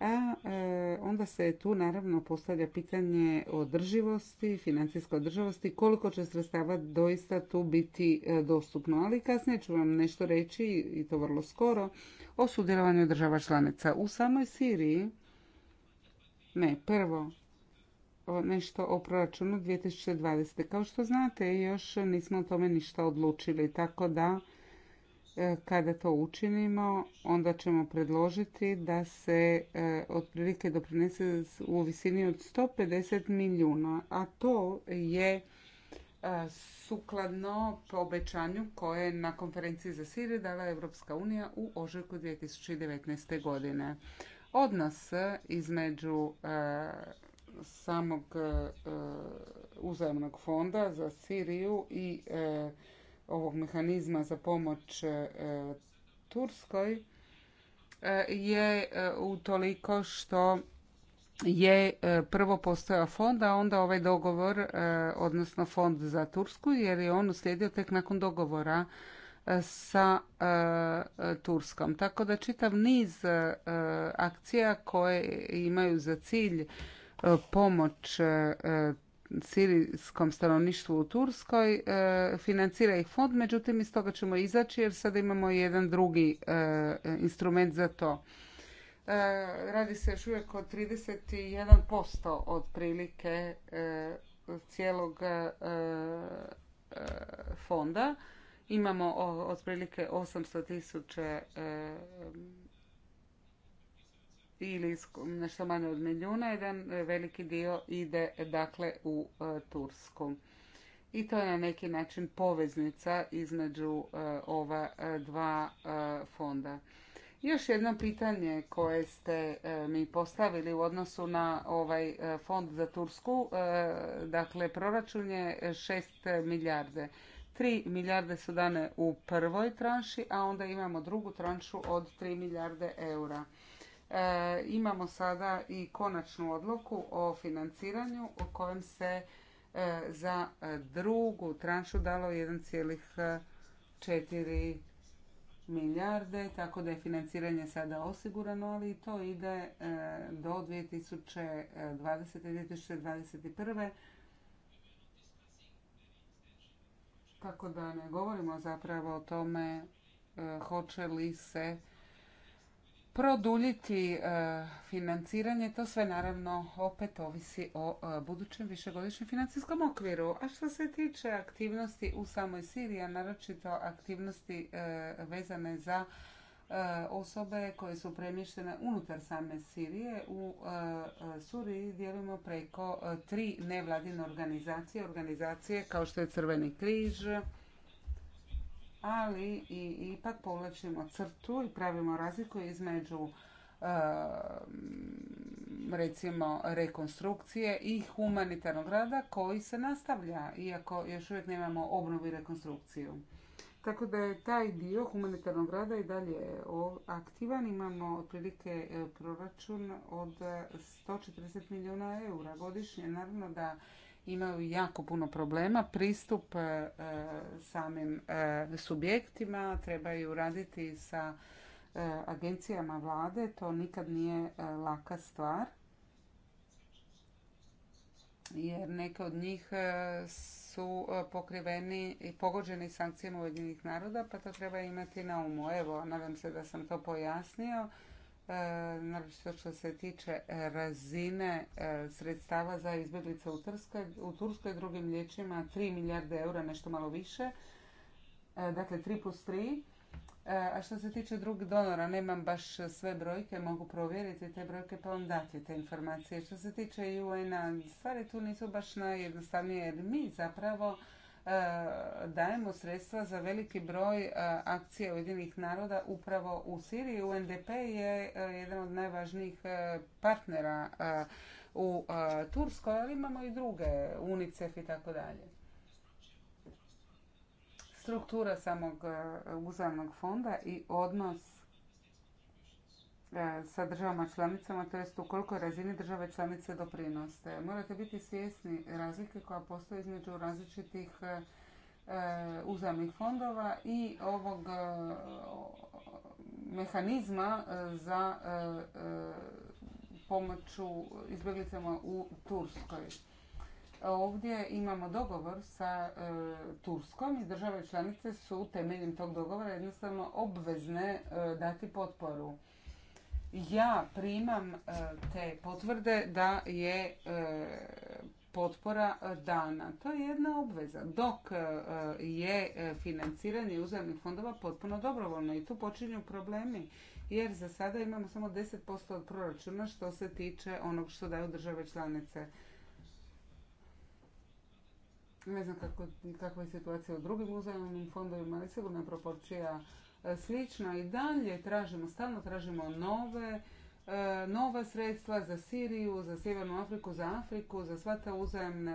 a e, onda se tu naravno postavlja pitanje održivosti, financijske održivosti, koliko će sredstava doista tu biti e, dostupno. Ali kasnije ću vam nešto reći, i to vrlo skoro, o sudjelovanju država članica. U samoj Siriji, ne, prvo, nešto o proračunu 2020. Kao što znate, još nismo o tome ništa odlučili, tako da E, kada to učinimo, onda ćemo predložiti da se e, otprilike doprinese u visini od 150 milijuna, a to je e, sukladno po obećanju koje je na konferenciji za Siriju dala Evropska unija u ožujku 2019. godine. Odnos između samog uzajemnog fonda za Siriju i ovog mehanizma za pomoć e, Turskoj e, je e, utoliko što je prvo postojao fond, a onda ovaj dogovor, odnosno fond za Tursku, jer je on uslijedio tek nakon dogovora sa Turskom. Tako da čitav niz akcija koje imaju za cilj pomoć sirijskom stanovništvu u Turskoj. E, financira ih fond, međutim iz toga ćemo izaći jer sada imamo jedan drugi e, instrument za to. E, radi se još uvijek o 31% od prilike cijelog fonda. Imamo otprilike 800 tisuća ili nešto manje od milijuna, jedan e, veliki dio ide dakle u e, Tursku. I to je na neki način poveznica između e, ova dva fonda. Još jedno pitanje koje ste mi postavili u odnosu na ovaj fond za Tursku, dakle proračun je 6 milijarde. 3 milijarde su dane u prvoj tranši, a onda imamo drugu tranšu od 3 milijarde eura. E, imamo sada i konačnu odluku o financiranju u kojem se e, za e, drugu tranšu dalo 1,4 milijarde, tako da je financiranje sada osigurano, ali to ide do 2020. 2021. Tako da ne govorimo zapravo o tome hoće li se produljiti e, financiranje. To sve naravno opet ovisi o e, budućem višegodišnjem financijskom okviru. A što se tiče aktivnosti u samoj Siriji, a naročito aktivnosti e, vezane za osobe koje su premještene unutar same Sirije. U Suriji dijelimo preko tri nevladine organizacije, organizacije kao što je Crveni križ, ali i ipak povlačimo crtu i pravimo razliku između recimo rekonstrukcije i humanitarnog rada koji se nastavlja iako još uvijek nemamo obnovu i rekonstrukciju. Tako da je taj dio humanitarnog rada i dalje aktivan. Imamo otprilike e, proračun od 140 e, milijuna eura godišnje. Naravno da imaju jako puno problema, pristup e, e, samim e, subjektima, trebaju raditi sa agencijama vlade, to nikad nije laka stvar. Jer neke od njih su pokriveni i pogođeni sankcijama Ujedinjenih naroda, pa to treba imati na umu. Evo, nadam se da sam to pojasnio. E, naročito što se tiče razine e, sredstava za izbjeglice u Turskoj, u Turskoj drugim riječima 3 milijarde eura, nešto malo više, e, dakle 3 plus 3. A što se tiče drugih donora, nemam baš sve brojke, mogu provjeriti te brojke pa vam dati te informacije. Što se tiče UN-a, stvari tu nisu baš najjednostavnije jer mi zapravo E, dajemo sredstva za veliki broj e, akcija Ujedinih naroda upravo u Siriji. UNDP je e, jedan od najvažnijih partnera u Turskoj, ali imamo i druge, UNICEF i tako dalje. Struktura samog uzajamnog fonda i odnos E, sa državama članicama, to u kolikoj razini države članice doprinose. Morate biti svjesni razlike koja postoji između različitih e, e, uzamnih fondova i ovog mehanizma za pomoć izbjeglicama u Turskoj. Ovdje imamo dogovor sa Turskom i države članice su temeljem tog dogovora jednostavno obvezne dati potporu ja primam e, te potvrde da je e, potpora e, dana. To je jedna obveza. Dok je financiranje uzemnih fondova potpuno dobrovoljno i tu počinju problemi. Jer za sada imamo samo 10% od proračuna što se tiče onog što daju države članice. Ne znam kakva je situacija u drugim uzajemnim fondovima, ali sigurno je proporcija E, slično i dalje tražimo, stalno tražimo nove e, nova sredstva za Siriju, za Sjevernu Afriku, za Afriku, za, sva te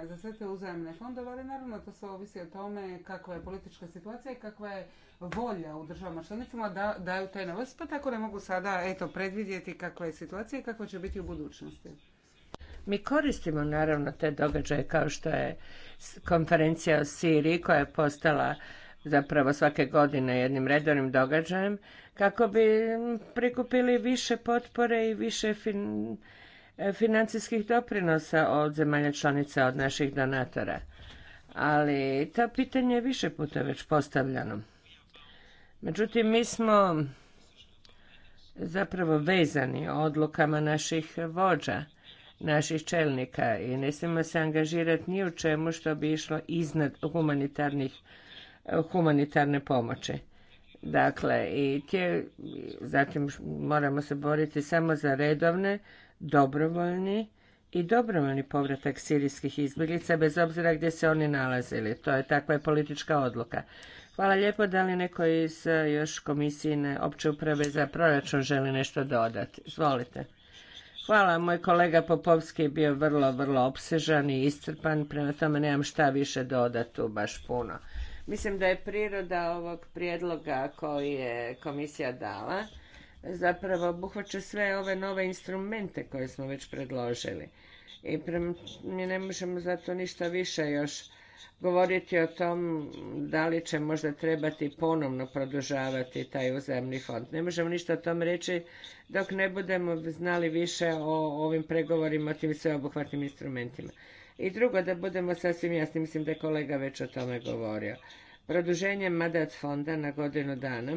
za sve te uzajemne fondove, ali naravno to sve ovisi o tome kakva je politička situacija i kakva je volja u državama članicama da daju taj novac, pa tako ne mogu sada eto, predvidjeti kakva je situacija i kakva će biti u budućnosti. Mi koristimo naravno te događaje kao što je konferencija o Siriji koja je postala zapravo svake godine jednim redovnim događajem kako bi prikupili više potpore i više financijskih doprinosa od zemalja članica od naših donatora. Ali ta pitanje je više puta već postavljano. Međutim, mi smo zapravo vezani odlukama naših vođa, naših čelnika i ne smijemo se angažirati ni u čemu što bi išlo iznad humanitarnih humanitarne pomoći. Dakle, i tje, zatim moramo se boriti samo za redovne, dobrovoljni i dobrovoljni povratak sirijskih izbjeglica, bez obzira gdje se oni nalazili. To je takva je politička odluka. Hvala lijepo. Da li neko iz još komisijine opće uprave za proračun želi nešto dodati? Izvolite. Hvala. Moj kolega Popovski je bio vrlo, vrlo opsežan i iscrpan, prema tome nemam šta više dodati tu baš puno. Mislim da je priroda ovog prijedloga koji je komisija dala zapravo obuhvaća sve ove nove instrumente koje smo već predložili. I mi ne možemo zato ništa više još govoriti o tom da li će možda trebati ponovno produžavati taj uzemni fond. Ne možemo ništa o tom reći dok ne budemo znali više o ovim pregovorima o tim sveobuhvatnim instrumentima. I drugo, da budemo sasvim jasni, mislim da je kolega već o tome govorio. Produženje Madat fonda na godinu dana,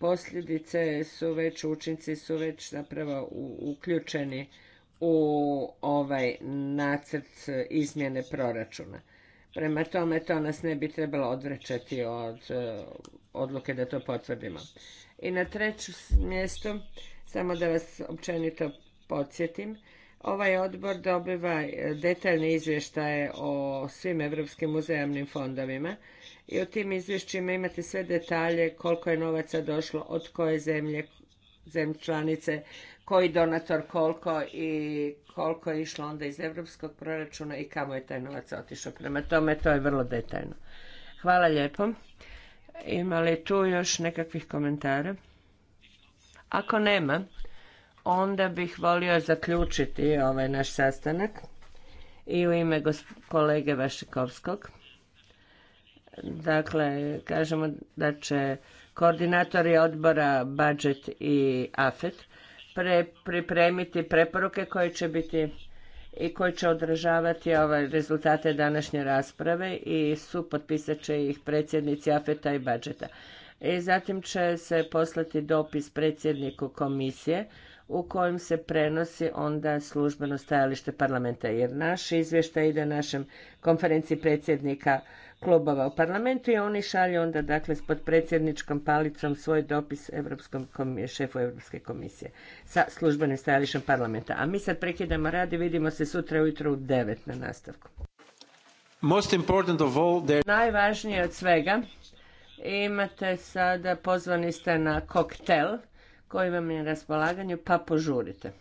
posljedice su već, učinci su već zapravo uključeni u ovaj nacrt izmjene proračuna. Prema tome, to nas ne bi trebalo odvraćati od eh, odluke da to potvrdimo. I na trećem mjestu, samo da vas općenito podsjetim, Ovaj odbor dobiva e, detaljne izvještaje o svim evropskim uzajamnim fondovima i u tim izvješćima imate sve detalje koliko je novaca došlo, od koje zemlje, zemlje članice, koji donator koliko i koliko je išlo onda iz evropskog proračuna i kamo je taj novac otišao. Prema tome to je vrlo detaljno. Hvala lijepo. Ima li tu još nekakvih komentara? Ako nema, onda bih volio zaključiti ovaj naš sastanak i u ime kolege Vašikovskog. Dakle, kažemo da će koordinatori odbora Budget i AFET pripremiti preporuke koje će biti i koji će odražavati ovaj rezultate današnje rasprave i su potpisat će ih predsjednici AFETA i Budžeta. I zatim će se poslati dopis predsjedniku komisije u kojem se prenosi onda službeno stajalište parlamenta. Jer naš izvještaj ide našem konferenciji predsjednika klubova u parlamentu i oni šalju onda dakle s podpredsjedničkom palicom svoj dopis Evropskom šefu Evropske komisije sa službenim stajalištem parlamenta. A mi sad prekidamo rad i vidimo se sutra ujutro u devet na nastavku. Most important of all, Najvažnije od svega imate sada pozvani ste na koktel vam je na raspolaganju, pa požurite.